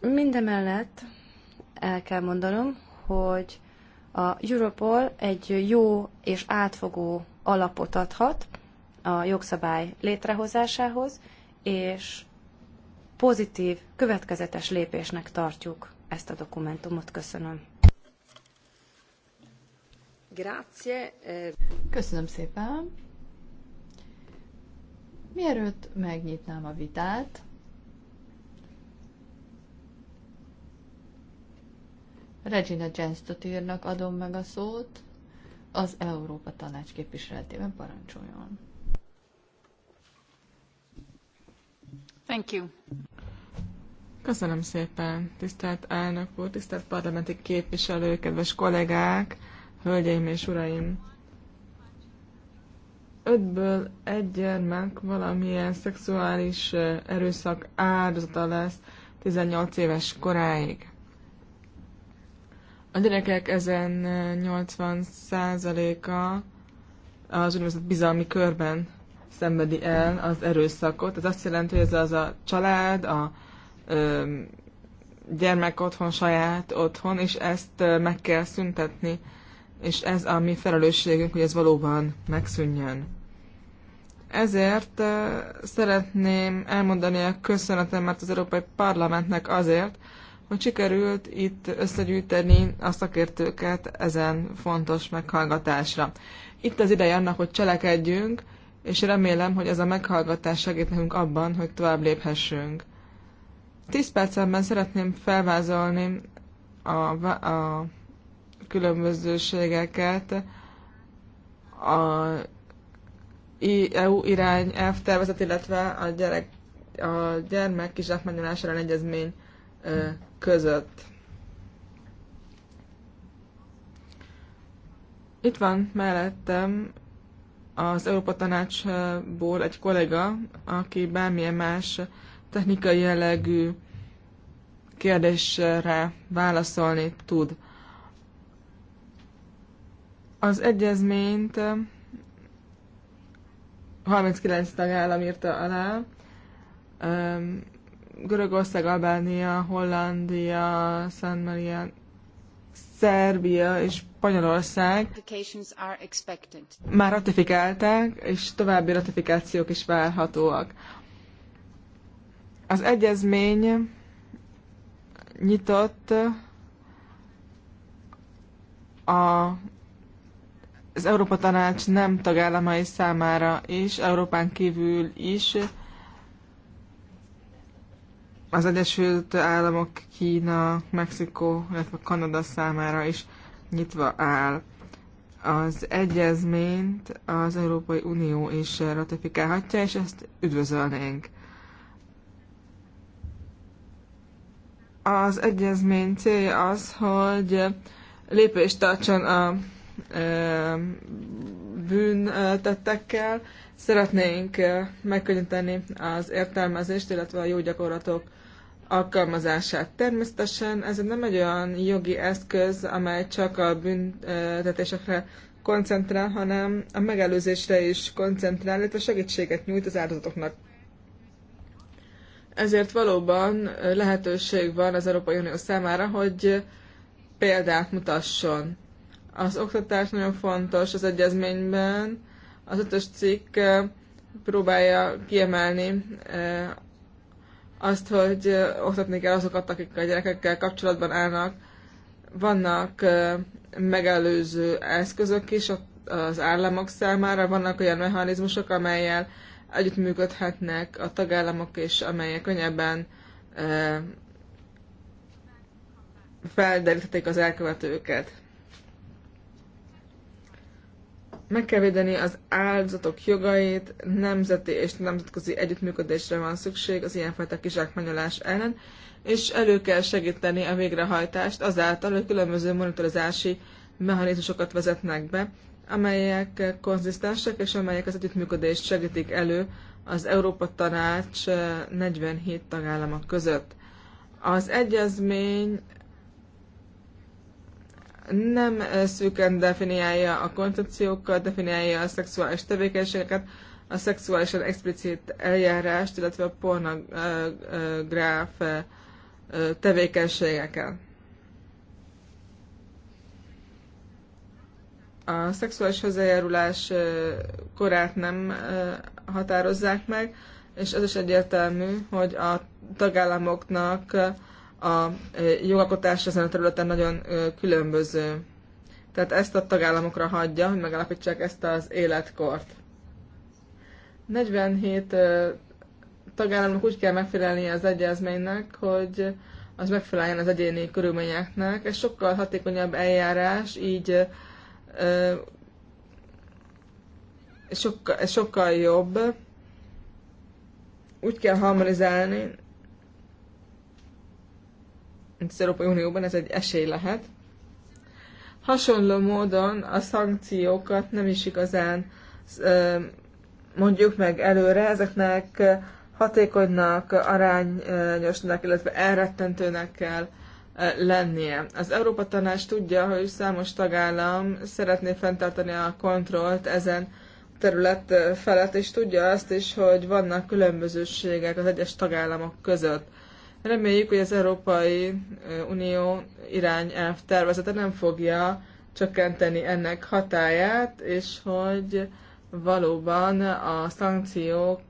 Mindemellett el kell mondanom, hogy a Europol egy jó és átfogó alapot adhat a jogszabály létrehozásához, és pozitív, következetes lépésnek tartjuk ezt a dokumentumot. Köszönöm. Grazie. Eh. Köszönöm szépen. Mielőtt megnyitnám a vitát, Regina Jenstotirnak adom meg a szót, az Európa Tanács képviseletében parancsoljon. Thank you. Köszönöm szépen, tisztelt elnök úr, tisztelt parlamenti képviselő, kedves kollégák, hölgyeim és uraim! Ötből egy gyermek valamilyen szexuális erőszak áldozata lesz 18 éves koráig. A gyerekek ezen 80%-a az úgynevezett bizalmi körben szenvedi el az erőszakot. Ez azt jelenti, hogy ez az a család, a ö, gyermek otthon, saját otthon, és ezt meg kell szüntetni, és ez a mi felelősségünk, hogy ez valóban megszűnjön. Ezért szeretném elmondani a köszönetemet az Európai Parlamentnek azért, hogy sikerült itt összegyűjteni a szakértőket ezen fontos meghallgatásra. Itt az ideje annak, hogy cselekedjünk, és remélem, hogy ez a meghallgatás segít nekünk abban, hogy tovább léphessünk. Tíz percemben szeretném felvázolni a, a különbözőségeket a EU irány elvtervezet, illetve a, gyerek, a gyermek kizsákmányolás ellen egyezmény között. Itt van mellettem az Európa Tanácsból egy kollega, aki bármilyen más technikai jellegű kérdésre válaszolni tud. Az egyezményt 39 tagállam írta alá, Görögország, Albánia, Hollandia, San Maria, Szerbia és Spanyolország már ratifikálták, és további ratifikációk is várhatóak. Az egyezmény nyitott a, az Európa Tanács nem tagállamai számára is, Európán kívül is az Egyesült Államok, Kína, Mexikó, illetve Kanada számára is nyitva áll. Az egyezményt az Európai Unió is ratifikálhatja, és ezt üdvözölnénk. Az egyezmény célja az, hogy lépést tartson a bűntettekkel. Szeretnénk megkönnyíteni az értelmezést, illetve a jó gyakorlatok alkalmazását. Természetesen ez nem egy olyan jogi eszköz, amely csak a büntetésekre koncentrál, hanem a megelőzésre is koncentrál, illetve segítséget nyújt az áldozatoknak. Ezért valóban lehetőség van az Európai Unió számára, hogy példát mutasson. Az oktatás nagyon fontos az egyezményben. Az ötös cikk eh, próbálja kiemelni eh, azt, hogy oktatni kell azokat, akik a gyerekekkel kapcsolatban állnak. Vannak megelőző eszközök is az államok számára, vannak olyan mechanizmusok, amelyel együttműködhetnek a tagállamok, és amelyek könnyebben felderíthetik az elkövetőket. Meg kell védeni az áldozatok jogait, nemzeti és nemzetközi együttműködésre van szükség az ilyenfajta kizsákmányolás ellen, és elő kell segíteni a végrehajtást azáltal, hogy különböző monitorozási mechanizmusokat vezetnek be, amelyek konzisztensek és amelyek az együttműködést segítik elő az Európa Tanács 47 eh, tagállama között. Az egyezmény nem eh, szűken definiálja a koncepciókat, definiálja a szexuális tevékenységeket, a szexuálisan explicit eljárást, illetve a pornográf eh, eh, tevékenységeket. A szexuális hozzájárulás korát nem határozzák meg, és az is egyértelmű, hogy a tagállamoknak a jogalkotás ezen a területen nagyon különböző. Tehát ezt a tagállamokra hagyja, hogy megállapítsák ezt az életkort. 47 tagállamnak úgy kell megfelelni az egyezménynek, hogy az megfeleljen az egyéni körülményeknek. Ez sokkal hatékonyabb eljárás, így sokkal, sokkal jobb. Úgy kell harmonizálni az Európai Unióban ez egy esély lehet. Hasonló módon a szankciókat nem is igazán mondjuk meg előre, ezeknek hatékonynak, arányosnak, illetve elrettentőnek kell lennie. Az Európa Tanács tudja, hogy számos tagállam szeretné fenntartani a kontrollt ezen terület felett, és tudja azt is, hogy vannak különbözőségek az egyes tagállamok között. Reméljük, hogy az Európai Unió irány tervezete nem fogja csökkenteni ennek hatáját, és hogy valóban a szankciók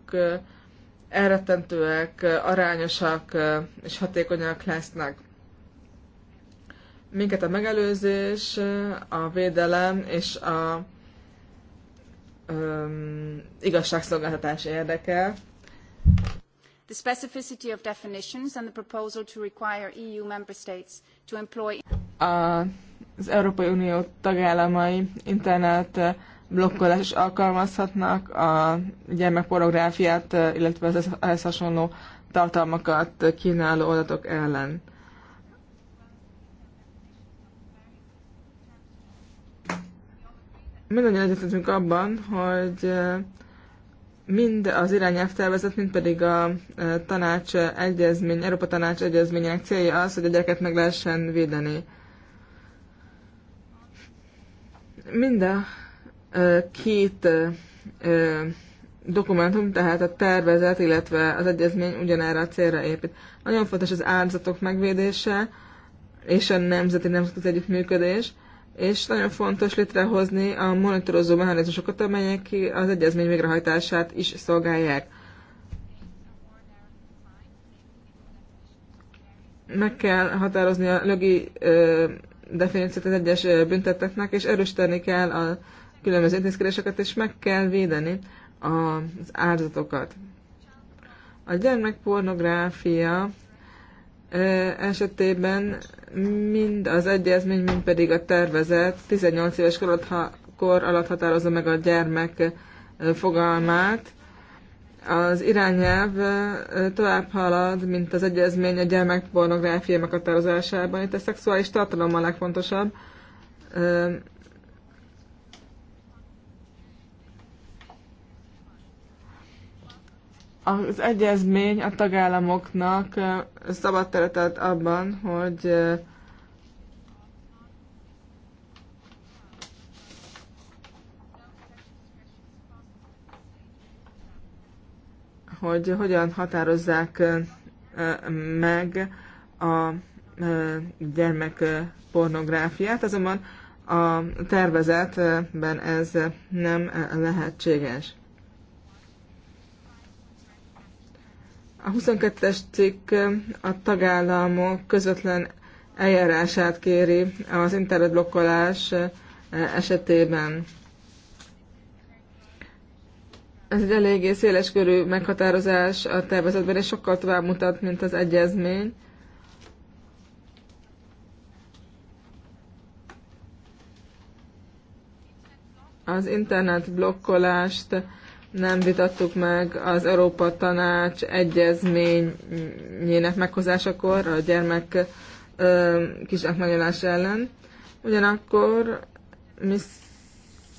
elrettentőek, arányosak és hatékonyak lesznek. Minket a megelőzés, a védelem és a um, igazságszolgáltatás érdekel the specificity of definitions and the proposal to require EU member states to employ az Európai Unió tagállamai internet eh, blokkolás is alkalmazhatnak, a gyermekpornográfiát, eh, illetve az ehhez hasonló tartalmakat kínáló adatok ellen. Mindannyian egyetértünk abban, hogy eh, mind az irányelvtervezet, mind pedig a e, tanács egyezmény, Európa Tanács egyezményének célja az, hogy a gyereket meg lehessen védeni. Mind a e, két e, dokumentum, tehát a tervezet, illetve az egyezmény ugyanerre a célra épít. Nagyon fontos az áldozatok megvédése és a nemzeti nemzetközi együttműködés. működés és nagyon fontos létrehozni a monitorozó mechanizmusokat, amelyek az egyezmény végrehajtását is szolgálják. Meg kell határozni a lögi definíciót az egyes bünteteknek, és erősíteni kell a különböző intézkedéseket, és meg kell védeni az áldozatokat. A gyermekpornográfia esetében mind az egyezmény, mind pedig a tervezet 18 éves kor alatt, határozza meg a gyermek fogalmát. Az irányelv tovább halad, mint az egyezmény a gyermekpornográfia meghatározásában. Itt a szexuális tartalom a legfontosabb Az egyezmény a tagállamoknak szabad teret ad abban, hogy hogy hogyan határozzák meg a gyermek pornográfiát, azonban a tervezetben ez nem lehetséges. A 22-es cikk a tagállamok közvetlen eljárását kéri az internetblokkolás esetében. Ez egy eléggé széleskörű meghatározás a tervezetben, és sokkal tovább mutat, mint az egyezmény. Az internet blokkolást nem vitattuk meg az Európa Tanács egyezményének meghozásakor a gyermek kizsákmányolás ellen. Ugyanakkor mi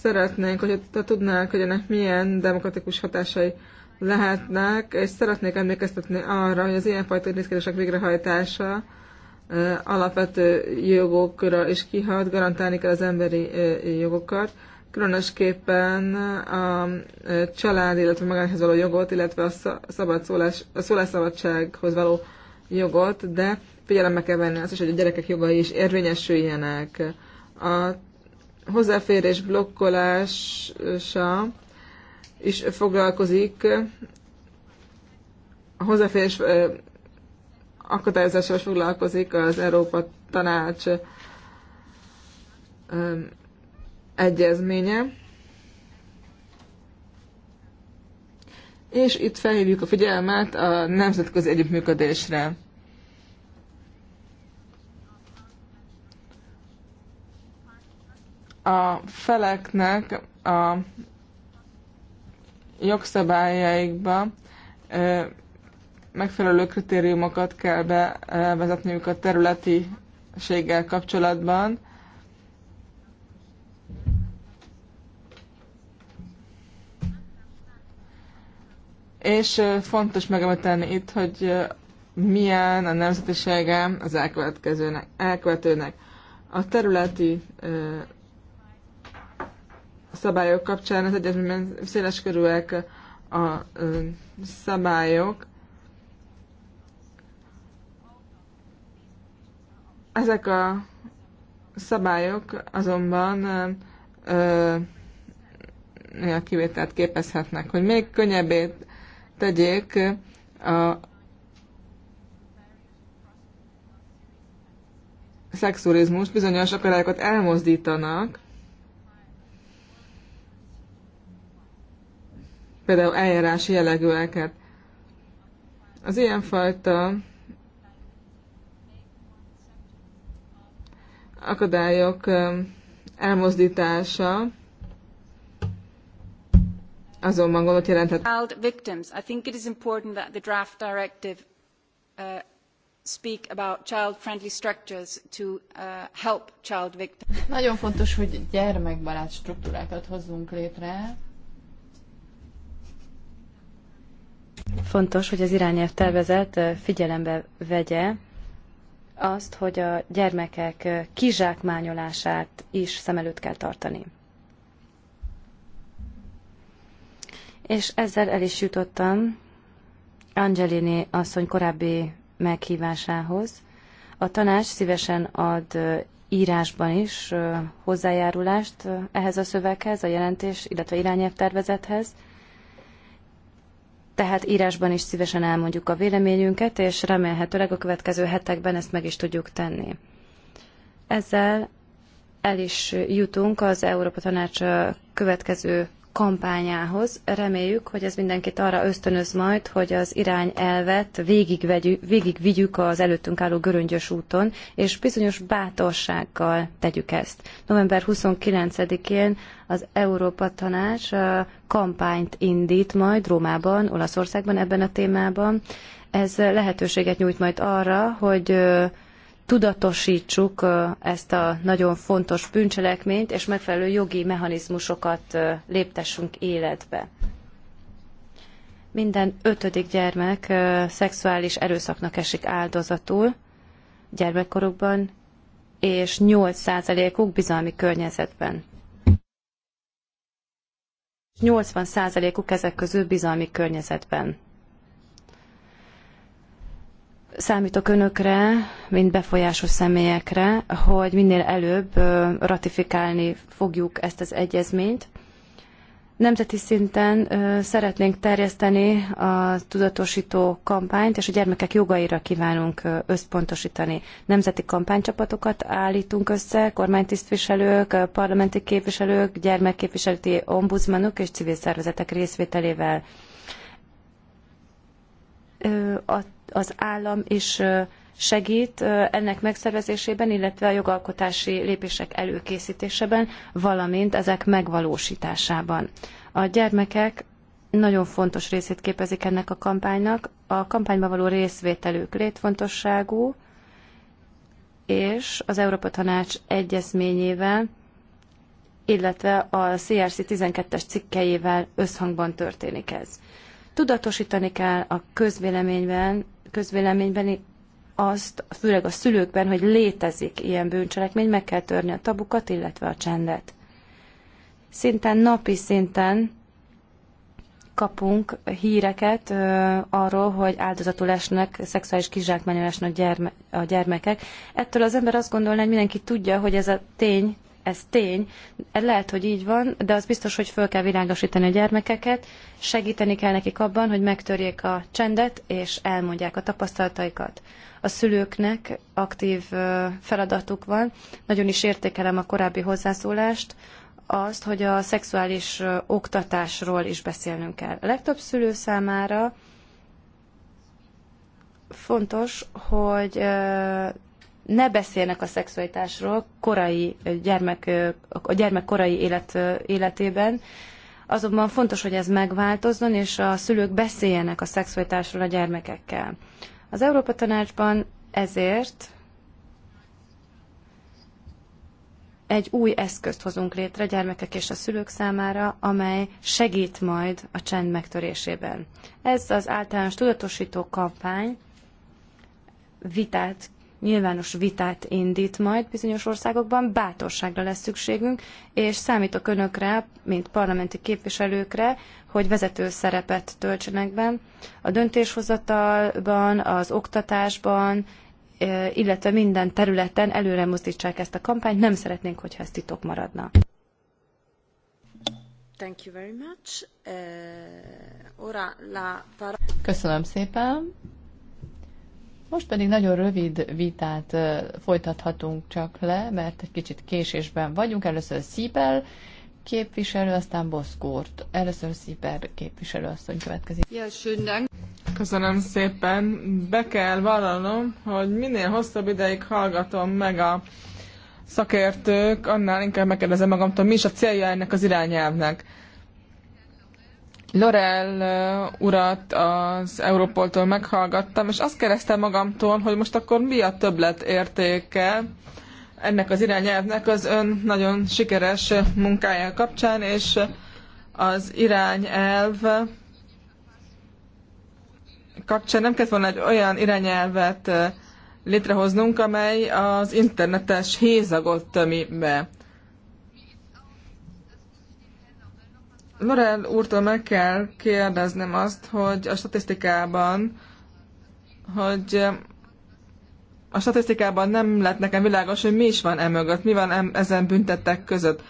szeretnénk, hogy tudnánk, hogy ennek milyen demokratikus hatásai lehetnek, és szeretnék emlékeztetni arra, hogy az ilyenfajta intézkedések végrehajtása alapvető jogokra is kihat, garantálni kell az emberi jogokat különösképpen a család, illetve magánhoz való jogot, illetve a, szabad szólás, a szólásszabadsághoz való jogot, de figyelembe kell venni azt is, hogy a gyerekek jogai is érvényesüljenek. A hozzáférés blokkolása is foglalkozik a hozzáférés akadályozásával foglalkozik az Európa Tanács egyezménye. És itt felhívjuk a figyelmet a nemzetközi együttműködésre. a feleknek a jogszabályaikba megfelelő kritériumokat kell bevezetniük a területiséggel kapcsolatban, És fontos megemlíteni itt, hogy milyen a nemzetisége az elkövetkezőnek, elkövetőnek. A területi ö, szabályok kapcsán az egyetemben széles körülök a ö, szabályok. Ezek a szabályok azonban ö, a kivételt képezhetnek, hogy még könnyebbé tegyék a szexurizmus bizonyos akadályokat elmozdítanak, például eljárási jellegűeket. Az ilyenfajta akadályok elmozdítása azonban gondot jelenthet. Child victims. I think it is important that the draft directive uh, speak about child-friendly structures to uh, help child victims. Nagyon fontos, hogy gyermekbarát struktúrákat hozzunk létre. Fontos, hogy az irányelv tervezet figyelembe vegye azt, hogy a gyermekek kizsákmányolását is szem előtt kell tartani. És ezzel el is jutottam Angelini asszony korábbi meghívásához. A tanács szívesen ad írásban is hozzájárulást ehhez a szöveghez, a jelentés, illetve irányelvtervezethez. Tehát írásban is szívesen elmondjuk a véleményünket, és remélhetőleg a következő hetekben ezt meg is tudjuk tenni. Ezzel el is jutunk az Európa Tanács következő kampányához. Reméljük, hogy ez mindenkit arra ösztönöz majd, hogy az irányelvet végigvigyük végig az előttünk álló göröngyös úton, és bizonyos bátorsággal tegyük ezt. November 29-én az Európa Tanács kampányt indít majd Rómában, Olaszországban ebben a témában. Ez lehetőséget nyújt majd arra, hogy tudatosítsuk ezt a nagyon fontos bűncselekményt, és megfelelő jogi mechanizmusokat léptessünk életbe. Minden ötödik gyermek szexuális erőszaknak esik áldozatul gyermekkorukban, és 8%-uk bizalmi környezetben. 80%-uk ezek közül bizalmi környezetben Számítok önökre, mint befolyásos személyekre, hogy minél előbb ratifikálni fogjuk ezt az egyezményt. Nemzeti szinten szeretnénk terjeszteni a tudatosító kampányt, és a gyermekek jogaira kívánunk összpontosítani. Nemzeti kampánycsapatokat állítunk össze, kormánytisztviselők, parlamenti képviselők, gyermekképviseleti ombudsmanok és civil szervezetek részvételével. A az állam is segít ennek megszervezésében, illetve a jogalkotási lépések előkészítésében, valamint ezek megvalósításában. A gyermekek nagyon fontos részét képezik ennek a kampánynak. A kampányban való részvételük létfontosságú, és az Európa Tanács egyezményével, illetve a CRC 12-es cikkeivel összhangban történik ez. Tudatosítani kell a közvéleményben közvéleményben azt, főleg a szülőkben, hogy létezik ilyen bűncselekmény, meg kell törni a tabukat, illetve a csendet. Szinten napi szinten kapunk híreket ö, arról, hogy áldozatul esnek, szexuális kizsákmányolásnak gyerme, a gyermekek. Ettől az ember azt gondolná, hogy mindenki tudja, hogy ez a tény ez tény, lehet, hogy így van, de az biztos, hogy föl kell világosítani a gyermekeket, segíteni kell nekik abban, hogy megtörjék a csendet, és elmondják a tapasztalataikat. A szülőknek aktív feladatuk van, nagyon is értékelem a korábbi hozzászólást, azt, hogy a szexuális oktatásról is beszélnünk kell. A legtöbb szülő számára fontos, hogy ne beszélnek a szexualitásról korai gyermek, a gyermek korai élet, életében, azonban fontos, hogy ez megváltozzon, és a szülők beszéljenek a szexualitásról a gyermekekkel. Az Európa Tanácsban ezért egy új eszközt hozunk létre gyermekek és a szülők számára, amely segít majd a csend megtörésében. Ez az általános tudatosító kampány vitát nyilvános vitát indít majd bizonyos országokban, bátorságra lesz szükségünk, és számítok önökre, mint parlamenti képviselőkre, hogy vezető szerepet töltsenek be a döntéshozatalban, az oktatásban, e, illetve minden területen előre mozdítsák ezt a kampányt. Nem szeretnénk, hogyha ez titok maradna. E, Köszönöm szépen. Most pedig nagyon rövid vitát folytathatunk csak le, mert egy kicsit késésben vagyunk. Először Szípel képviselő, aztán Boszkórt. Először Szíper képviselő asszony következik. Köszönöm szépen. Be kell vallanom, hogy minél hosszabb ideig hallgatom meg a szakértők, annál inkább megkérdezem magamtól, mi is a célja ennek az irányelvnek. Lorel urat az Európoltól meghallgattam, és azt kérdeztem magamtól, hogy most akkor mi a többlet értéke ennek az irányelvnek az ön nagyon sikeres munkája kapcsán, és az irányelv kapcsán nem kellett volna egy olyan irányelvet létrehoznunk, amely az internetes hézagot tömi be. Lorel úrtól meg kell kérdeznem azt, hogy a statisztikában, hogy eh, a statisztikában nem lett nekem világos, hogy mi is van emögött, mi van ezen büntettek között.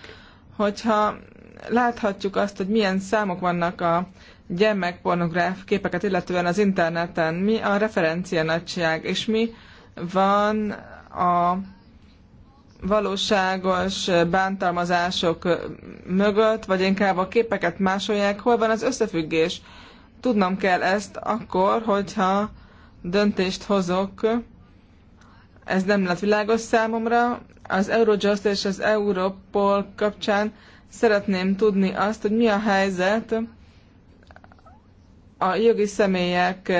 Hogyha láthatjuk azt, hogy milyen számok vannak a gyermekpornográf képeket, illetően az interneten, mi a referencia nagyság, és mi van a valóságos bántalmazások mögött, vagy inkább a képeket másolják, hol van az összefüggés. Tudnom kell ezt akkor, hogyha döntést hozok. Ez nem lett világos számomra. Az Eurojust és az Europol kapcsán szeretném tudni azt, hogy mi a helyzet a jogi személyek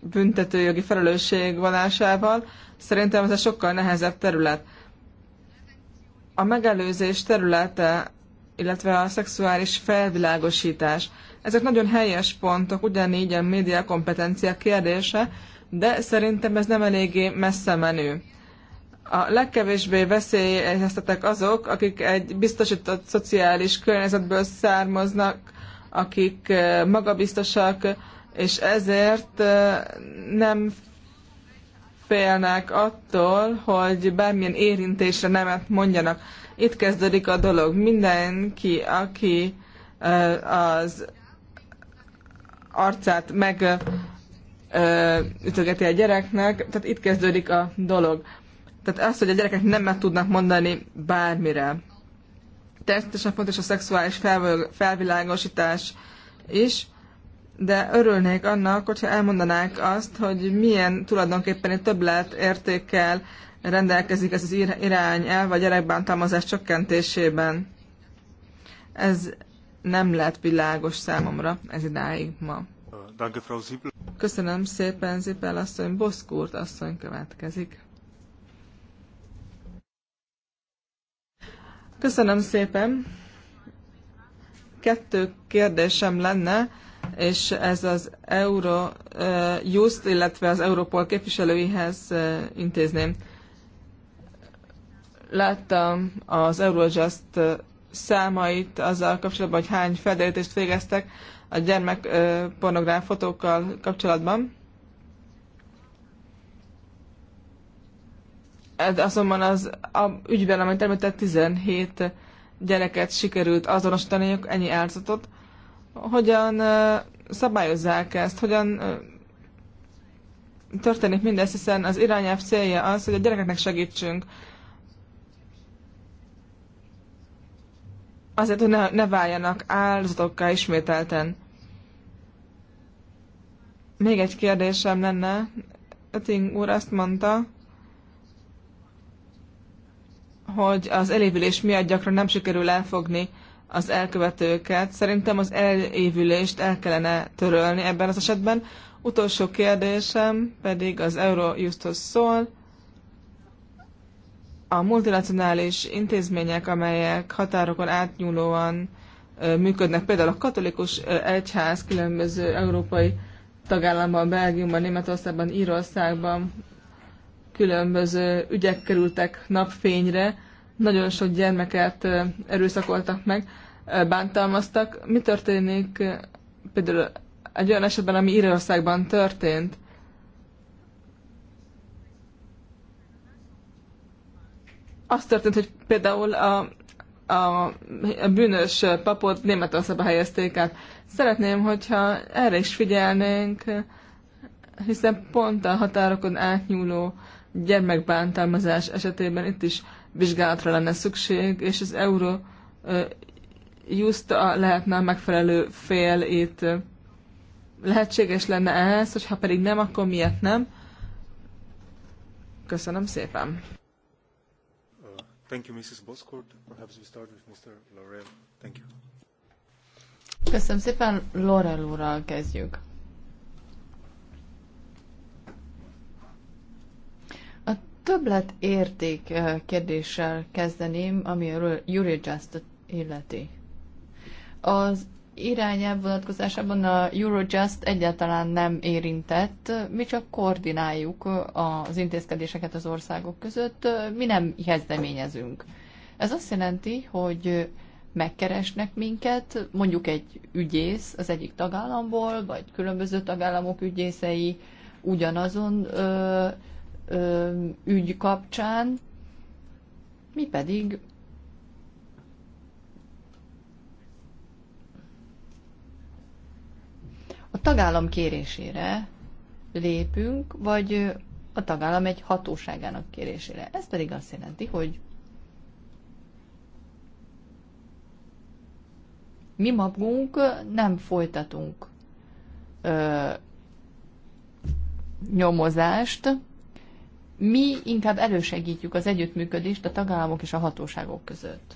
büntetőjogi vonásával, Szerintem ez egy sokkal nehezebb terület. A megelőzés területe, illetve a szexuális felvilágosítás, ezek nagyon helyes pontok, ugyanígy a média kompetencia kérdése, de szerintem ez nem eléggé messze menő. A legkevésbé veszélyeztetek azok, akik egy biztosított szociális környezetből származnak, akik eh, magabiztosak, és ezért eh, nem félnek attól, hogy bármilyen érintésre nemet mondjanak. Itt kezdődik a dolog. Mindenki, aki az arcát meg ütögeti a gyereknek, tehát itt kezdődik a dolog. Tehát az, hogy a gyerekek nemet tudnak mondani bármire. Természetesen fontos a szexuális felvilágosítás is, de örülnék annak, hogyha elmondanák azt, hogy milyen tulajdonképpen egy többlet értékkel rendelkezik ez az irány, el, a gyerekbántalmazás csökkentésében. Ez nem lett világos számomra ez idáig ma. Köszönöm szépen, Zipel asszony. Boszkurt asszony következik. Köszönöm szépen. Kettő kérdésem lenne és ez az Euro Just, illetve az Europol képviselőihez intézném. Láttam az Eurojust számait azzal kapcsolatban, hogy hány felderítést végeztek a gyermek pornográf fotókkal kapcsolatban. Azonban az a ügyben, amit említett, 17 gyereket sikerült azonosítaniuk, ennyi áldozatot hogyan szabályozzák ezt, hogyan történik mindez, hiszen az irányelv célja az, hogy a gyerekeknek segítsünk. Azért, hogy ne, ne váljanak áldozatokká ismételten. Még egy kérdésem lenne. Öting úr azt mondta, hogy az elévülés miatt gyakran nem sikerül elfogni az elkövetőket. Szerintem az elévülést el kellene törölni ebben az esetben. Utolsó kérdésem pedig az Eurojusthoz szól. A multinacionális intézmények, amelyek határokon átnyúlóan működnek, például a katolikus egyház különböző európai tagállamban, Belgiumban, Németországban, Írországban különböző ügyek kerültek napfényre, nagyon sok gyermeket erőszakoltak meg, bántalmaztak. Mi történik például egy olyan esetben, ami Írországban történt? Az történt, hogy például a, a, a bűnös papot Németországba helyezték át. Szeretném, hogyha erre is figyelnénk, hiszen pont a határokon átnyúló gyermekbántalmazás esetében itt is vizsgálatra lenne szükség, és az euró just lehetne a megfelelő fél itt. Lehetséges lenne ez, hogyha pedig nem, akkor miért nem? Köszönöm szépen. Thank you, Mrs. Boscourt. Perhaps we start with Mr. Laurel. Thank you. Köszönöm szépen, Laurel úrral kezdjük. többlet érték kérdéssel kezdeném, ami a eurojust just illeti. Az irányelv vonatkozásában a Eurojust egyáltalán nem érintett, mi csak koordináljuk az intézkedéseket az országok között, mi nem kezdeményezünk. Ez azt jelenti, hogy megkeresnek minket, mondjuk egy ügyész az egyik tagállamból, vagy különböző tagállamok ügyészei ugyanazon ö, ö, ügy kapcsán, mi pedig a tagállam kérésére lépünk, vagy a tagállam egy hatóságának kérésére. Ez pedig azt jelenti, hogy mi magunk nem folytatunk ö, nyomozást, mi inkább elősegítjük az együttműködést a tagállamok és a hatóságok között.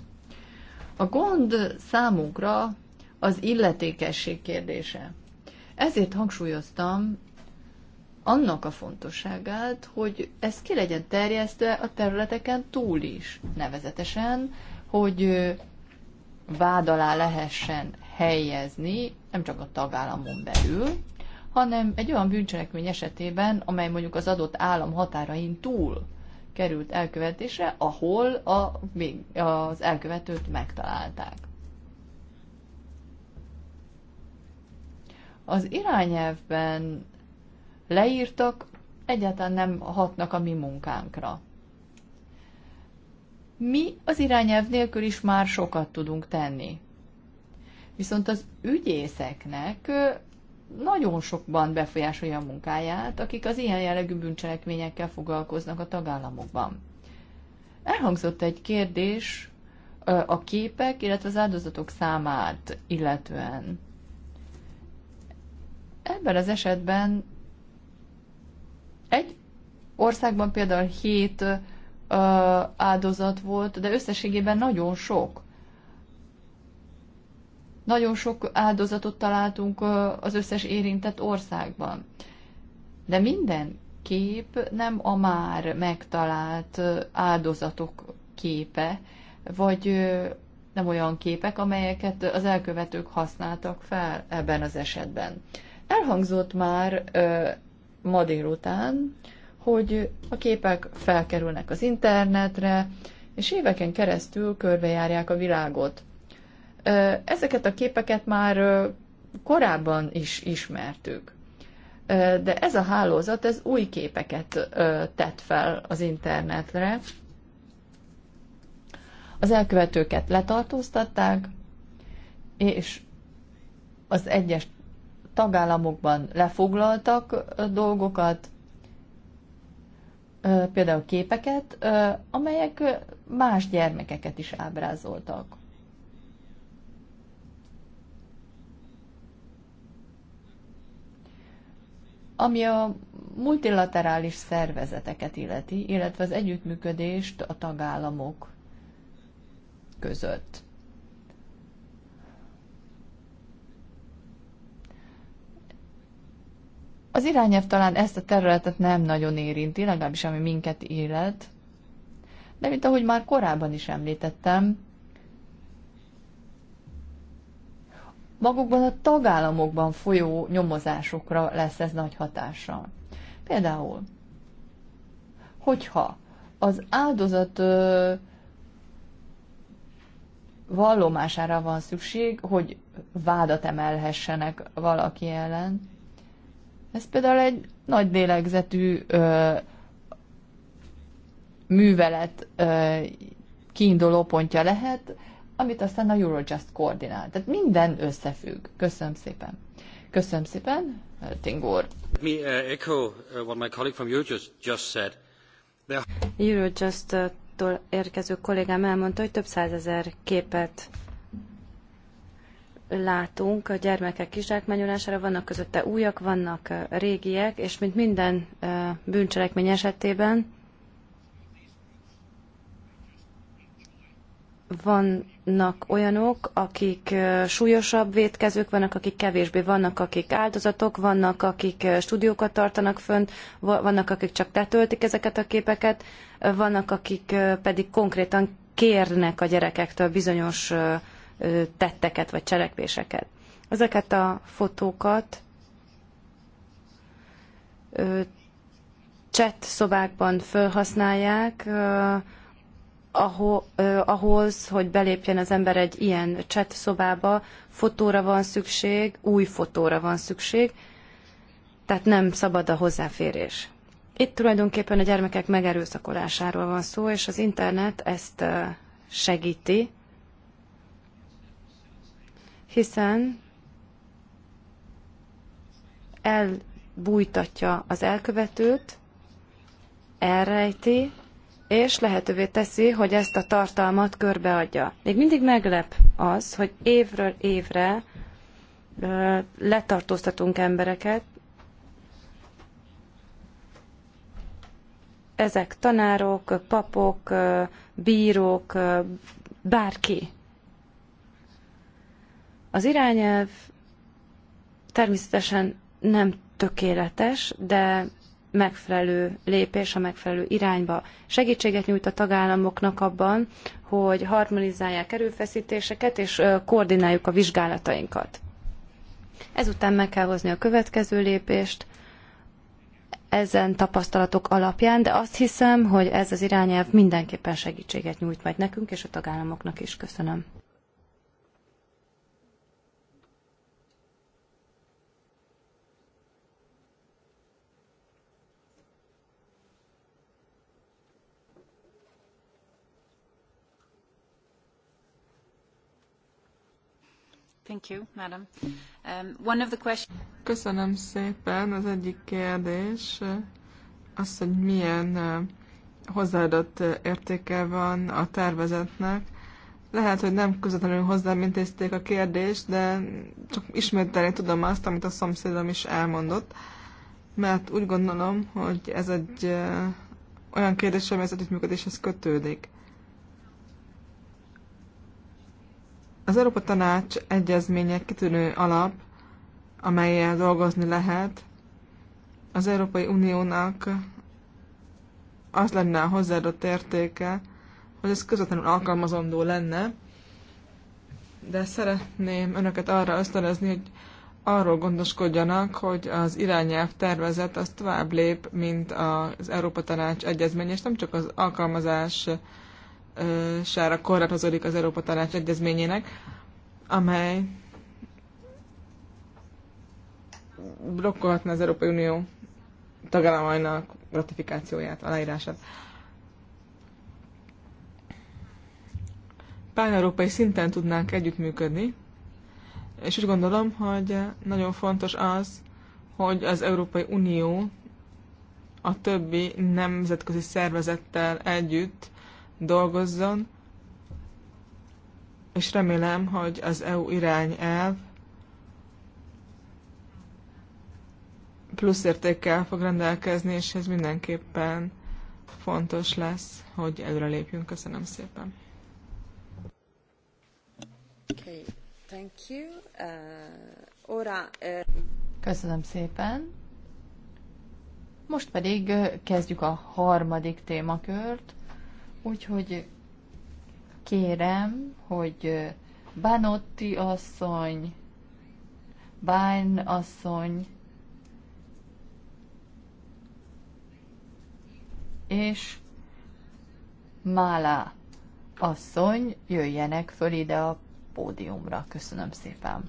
A gond számunkra az illetékesség kérdése. Ezért hangsúlyoztam annak a fontosságát, hogy ez ki legyen terjesztve a területeken túl is. Nevezetesen, hogy vád alá lehessen helyezni, nem csak a tagállamon belül, hanem egy olyan bűncselekmény esetében, amely mondjuk az adott állam határain túl került elkövetésre, ahol a, az elkövetőt megtalálták. Az irányelvben leírtak egyáltalán nem hatnak a mi munkánkra. Mi az irányelv nélkül is már sokat tudunk tenni. Viszont az ügyészeknek nagyon sokban befolyásolja a munkáját, akik az ilyen jellegű bűncselekményekkel foglalkoznak a tagállamokban. Elhangzott egy kérdés a képek, illetve az áldozatok számát illetően. Ebben az esetben egy országban például hét áldozat volt, de összességében nagyon sok. Nagyon sok áldozatot találtunk az összes érintett országban. De minden kép nem a már megtalált áldozatok képe, vagy nem olyan képek, amelyeket az elkövetők használtak fel ebben az esetben. Elhangzott már ma délután, hogy a képek felkerülnek az internetre, és éveken keresztül körbejárják a világot. Ezeket a képeket már korábban is ismertük, de ez a hálózat, ez új képeket tett fel az internetre. Az elkövetőket letartóztatták, és az egyes tagállamokban lefoglaltak dolgokat, például képeket, amelyek más gyermekeket is ábrázoltak. Ami a multilaterális szervezeteket illeti, illetve az együttműködést a tagállamok között. Az irányelv talán ezt a területet nem nagyon érinti, legalábbis ami minket illet, de mint ahogy már korábban is említettem, magukban a tagállamokban folyó nyomozásokra lesz ez nagy hatással. Például, hogyha az áldozat ö, vallomására van szükség, hogy vádat emelhessenek valaki ellen. Ez például egy nagy lélegzetű ö, művelet ö, kiinduló pontja lehet, amit aztán a Eurojust koordinál. Tehát minden összefügg. Köszönöm szépen. Köszönöm szépen, Tingor. Let me uh, echo uh, what my colleague from Eurojust just said. There... Eurojust-tól érkező kollégám elmondta, hogy több százezer képet látunk a gyermekek kizsákmányolására, vannak közötte újak, vannak uh, régiek, és mint minden uh, bűncselekmény esetében vannak olyanok, akik súlyosabb vétkezők, vannak, akik kevésbé, vannak, akik áldozatok, vannak, akik stúdiókat tartanak fönt, vannak, akik csak letöltik ezeket a képeket, vannak, akik pedig konkrétan kérnek a gyerekektől bizonyos tetteket vagy cselekvéseket. Ezeket a fotókat chat szobákban felhasználják, ahhoz, hogy belépjen az ember egy ilyen chat szobába, fotóra van szükség, új fotóra van szükség, tehát nem szabad a hozzáférés. Itt tulajdonképpen a gyermekek megerőszakolásáról van szó, és az internet ezt segíti, hiszen elbújtatja az elkövetőt, elrejti, és lehetővé teszi, hogy ezt a tartalmat körbeadja. Még mindig meglep az, hogy évről évre letartóztatunk embereket, ezek tanárok, papok, bírók, bárki. Az irányelv természetesen nem tökéletes, de megfelelő lépés a megfelelő irányba. Segítséget nyújt a tagállamoknak abban, hogy harmonizálják erőfeszítéseket és koordináljuk a vizsgálatainkat. Ezután meg kell hozni a következő lépést, ezen tapasztalatok alapján, de azt hiszem, hogy ez az irányelv mindenképpen segítséget nyújt majd nekünk és a tagállamoknak is. Köszönöm. Um, Köszönöm szépen. Az egyik kérdés eh, az, hogy milyen eh, hozzáadott eh, értéke van a tervezetnek. Lehet, hogy nem közvetlenül hozzám intézték a kérdést, de csak ismételni tudom azt, amit a szomszédom is elmondott, mert úgy gondolom, hogy ez egy olyan kérdés, ami az együttműködéshez kötődik. Az Európa Tanács egyezménye kitűnő alap, amelyel dolgozni lehet. Az Európai Uniónak az lenne a hozzáadott értéke, hogy ez közvetlenül alkalmazandó lenne, de szeretném önöket arra ösztönözni, hogy arról gondoskodjanak, hogy az irányelv tervezet az tovább lép, mint az Európa Tanács egyezmény, és nem csak az alkalmazás sára korlátozódik az Európa Tanács egyezményének, amely blokkolhatna az Európai Unió tagállamainak ratifikációját, aláírását. Pán-európai szinten tudnánk együttműködni, és úgy gondolom, hogy nagyon fontos az, hogy az Európai Unió a többi nemzetközi szervezettel együtt dolgozzon, és remélem, hogy az EU irányelv plusz értékkel fog rendelkezni, és ez mindenképpen fontos lesz, hogy előre lépjünk. Köszönöm szépen. Okay, thank you. Uh, ora, uh... Köszönöm szépen. Most pedig uh, kezdjük a harmadik témakört. Úgyhogy kérem, hogy Banotti asszony, Bán asszony, és Mála asszony jöjjenek föl ide a pódiumra. Köszönöm szépen!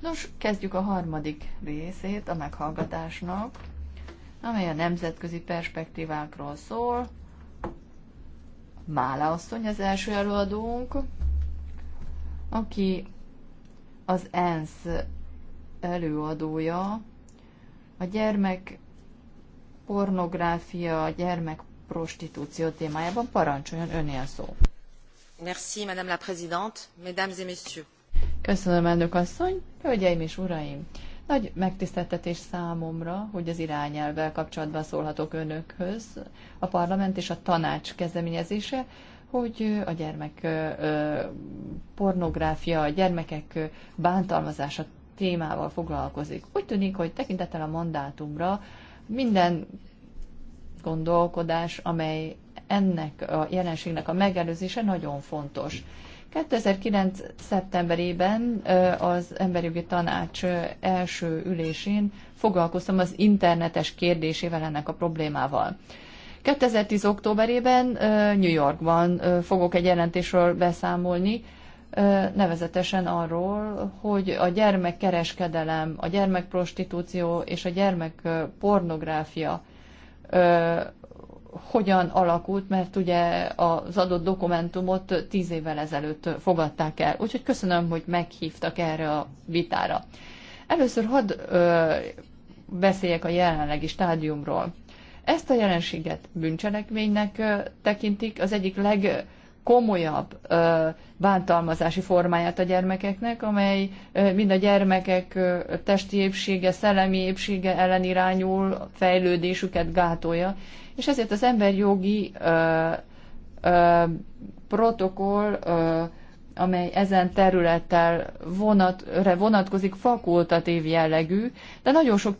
Nos, kezdjük a harmadik részét a meghallgatásnak, amely a nemzetközi perspektívákról szól. Mála asszony az első előadónk, aki az ENSZ előadója, a gyermek pornográfia, a gyermek prostitúció témájában parancsoljon önél szó. Madame la Présidente, Mesdames et Messieurs. Köszönöm, elnök asszony, hölgyeim és uraim! Nagy megtiszteltetés számomra, hogy az irányelvvel kapcsolatban szólhatok önökhöz, a parlament és a tanács kezdeményezése, hogy a gyermek pornográfia, a gyermekek bántalmazása témával foglalkozik. Úgy tűnik, hogy tekintettel a mandátumra minden gondolkodás, amely ennek a jelenségnek a megelőzése nagyon fontos. 2009. szeptemberében az Emberjogi Tanács első ülésén foglalkoztam az internetes kérdésével ennek a problémával. 2010. októberében New Yorkban fogok egy jelentésről beszámolni, nevezetesen arról, hogy a gyermekkereskedelem, a gyermekprostitúció és a gyermekpornográfia hogyan alakult, mert ugye az adott dokumentumot tíz évvel ezelőtt fogadták el. Úgyhogy köszönöm, hogy meghívtak erre a vitára. Először hadd ö, beszéljek a jelenlegi stádiumról. Ezt a jelenséget bűncselekménynek tekintik, az egyik leg komolyabb bántalmazási formáját a gyermekeknek, amely mind a gyermekek testi épsége, szellemi épsége ellen irányul, fejlődésüket gátolja, és ezért az emberjogi ö, ö, protokoll, ö, amely ezen területtel vonat, vonatkozik, fakultatív jellegű, de nagyon sok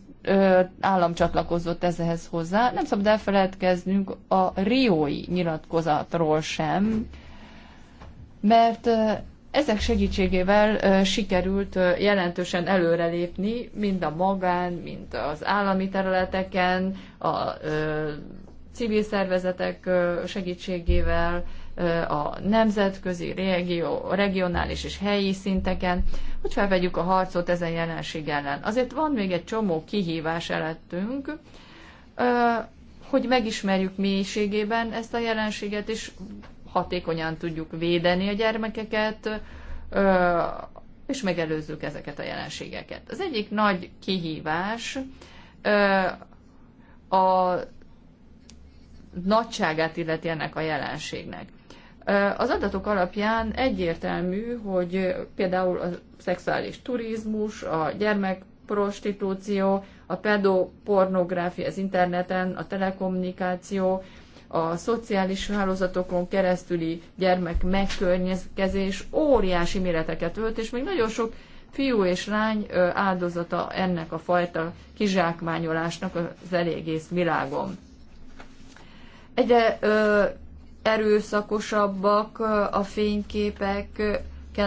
állam csatlakozott ezhez hozzá. Nem szabad elfeledkeznünk a riói nyilatkozatról sem, mert ezek segítségével sikerült jelentősen előrelépni, mind a magán, mind az állami területeken, a civil szervezetek segítségével, a nemzetközi, régió, regionális és helyi szinteken, hogy felvegyük a harcot ezen jelenség ellen. Azért van még egy csomó kihívás előttünk, hogy megismerjük mélységében ezt a jelenséget, és hatékonyan tudjuk védeni a gyermekeket, és megelőzzük ezeket a jelenségeket. Az egyik nagy kihívás a nagyságát illeti ennek a jelenségnek. Az adatok alapján egyértelmű, hogy például a szexuális turizmus, a gyermekprostitúció, a pedopornográfia az interneten, a telekommunikáció, a szociális hálózatokon keresztüli gyermek megkörnyezkezés óriási méreteket ölt, és még nagyon sok fiú és lány áldozata ennek a fajta kizsákmányolásnak az elégész világon. Egyre erőszakosabbak a fényképeken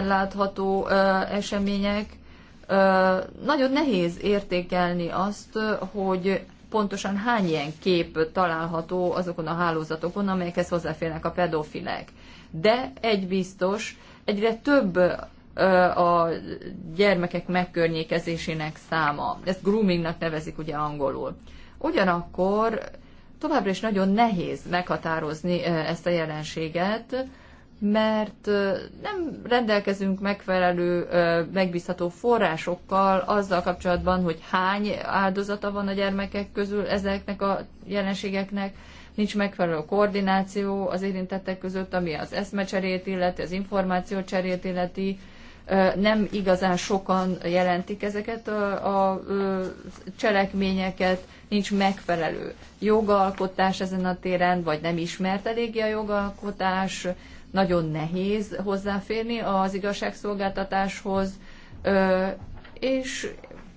látható események. Nagyon nehéz értékelni azt, hogy pontosan hány ilyen kép található azokon a hálózatokon, amelyekhez hozzáférnek a pedofilek. De egy biztos, egyre több a gyermekek megkörnyékezésének száma. Ezt groomingnak nevezik ugye angolul. Ugyanakkor továbbra is nagyon nehéz meghatározni ezt a jelenséget, mert nem rendelkezünk megfelelő, megbízható forrásokkal azzal kapcsolatban, hogy hány áldozata van a gyermekek közül ezeknek a jelenségeknek, nincs megfelelő koordináció az érintettek között, ami az eszmecserét illeti, az információcserét illeti, nem igazán sokan jelentik ezeket a, cselekményeket, nincs megfelelő jogalkotás ezen a téren, vagy nem ismert eléggé a jogalkotás, nagyon nehéz hozzáférni az igazságszolgáltatáshoz, és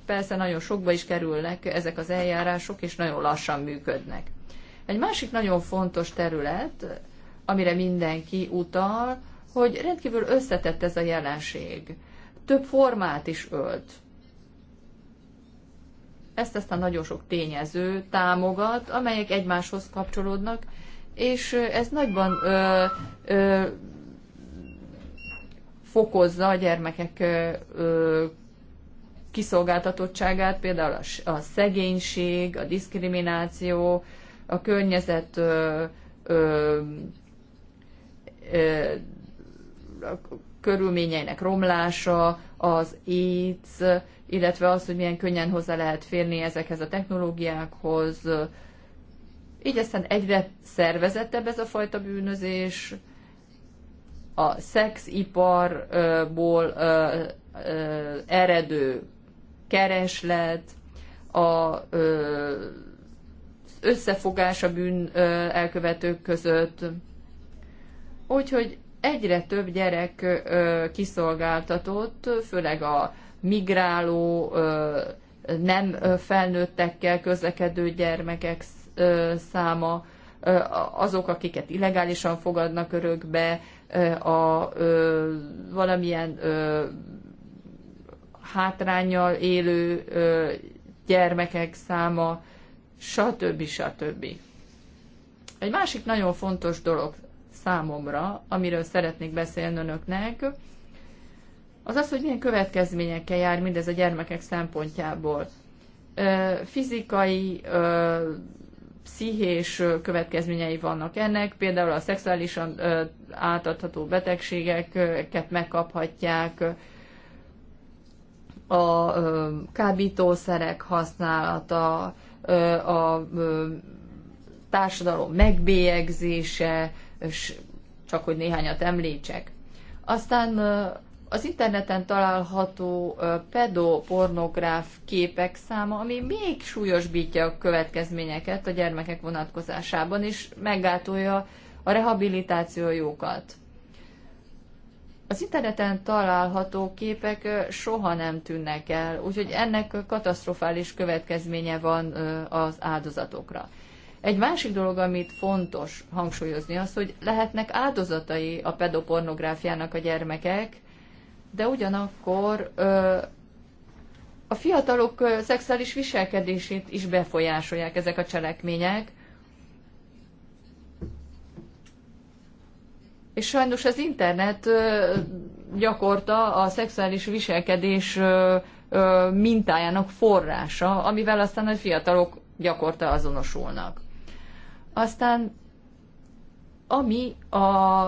persze nagyon sokba is kerülnek ezek az eljárások, és nagyon lassan működnek. Egy másik nagyon fontos terület, amire mindenki utal, hogy rendkívül összetett ez a jelenség. Több formát is ölt. Ezt aztán nagyon sok tényező támogat, amelyek egymáshoz kapcsolódnak, és ez nagyban ö, ö, fokozza a gyermekek ö, kiszolgáltatottságát, például a, a szegénység, a diszkrimináció, a környezet ö, ö, ö, körülményeinek romlása, az AIDS, illetve az, hogy milyen könnyen hozzá lehet férni ezekhez a technológiákhoz. Így aztán egyre szervezettebb ez a fajta bűnözés, a szexiparból eredő kereslet, a összefogás a bűn elkövetők között. Úgyhogy egyre több gyerek kiszolgáltatott, főleg a migráló, nem felnőttekkel közlekedő gyermekek száma, azok, akiket illegálisan fogadnak örökbe, a valamilyen hátrányjal élő gyermekek száma, stb. stb. Egy másik nagyon fontos dolog számomra, amiről szeretnék beszélni önöknek, az az, hogy milyen következményekkel jár mindez a gyermekek szempontjából. Fizikai, pszichés következményei vannak ennek, például a szexuálisan átadható betegségeket megkaphatják, a kábítószerek használata, a társadalom megbélyegzése, és csak hogy néhányat említsek. Aztán az interneten található pedopornográf képek száma, ami még súlyosbítja a következményeket a gyermekek vonatkozásában, és meggátolja a rehabilitációjukat. Az interneten található képek soha nem tűnnek el, úgyhogy ennek katasztrofális következménye van az áldozatokra. Egy másik dolog, amit fontos hangsúlyozni, az, hogy lehetnek áldozatai a pedopornográfiának a gyermekek, de ugyanakkor ö, a fiatalok ö, szexuális viselkedését is befolyásolják ezek a cselekmények. És sajnos az internet ö, gyakorta a szexuális viselkedés ö, ö, mintájának forrása, amivel aztán a fiatalok gyakorta azonosulnak. Aztán ami a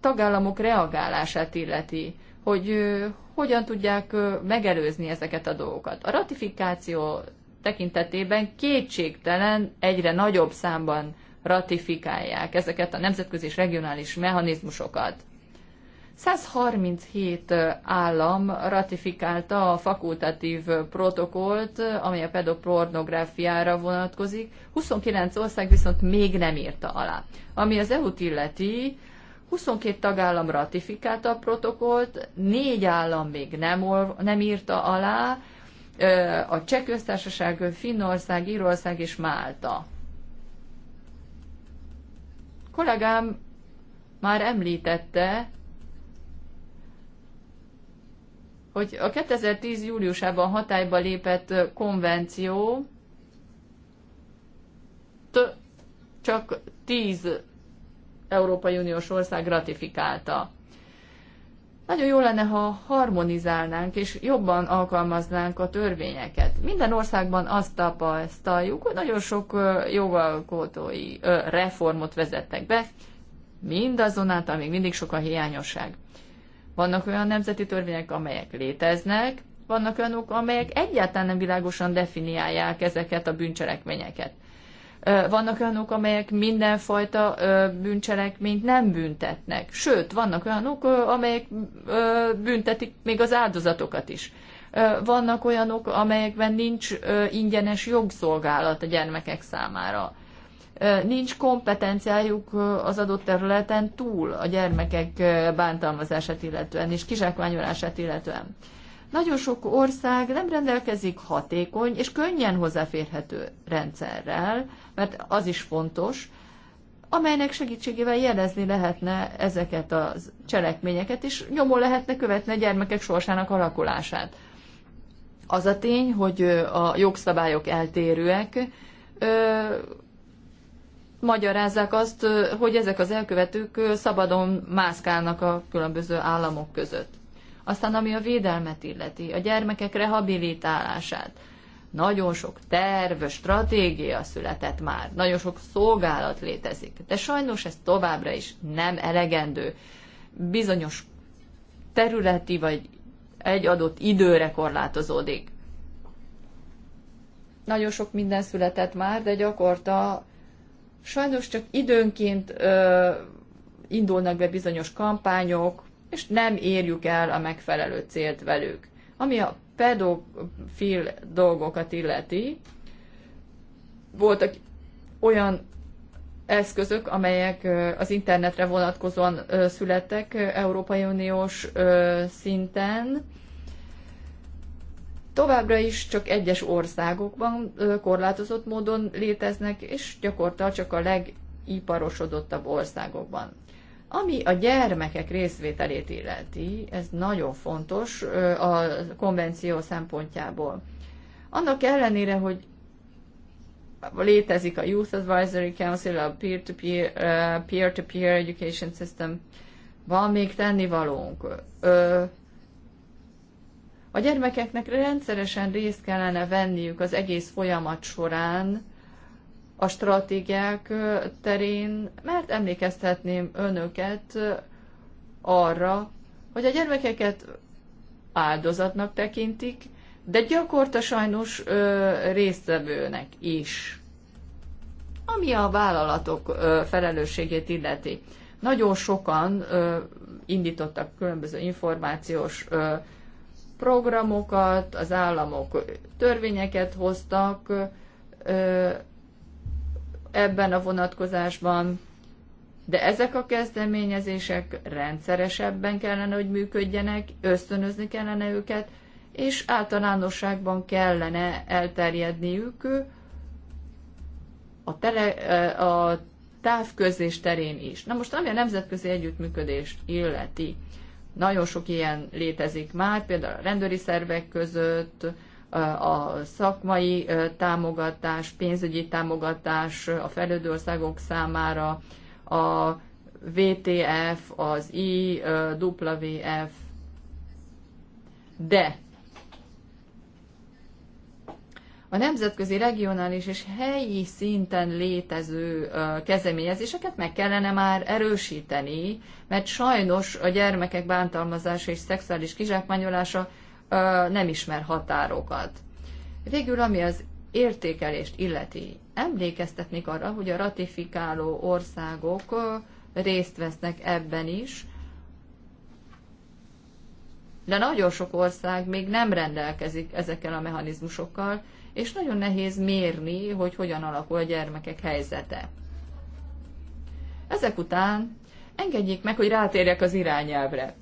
tagállamok reagálását illeti, hogy hogyan tudják megelőzni ezeket a dolgokat. A ratifikáció tekintetében kétségtelen egyre nagyobb számban ratifikálják ezeket a nemzetközi és regionális mechanizmusokat. 137 állam ratifikálta a fakultatív protokollt, ami a pedopornográfiára vonatkozik, 29 ország viszont még nem írta alá. Ami az EU-t illeti, 22 tagállam ratifikálta a protokollt, 4 állam még nem, nem írta alá, a Cseh köztársaság, Finnország, Írország és Málta. Kollégám már említette, hogy a 2010. júliusában hatályba lépett konvenció csak 10 Európai Uniós ország ratifikálta. Nagyon jó lenne, ha harmonizálnánk és jobban alkalmaznánk a törvényeket. Minden országban azt tapasztaljuk, hogy nagyon sok jogalkotói reformot vezettek be, mindazonáltal még mindig sok a hiányosság. Vannak olyan nemzeti törvények, amelyek léteznek, vannak olyanok, amelyek egyáltalán nem világosan definiálják ezeket a bűncselekményeket. Vannak olyanok, amelyek mindenfajta bűncselekményt nem büntetnek. Sőt, vannak olyanok, amelyek büntetik még az áldozatokat is. Vannak olyanok, amelyekben nincs ingyenes jogszolgálat a gyermekek számára nincs kompetenciájuk az adott területen túl a gyermekek bántalmazását illetően és kizsákmányolását illetően. Nagyon sok ország nem rendelkezik hatékony és könnyen hozzáférhető rendszerrel, mert az is fontos, amelynek segítségével jelezni lehetne ezeket a cselekményeket, és nyomon lehetne követni a gyermekek sorsának alakulását. Az a tény, hogy a jogszabályok eltérőek, magyarázzák azt, hogy ezek az elkövetők szabadon mászkálnak a különböző államok között. Aztán ami a védelmet illeti, a gyermekek rehabilitálását. Nagyon sok terv, stratégia született már, nagyon sok szolgálat létezik, de sajnos ez továbbra is nem elegendő. Bizonyos területi vagy egy adott időre korlátozódik. Nagyon sok minden született már, de gyakorta sajnos csak időnként ö, indulnak be bizonyos kampányok, és nem érjük el a megfelelő célt velük. Ami a pedofil dolgokat illeti, voltak olyan eszközök, amelyek az internetre vonatkozóan születtek Európai Uniós szinten, továbbra is csak egyes országokban korlátozott módon léteznek, és gyakorta csak a legiparosodottabb országokban. Ami a gyermekek részvételét illeti, ez nagyon fontos a konvenció szempontjából. Annak ellenére, hogy létezik a Youth Advisory Council, a Peer-to-Peer, -peer, peer, -to -peer Education System, van még tennivalónk. Uh, a gyermekeknek rendszeresen részt kellene venniük az egész folyamat során, a stratégiák terén, mert emlékeztetném önöket arra, hogy a gyermekeket áldozatnak tekintik, de gyakorta sajnos ö, résztvevőnek is. Ami a vállalatok ö, felelősségét illeti. Nagyon sokan ö, indítottak különböző információs ö, programokat, az államok törvényeket hoztak ebben a vonatkozásban, de ezek a kezdeményezések rendszeresebben kellene, hogy működjenek, ösztönözni kellene őket, és általánosságban kellene elterjedniük a, tele, a távközlés terén is. Na most, ami a nemzetközi együttműködést illeti, nagyon sok ilyen létezik már, például a rendőri szervek között, a szakmai támogatás, pénzügyi támogatás a fejlődő országok számára, a VTF, az IWF, de a nemzetközi, regionális és helyi szinten létező kezeményezéseket meg kellene már erősíteni, mert sajnos a gyermekek bántalmazása és szexuális kizsákmányolása nem ismer határokat. Végül, ami az értékelést illeti, emlékeztetnék arra, hogy a ratifikáló országok részt vesznek ebben is, de nagyon sok ország még nem rendelkezik ezekkel a mechanizmusokkal, és nagyon nehéz mérni, hogy hogyan alakul a gyermekek helyzete. Ezek után engedjék meg, hogy rátérjek az irányelvre.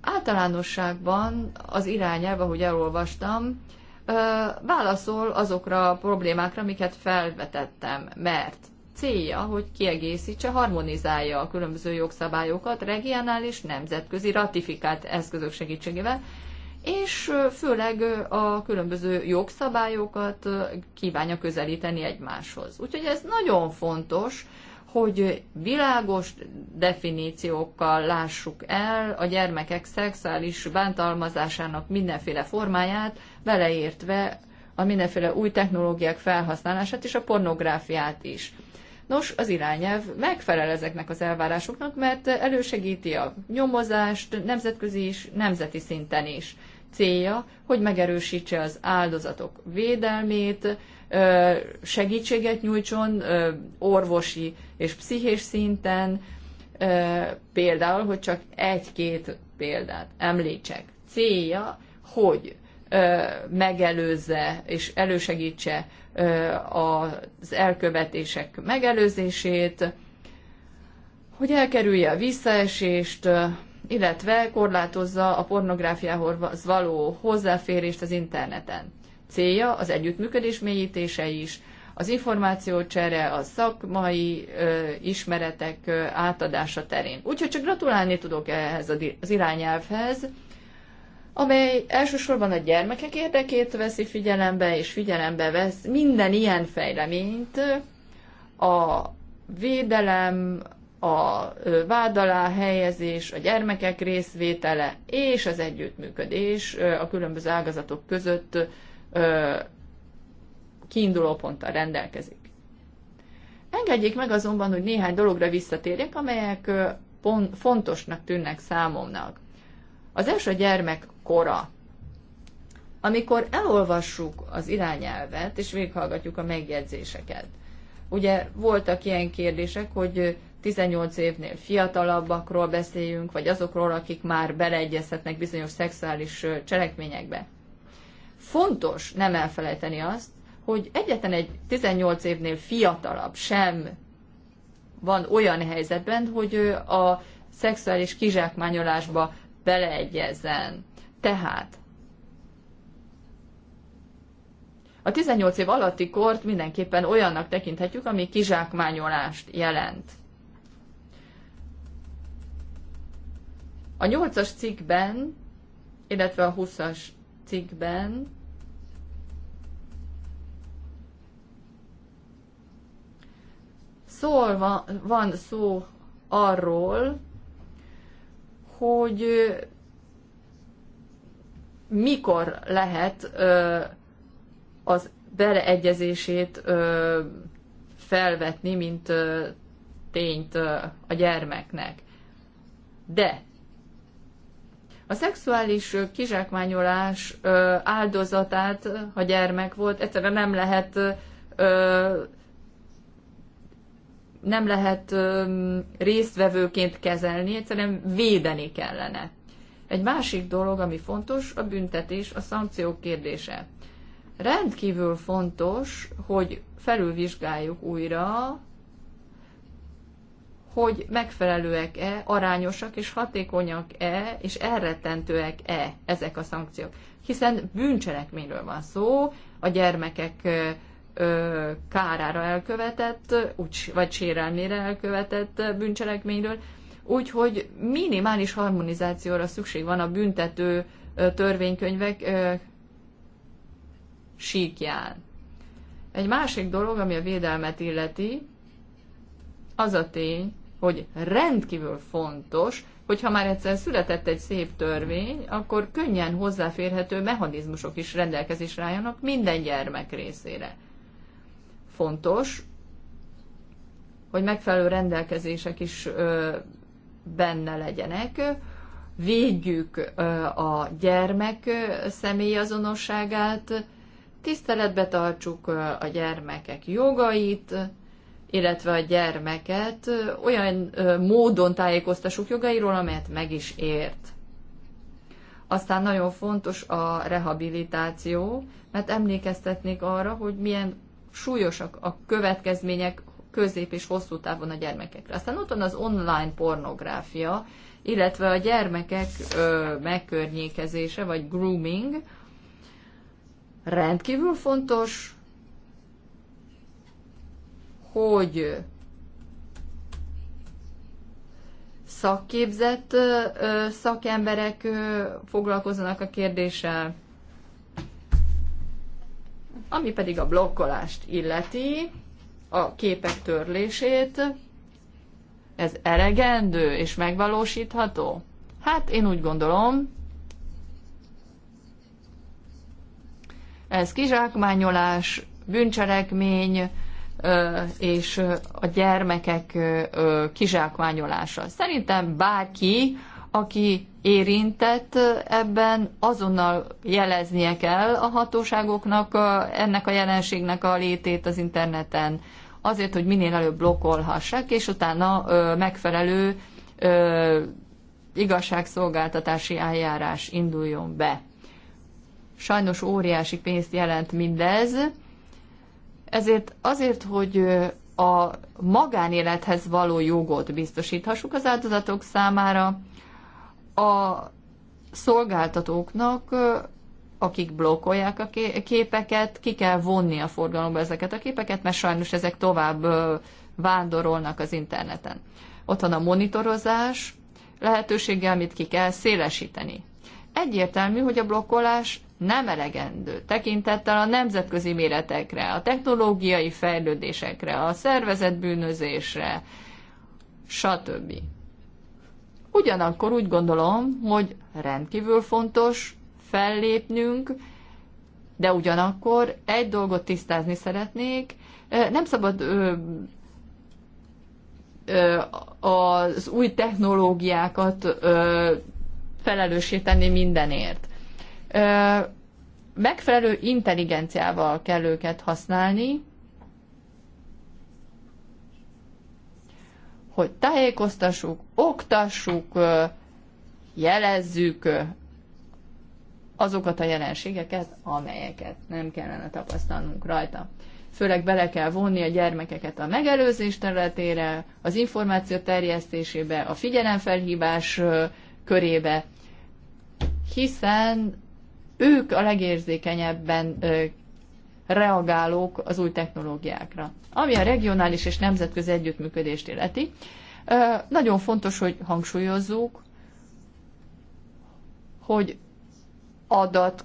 Általánosságban az irányelv, ahogy elolvastam, válaszol azokra a problémákra, amiket felvetettem, mert célja, hogy kiegészítse, harmonizálja a különböző jogszabályokat regionális, nemzetközi ratifikált eszközök segítségével, és főleg a különböző jogszabályokat kívánja közelíteni egymáshoz. Úgyhogy ez nagyon fontos, hogy világos definíciókkal lássuk el a gyermekek szexuális bántalmazásának mindenféle formáját, beleértve a mindenféle új technológiák felhasználását és a pornográfiát is. Nos, az irányelv megfelel ezeknek az elvárásoknak, mert elősegíti a nyomozást nemzetközi és nemzeti szinten is célja, hogy megerősítse az áldozatok védelmét, segítséget nyújtson orvosi és pszichés szinten, például, hogy csak egy-két példát említsek. Célja, hogy megelőzze és elősegítse az elkövetések megelőzését, hogy elkerülje a visszaesést, illetve korlátozza a pornográfiához való hozzáférést az interneten. Célja az együttműködés mélyítése is, az információcsere, a szakmai ö, ismeretek ö, átadása terén. Úgyhogy csak gratulálni tudok ehhez az irányelvhez, amely elsősorban a gyermekek érdekét veszi figyelembe, és figyelembe vesz minden ilyen fejleményt, a védelem, a vád alá helyezés, a gyermekek részvétele és az együttműködés a különböző ágazatok között kiinduló ponttal rendelkezik. Engedjék meg azonban, hogy néhány dologra visszatérjek, amelyek fontosnak tűnnek számomnak. Az első gyermek kora. Amikor elolvassuk az irányelvet, és végighallgatjuk a megjegyzéseket, ugye voltak ilyen kérdések, hogy 18 évnél fiatalabbakról beszéljünk, vagy azokról, akik már beleegyezhetnek bizonyos szexuális cselekményekbe. Fontos nem elfelejteni azt, hogy egyetlen egy 18 évnél fiatalabb sem van olyan helyzetben, hogy ő a szexuális kizsákmányolásba beleegyezzen. Tehát a 18 év alatti kort mindenképpen olyannak tekinthetjük, ami kizsákmányolást jelent. A nyolcas cikkben, illetve a 20-as cikkben szól van, van szó arról, hogy mikor lehet ö, az beleegyezését ö, felvetni, mint ö, tényt ö, a gyermeknek. De a szexuális kizsákmányolás áldozatát, ha gyermek volt, egyszerűen nem lehet nem lehet résztvevőként kezelni, egyszerűen védeni kellene. Egy másik dolog, ami fontos, a büntetés, a szankciók kérdése. Rendkívül fontos, hogy felülvizsgáljuk újra hogy megfelelőek-e, arányosak és hatékonyak-e, és elrettentőek-e ezek a szankciók. Hiszen bűncselekményről van szó, a gyermekek ö, kárára elkövetett, úgy, vagy sérelmére elkövetett bűncselekményről, úgyhogy minimális harmonizációra szükség van a büntető törvénykönyvek ö, síkján. Egy másik dolog, ami a védelmet illeti, az a tény, hogy rendkívül fontos, hogyha már egyszer született egy szép törvény, akkor könnyen hozzáférhető mechanizmusok is rendelkezésre álljanak minden gyermek részére. Fontos, hogy megfelelő rendelkezések is ö, benne legyenek, védjük ö, a gyermek személyazonosságát, tiszteletbe tartsuk a gyermekek jogait, illetve a gyermeket olyan módon tájékoztassuk jogairól, amelyet meg is ért. Aztán nagyon fontos a rehabilitáció, mert emlékeztetnék arra, hogy milyen súlyosak a következmények közép és hosszú távon a gyermekekre. Aztán ott van az online pornográfia, illetve a gyermekek ö, megkörnyékezése, vagy grooming, rendkívül fontos, hogy szakképzett szakemberek foglalkozzanak a kérdéssel, ami pedig a blokkolást illeti, a képek törlését, ez elegendő és megvalósítható? Hát én úgy gondolom, ez kizsákmányolás, bűncselekmény, és a gyermekek kizsákmányolása. Szerintem bárki, aki érintett ebben, azonnal jeleznie kell a hatóságoknak ennek a jelenségnek a létét az interneten, azért, hogy minél előbb blokkolhassák, és utána megfelelő igazságszolgáltatási eljárás induljon be. Sajnos óriási pénzt jelent mindez, ezért azért, hogy a magánélethez való jogot biztosíthassuk az áldozatok számára, a szolgáltatóknak, akik blokkolják a képeket, ki kell vonni a forgalomba ezeket a képeket, mert sajnos ezek tovább vándorolnak az interneten. Ott van a monitorozás lehetősége, amit ki kell szélesíteni. Egyértelmű, hogy a blokkolás nem elegendő tekintettel a nemzetközi méretekre, a technológiai fejlődésekre, a szervezetbűnözésre, stb. Ugyanakkor úgy gondolom, hogy rendkívül fontos fellépnünk, de ugyanakkor egy dolgot tisztázni szeretnék, nem szabad ö, ö, az új technológiákat ö, felelőssé tenni mindenért megfelelő intelligenciával kell őket használni, hogy tájékoztassuk, oktassuk, jelezzük azokat a jelenségeket, amelyeket nem kellene tapasztalnunk rajta. Főleg bele kell vonni a gyermekeket a megelőzés területére, az információ terjesztésébe, a figyelemfelhívás körébe, hiszen ők a legérzékenyebben reagálók az új technológiákra. Ami a regionális és nemzetközi együttműködést illeti, nagyon fontos, hogy hangsúlyozzuk, hogy adat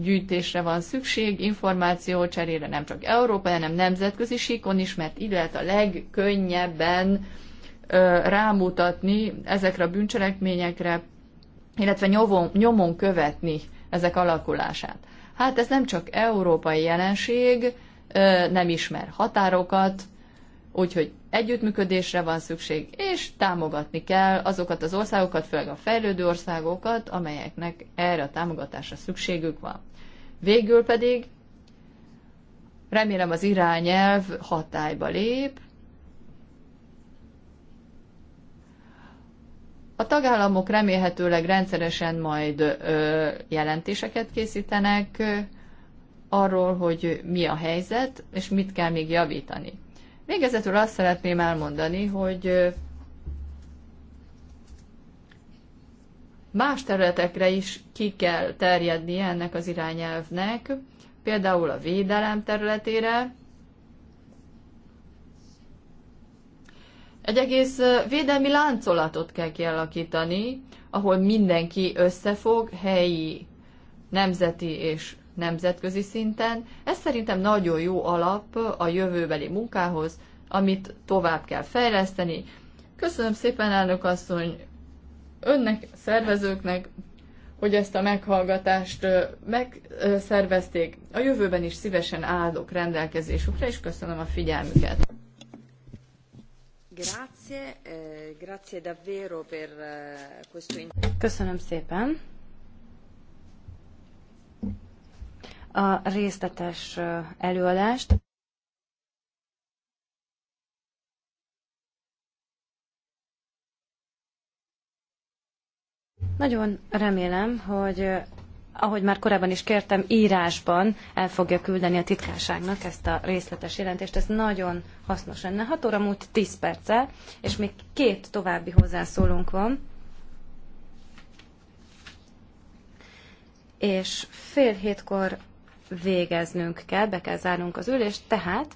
gyűjtésre van szükség, információ cserére nem csak Európa, hanem nemzetközi síkon is, mert így lehet a legkönnyebben rámutatni ezekre a bűncselekményekre, illetve nyomon, nyomon követni ezek alakulását. Hát ez nem csak európai jelenség, nem ismer határokat, úgyhogy együttműködésre van szükség, és támogatni kell azokat az országokat, főleg a fejlődő országokat, amelyeknek erre a támogatásra szükségük van. Végül pedig remélem az irányelv hatályba lép, A tagállamok remélhetőleg rendszeresen majd jelentéseket készítenek arról, hogy mi a helyzet, és mit kell még javítani. Végezetül azt szeretném elmondani, hogy más területekre is ki kell terjednie ennek az irányelvnek, például a védelem területére, Egy egész védelmi láncolatot kell kialakítani, ahol mindenki összefog helyi, nemzeti és nemzetközi szinten. Ez szerintem nagyon jó alap a jövőbeli munkához, amit tovább kell fejleszteni. Köszönöm szépen, elnök asszony, önnek, szervezőknek, hogy ezt a meghallgatást megszervezték. A jövőben is szívesen állok rendelkezésükre, és köszönöm a figyelmüket. Eh, eh, Köszönöm szépen. A részletes előadást. Nagyon remélem, hogy ahogy már korábban is kértem, írásban el fogja küldeni a titkárságnak ezt a részletes jelentést. Ez nagyon hasznos lenne. 6 óra múlt 10 perccel, és még két további hozzászólónk van. És fél hétkor végeznünk kell, be kell zárnunk az ülést, tehát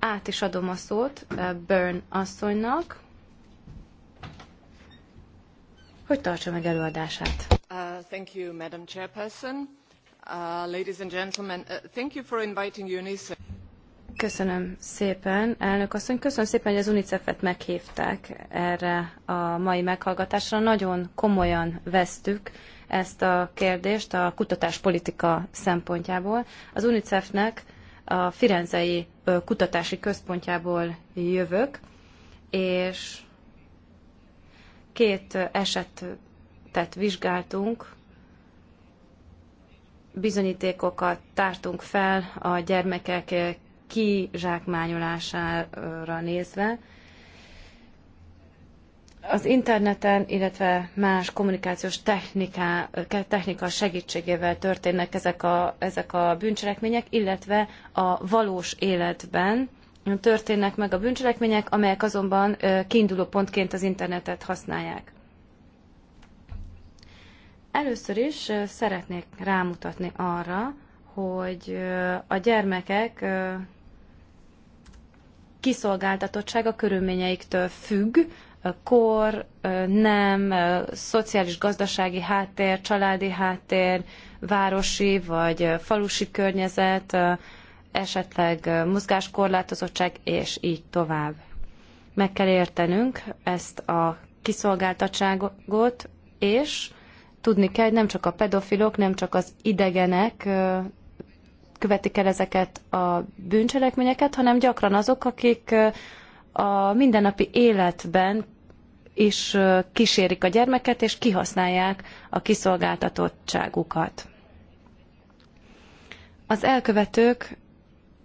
át is adom a szót eh, Burn asszonynak, hogy tartsa meg előadását. Uh, thank you, Madam Chairperson. Uh, ladies and gentlemen, uh, thank you for inviting UNICEF. Köszönöm szépen, elnök asszony. Köszönöm szépen, hogy az UNICEF-et meghívták erre a mai meghallgatásra. Nagyon komolyan vesztük ezt a kérdést a kutatáspolitika szempontjából. Az UNICEF-nek a Firenzei Kutatási Központjából jövök, és Két esetet vizsgáltunk, bizonyítékokat tártunk fel a gyermekek kizsákmányolására nézve. Az interneten, illetve más kommunikációs technika, technika segítségével történnek ezek a, ezek a bűncselekmények, illetve a valós életben, történnek meg a bűncselekmények, amelyek azonban kiinduló pontként az internetet használják. Először is szeretnék rámutatni arra, hogy a gyermekek kiszolgáltatottsága körülményeiktől függ, kor, nem, szociális, gazdasági háttér, családi háttér, városi vagy falusi környezet, esetleg mozgáskorlátozottság, és így tovább. Meg kell értenünk ezt a kiszolgáltatságot, és tudni kell, hogy nem csak a pedofilok, nem csak az idegenek követik el ezeket a bűncselekményeket, hanem gyakran azok, akik a mindennapi életben is kísérik a gyermeket, és kihasználják a kiszolgáltatottságukat. Az elkövetők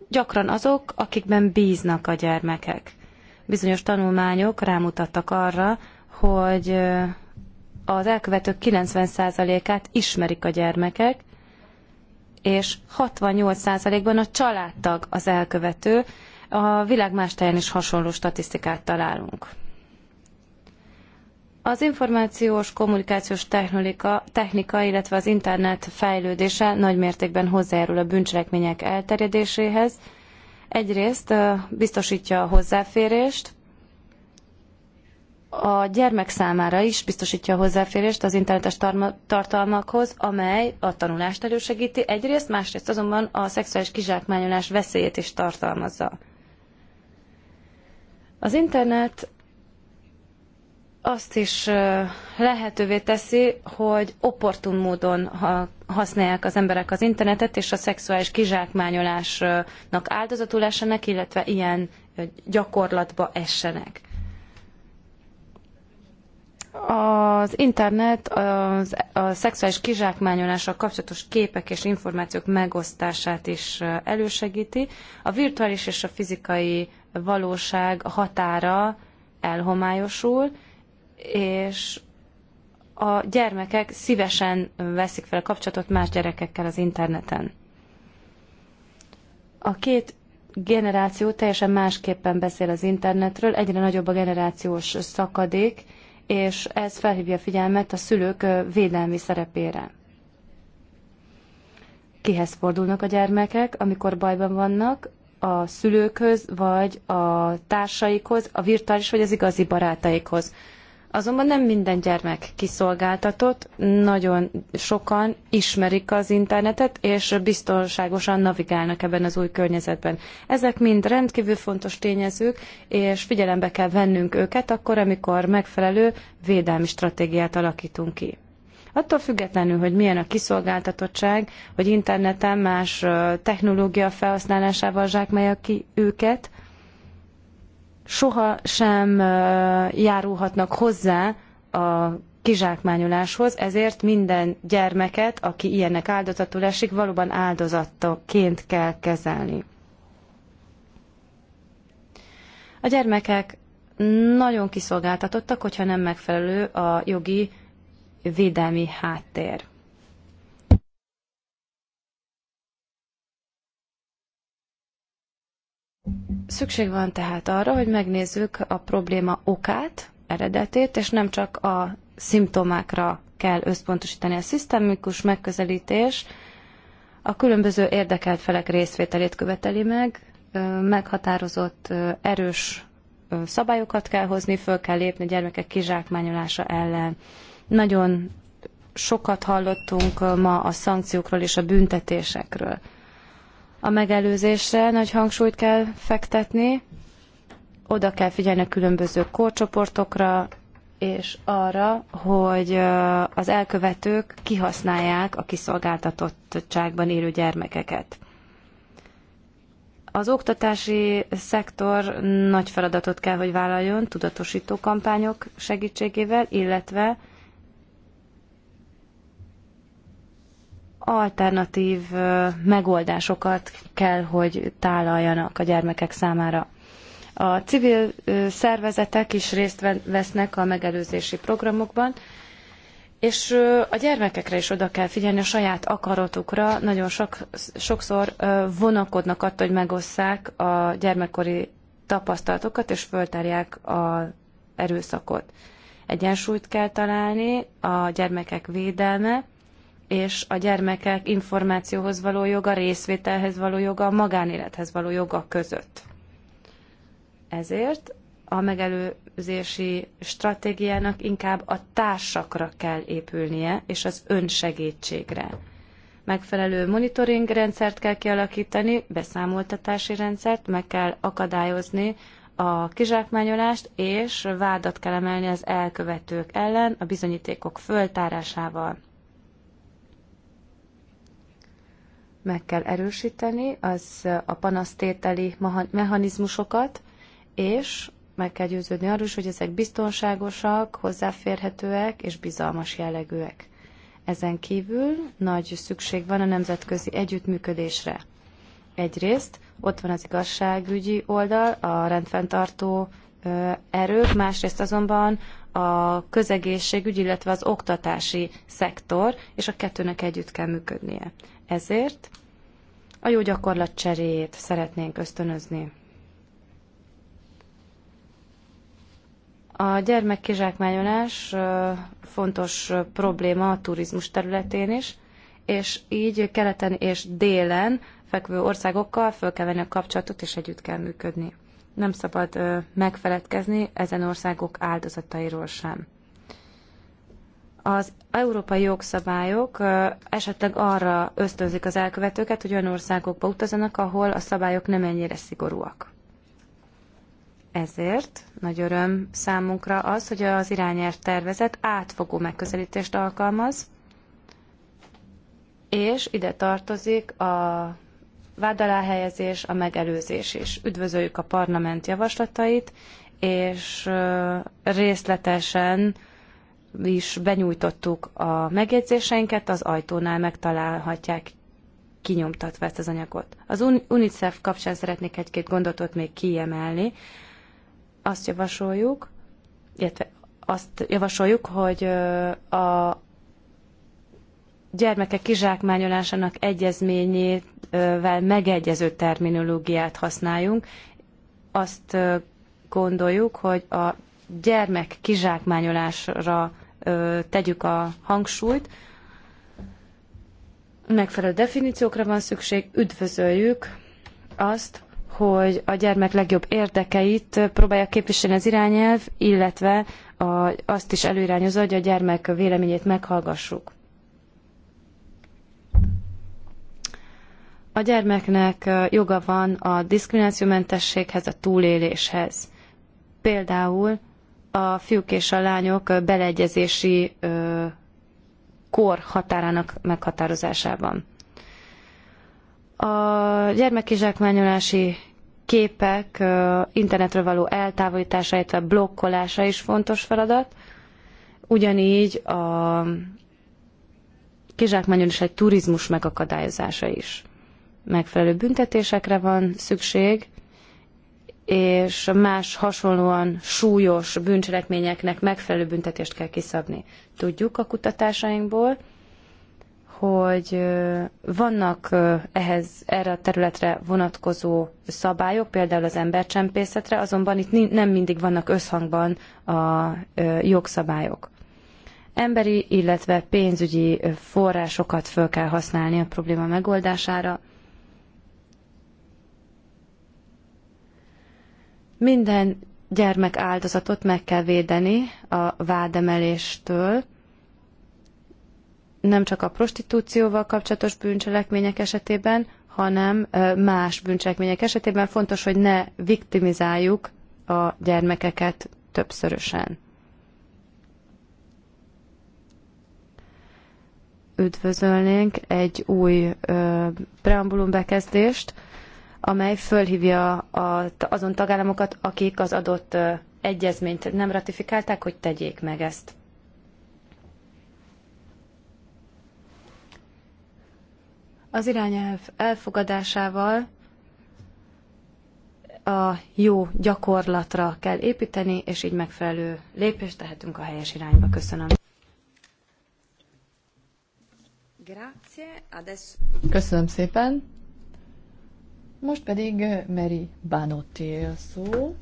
gyakran azok, akikben bíznak a gyermekek. Bizonyos tanulmányok rámutattak arra, hogy az elkövetők 90%-át ismerik a gyermekek, és 68%-ban a családtag az elkövető. A világ más táján is hasonló statisztikát találunk. Az információs kommunikációs technika, technika, illetve az internet fejlődése nagy mértékben hozzájárul a bűncselekmények elterjedéséhez. Egyrészt biztosítja a hozzáférést, a gyermek számára is biztosítja a hozzáférést az internetes tartalmakhoz, amely a tanulást elősegíti egyrészt, másrészt azonban a szexuális kizsákmányolás veszélyét is tartalmazza. Az internet azt is lehetővé teszi, hogy opportun módon használják az emberek az internetet, és a szexuális kizsákmányolásnak áldozatul essenek, illetve ilyen gyakorlatba essenek. Az internet az, a szexuális kizsákmányolással kapcsolatos képek és információk megosztását is elősegíti. A virtuális és a fizikai valóság határa elhomályosul, és a gyermekek szívesen veszik fel a kapcsolatot más gyerekekkel az interneten. A két generáció teljesen másképpen beszél az internetről, egyre nagyobb a generációs szakadék, és ez felhívja a figyelmet a szülők védelmi szerepére. Kihez fordulnak a gyermekek, amikor bajban vannak? A szülőkhöz, vagy a társaikhoz, a virtuális, vagy az igazi barátaikhoz. Azonban nem minden gyermek kiszolgáltatott, nagyon sokan ismerik az internetet, és biztonságosan navigálnak ebben az új környezetben. Ezek mind rendkívül fontos tényezők, és figyelembe kell vennünk őket akkor, amikor megfelelő védelmi stratégiát alakítunk ki. Attól függetlenül, hogy milyen a kiszolgáltatottság, hogy interneten más technológia felhasználásával zsákmálja ki őket, soha sem járulhatnak hozzá a kizsákmányoláshoz, ezért minden gyermeket, aki ilyennek áldozatul esik, valóban áldozatként kell kezelni. A gyermekek nagyon kiszolgáltatottak, hogyha nem megfelelő a jogi védelmi háttér. Szükség van tehát arra, hogy megnézzük a probléma okát, eredetét, és nem csak a szimptomákra kell összpontosítani. A szisztemikus megközelítés a különböző érdekelt felek részvételét követeli meg, meghatározott erős szabályokat kell hozni, föl kell lépni a gyermekek kizsákmányolása ellen. Nagyon sokat hallottunk ma a szankciókról és a büntetésekről a megelőzésre nagy hangsúlyt kell fektetni, oda kell figyelni a különböző korcsoportokra, és arra, hogy az elkövetők kihasználják a kiszolgáltatottságban élő gyermekeket. Az oktatási szektor nagy feladatot kell, hogy vállaljon tudatosító kampányok segítségével, illetve alternatív megoldásokat kell, hogy tálaljanak a gyermekek számára. A civil szervezetek is részt vesznek a megelőzési programokban, és a gyermekekre is oda kell figyelni, a saját akaratukra nagyon sok, sokszor vonakodnak attól, hogy megosszák a gyermekkori tapasztalatokat, és föltárják az erőszakot. Egyensúlyt kell találni, a gyermekek védelme, és a gyermekek információhoz való joga, részvételhez való joga, a magánélethez való joga között. Ezért a megelőzési stratégiának inkább a társakra kell épülnie, és az önsegítségre. Megfelelő monitoring rendszert kell kialakítani, beszámoltatási rendszert, meg kell akadályozni a kizsákmányolást, és vádat kell emelni az elkövetők ellen a bizonyítékok föltárásával. meg kell erősíteni az a panasztételi mechanizmusokat, és meg kell győződni arról is, hogy ezek biztonságosak, hozzáférhetőek és bizalmas jellegűek. Ezen kívül nagy szükség van a nemzetközi együttműködésre. Egyrészt ott van az igazságügyi oldal, a rendfenntartó erők, másrészt azonban a közegészségügy, illetve az oktatási szektor, és a kettőnek együtt kell működnie. Ezért a jó gyakorlat cseréjét szeretnénk ösztönözni. A gyermekkizsákmányolás fontos probléma a turizmus területén is, és így keleten és délen fekvő országokkal föl kell venni a kapcsolatot, és együtt kell működni. Nem szabad megfeledkezni ezen országok áldozatairól sem az európai jogszabályok esetleg arra ösztönzik az elkövetőket, hogy olyan országokba utazzanak, ahol a szabályok nem ennyire szigorúak. Ezért nagy öröm számunkra az, hogy az irányelv tervezet átfogó megközelítést alkalmaz, és ide tartozik a vád alá helyezés, a megelőzés is. Üdvözöljük a parlament javaslatait, és részletesen is benyújtottuk a megjegyzéseinket, az ajtónál megtalálhatják kinyomtatva ezt az anyagot. Az UNICEF kapcsán szeretnék egy-két gondotot még kiemelni. Azt javasoljuk, illetve azt javasoljuk, hogy a gyermekek kizsákmányolásának egyezményével megegyező terminológiát használjunk. Azt gondoljuk, hogy a gyermek kizsákmányolásra tegyük a hangsúlyt. Megfelelő definíciókra van szükség, üdvözöljük azt, hogy a gyermek legjobb érdekeit próbálja képviselni az irányelv, illetve a, azt is előirányozza, hogy a gyermek véleményét meghallgassuk. A gyermeknek joga van a diszkriminációmentességhez, a túléléshez. Például a fiúk és a lányok beleegyezési kor határának meghatározásában. A gyermekizsákmányolási képek internetről való eltávolítása, illetve blokkolása is fontos feladat. Ugyanígy a kizsákmányolás egy turizmus megakadályozása is. Megfelelő büntetésekre van szükség, és más hasonlóan súlyos bűncselekményeknek megfelelő büntetést kell kiszabni. Tudjuk a kutatásainkból, hogy vannak ehhez erre a területre vonatkozó szabályok, például az embercsempészetre, azonban itt nem mindig vannak összhangban a jogszabályok. Emberi, illetve pénzügyi forrásokat föl kell használni a probléma megoldására, Minden gyermek áldozatot meg kell védeni a vádemeléstől, nem csak a prostitúcióval kapcsolatos bűncselekmények esetében, hanem más bűncselekmények esetében fontos, hogy ne viktimizáljuk a gyermekeket többszörösen. Üdvözölnénk egy új ö, preambulum bekezdést, amely fölhívja azon tagállamokat, akik az adott egyezményt nem ratifikálták, hogy tegyék meg ezt. Az irányelv elfogadásával a jó gyakorlatra kell építeni, és így megfelelő lépést tehetünk a helyes irányba. Köszönöm. Köszönöm szépen. Most pedig eh, Mary Banotti a szó,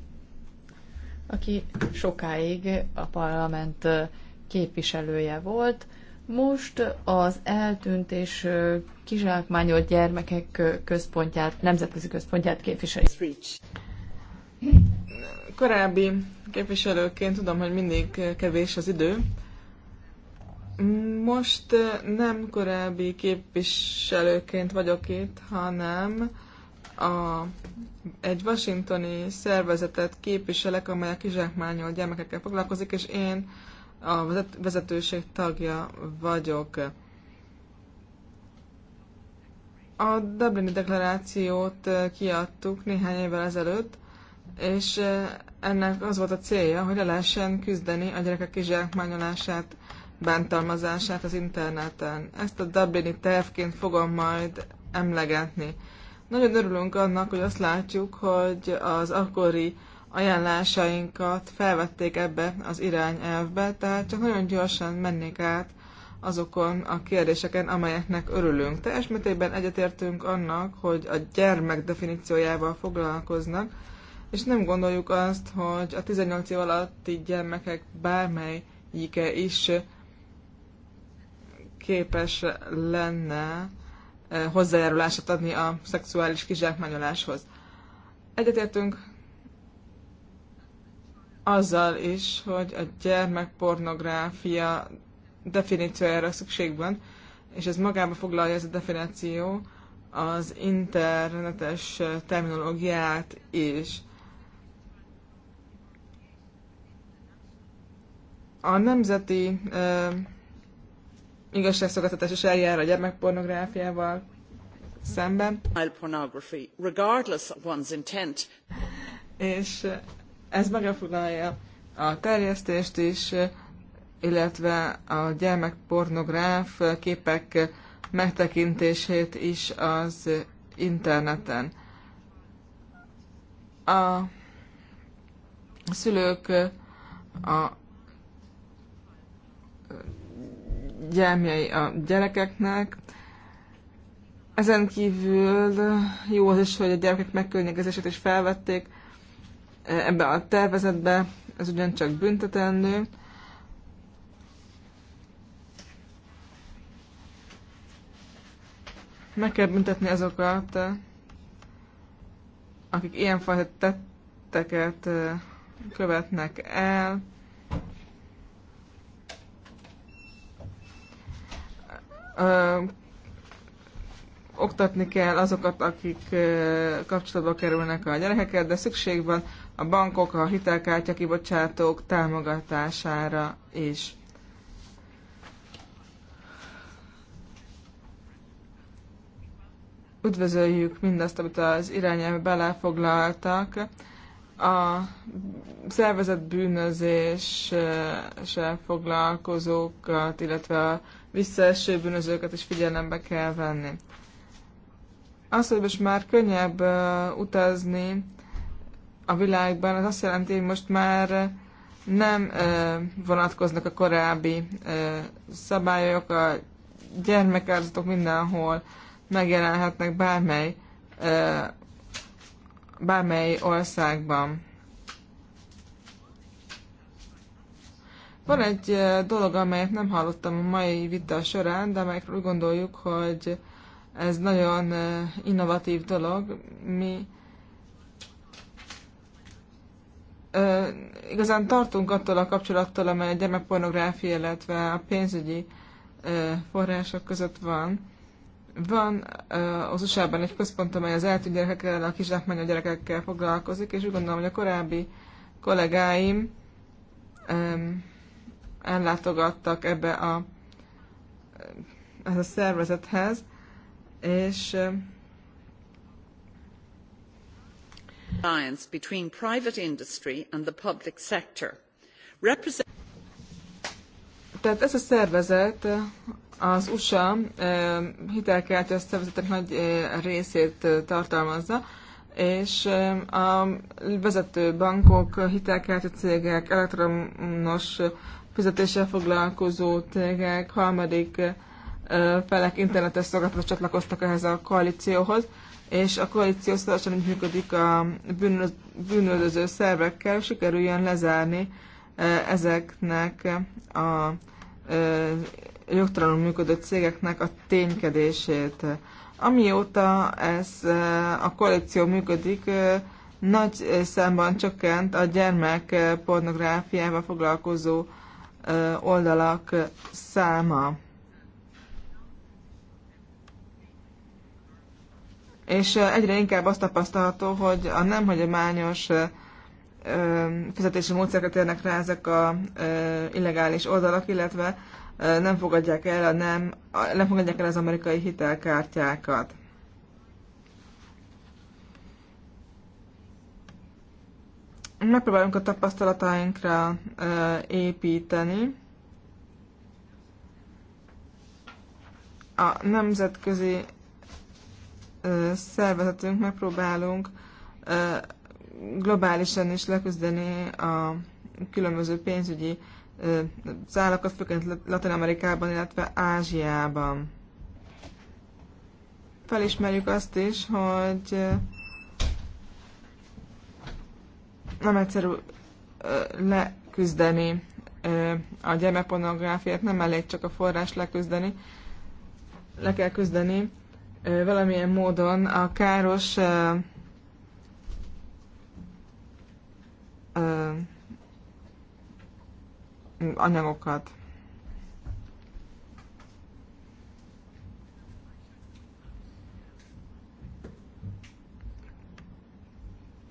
aki sokáig a parlament eh, képviselője volt. Most az eltűnt és eh, kizsákmányolt gyermekek központját, nemzetközi központját képviseli. Korábbi képviselőként tudom, hogy mindig kevés az idő. Most nem korábbi képviselőként vagyok itt, hanem a, egy washingtoni szervezetet képviselek, amely a kizsákmányol gyermekekkel foglalkozik, és én a vezetőség tagja vagyok. A Dublini deklarációt kiadtuk néhány évvel ezelőtt, és ennek az volt a célja, hogy le lehessen küzdeni a gyerekek kizsákmányolását, bántalmazását az interneten. Ezt a Dublini tervként fogom majd emlegetni. Nagyon örülünk annak, hogy azt látjuk, hogy az akkori ajánlásainkat felvették ebbe az irányelvbe, tehát csak nagyon gyorsan mennék át azokon a kérdéseken, amelyeknek örülünk. Teljes mértékben egyetértünk annak, hogy a gyermek definíciójával foglalkoznak, és nem gondoljuk azt, hogy a 18 év alatti gyermekek bármelyike is képes lenne hozzájárulását adni a szexuális kizsákmányoláshoz. Egyetértünk azzal is, hogy a gyermekpornográfia definíciójára szükség van, és ez magába foglalja ez a definíció az internetes terminológiát is. A nemzeti igazságszolgáltatás is eljár a gyermekpornográfiával szemben. regardless of one's intent. És eh, ez megfoglalja a terjesztést is, eh, illetve a gyermekpornográf eh, képek megtekintését is az interneten. A szülők a gyámjai a gyerekeknek. Ezen kívül jó az is, hogy a gyerekek megkörnyegezését is felvették eh, ebbe a tervezetbe, ez ugyancsak büntetendő. Meg kell büntetni azokat, eh, akik ilyenfajta tetteket eh, követnek el. ö, oktatni kell azokat, akik ö, kapcsolatba kerülnek a gyerekekkel, de szükség van a bankok, a hitelkártya kibocsátók támogatására is. Üdvözöljük mindazt, amit az irányelv belefoglaltak a szervezett bűnözéssel foglalkozókat, illetve a visszaeső bűnözőket is figyelembe kell venni. Az, hogy most már könnyebb utazni a világban, az azt jelenti, hogy most már nem vonatkoznak a korábbi szabályok, a gyermekárzatok mindenhol megjelenhetnek bármely, bármely országban. Van egy dolog, amelyet nem hallottam a mai vita során, de amelyekről úgy gondoljuk, hogy ez nagyon innovatív dolog. Mi igazán tartunk attól a kapcsolattól, amely a gyermekpornográfia, illetve a pénzügyi források között van. Van az USA-ban egy központ, amely az eltűnt gyerekekkel, a kizsákmányú gyerekekkel foglalkozik, és úgy gondolom, hogy a korábbi kollégáim ellátogattak ebbe a, ez a szervezethez, és alliance between private industry and the public sector. tehát ez a szervezet, az USA hitelkeltő szervezetek nagy részét tartalmazza, és a vezető bankok, hitelkeltő cégek, elektromos fizetéssel foglalkozó cégek, harmadik felek internetes szolgáltatók csatlakoztak ehhez a koalícióhoz, és a koalíció szorosan úgy működik a bűnöldöző szervekkel, sikerüljön lezárni ezeknek a jogtalanul működő cégeknek a ténykedését. Amióta ez a koalíció működik, nagy számban csökkent a gyermek pornográfiával foglalkozó oldalak száma. És egyre inkább azt tapasztalható, hogy a nem hagyományos fizetési módszereket térnek rá ezek a illegális oldalak, illetve nem fogadják el a nem, nem fogadják el az amerikai hitelkártyákat. megpróbálunk a tapasztalatainkra építeni. A nemzetközi szervezetünk megpróbálunk globálisan is leküzdeni a különböző pénzügyi szálakat, főként Latin Amerikában, illetve Ázsiában. Felismerjük azt is, hogy nem egyszerű leküzdeni a gyermekpornográfiát, nem elég csak a forrás leküzdeni, le kell küzdeni valamilyen módon a káros anyagokat.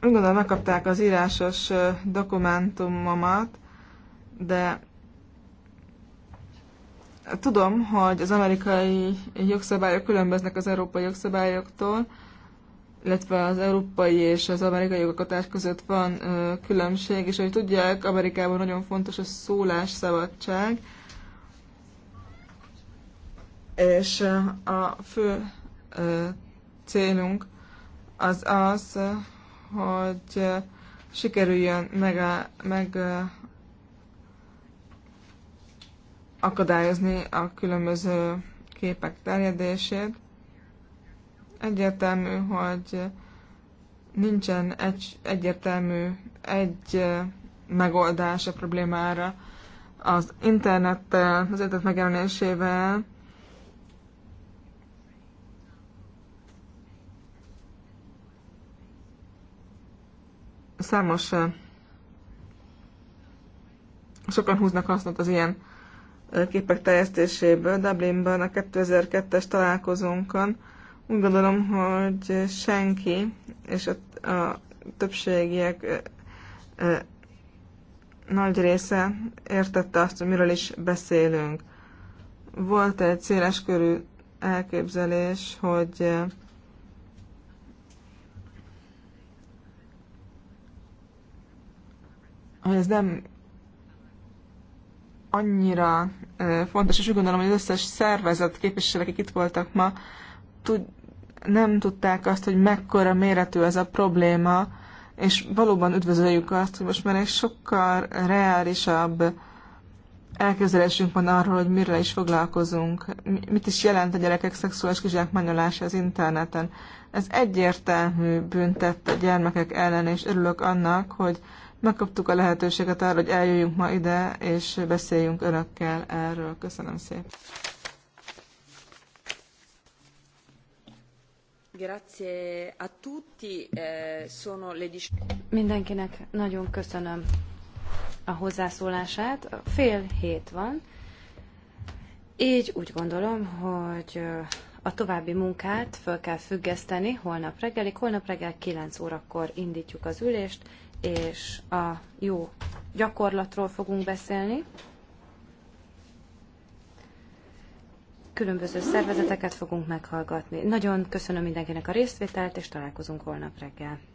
Úgy gondolom, megkapták az írásos dokumentumomat, de tudom, hogy az amerikai jogszabályok különböznek az európai jogszabályoktól, illetve az európai és az amerikai jogokatás között van ö, különbség, és hogy tudják, Amerikában nagyon fontos a szólásszabadság, és a fő ö, célunk az az, hogy sikerüljön meg, a, meg akadályozni a különböző képek terjedését. Egyértelmű, hogy nincsen egy, egyértelmű egy megoldás a problémára. Az internettel, az internet megjelenésével Számos sokan húznak hasznot az ilyen képek terjesztéséből. Dublinban a 2002-es találkozónkon úgy gondolom, hogy senki és a, a többségiek e, e, nagy része értette azt, hogy miről is beszélünk. Volt egy széleskörű elképzelés, hogy hogy ez nem annyira fontos, és úgy gondolom, hogy az összes szervezet képviselők, akik itt voltak ma, tud, nem tudták azt, hogy mekkora méretű ez a probléma, és valóban üdvözöljük azt, hogy most már egy sokkal reálisabb elképzelésünk van arról, hogy mire is foglalkozunk, mit is jelent a gyerekek szexuális kizsákmányolása az interneten. Ez egyértelmű büntet a gyermekek ellen, és örülök annak, hogy megkaptuk a lehetőséget arra, hogy eljöjjünk ma ide, és beszéljünk önökkel erről. Köszönöm szépen. Grazie a tutti. Eh, sono le Mindenkinek nagyon köszönöm a hozzászólását. Fél hét van. Így úgy gondolom, hogy eh, a további munkát föl kell függeszteni holnap reggelig. Holnap reggel 9 órakor indítjuk az ülést és a jó gyakorlatról fogunk beszélni. Különböző szervezeteket fogunk meghallgatni. Nagyon köszönöm mindenkinek a részvételt, és találkozunk holnap reggel.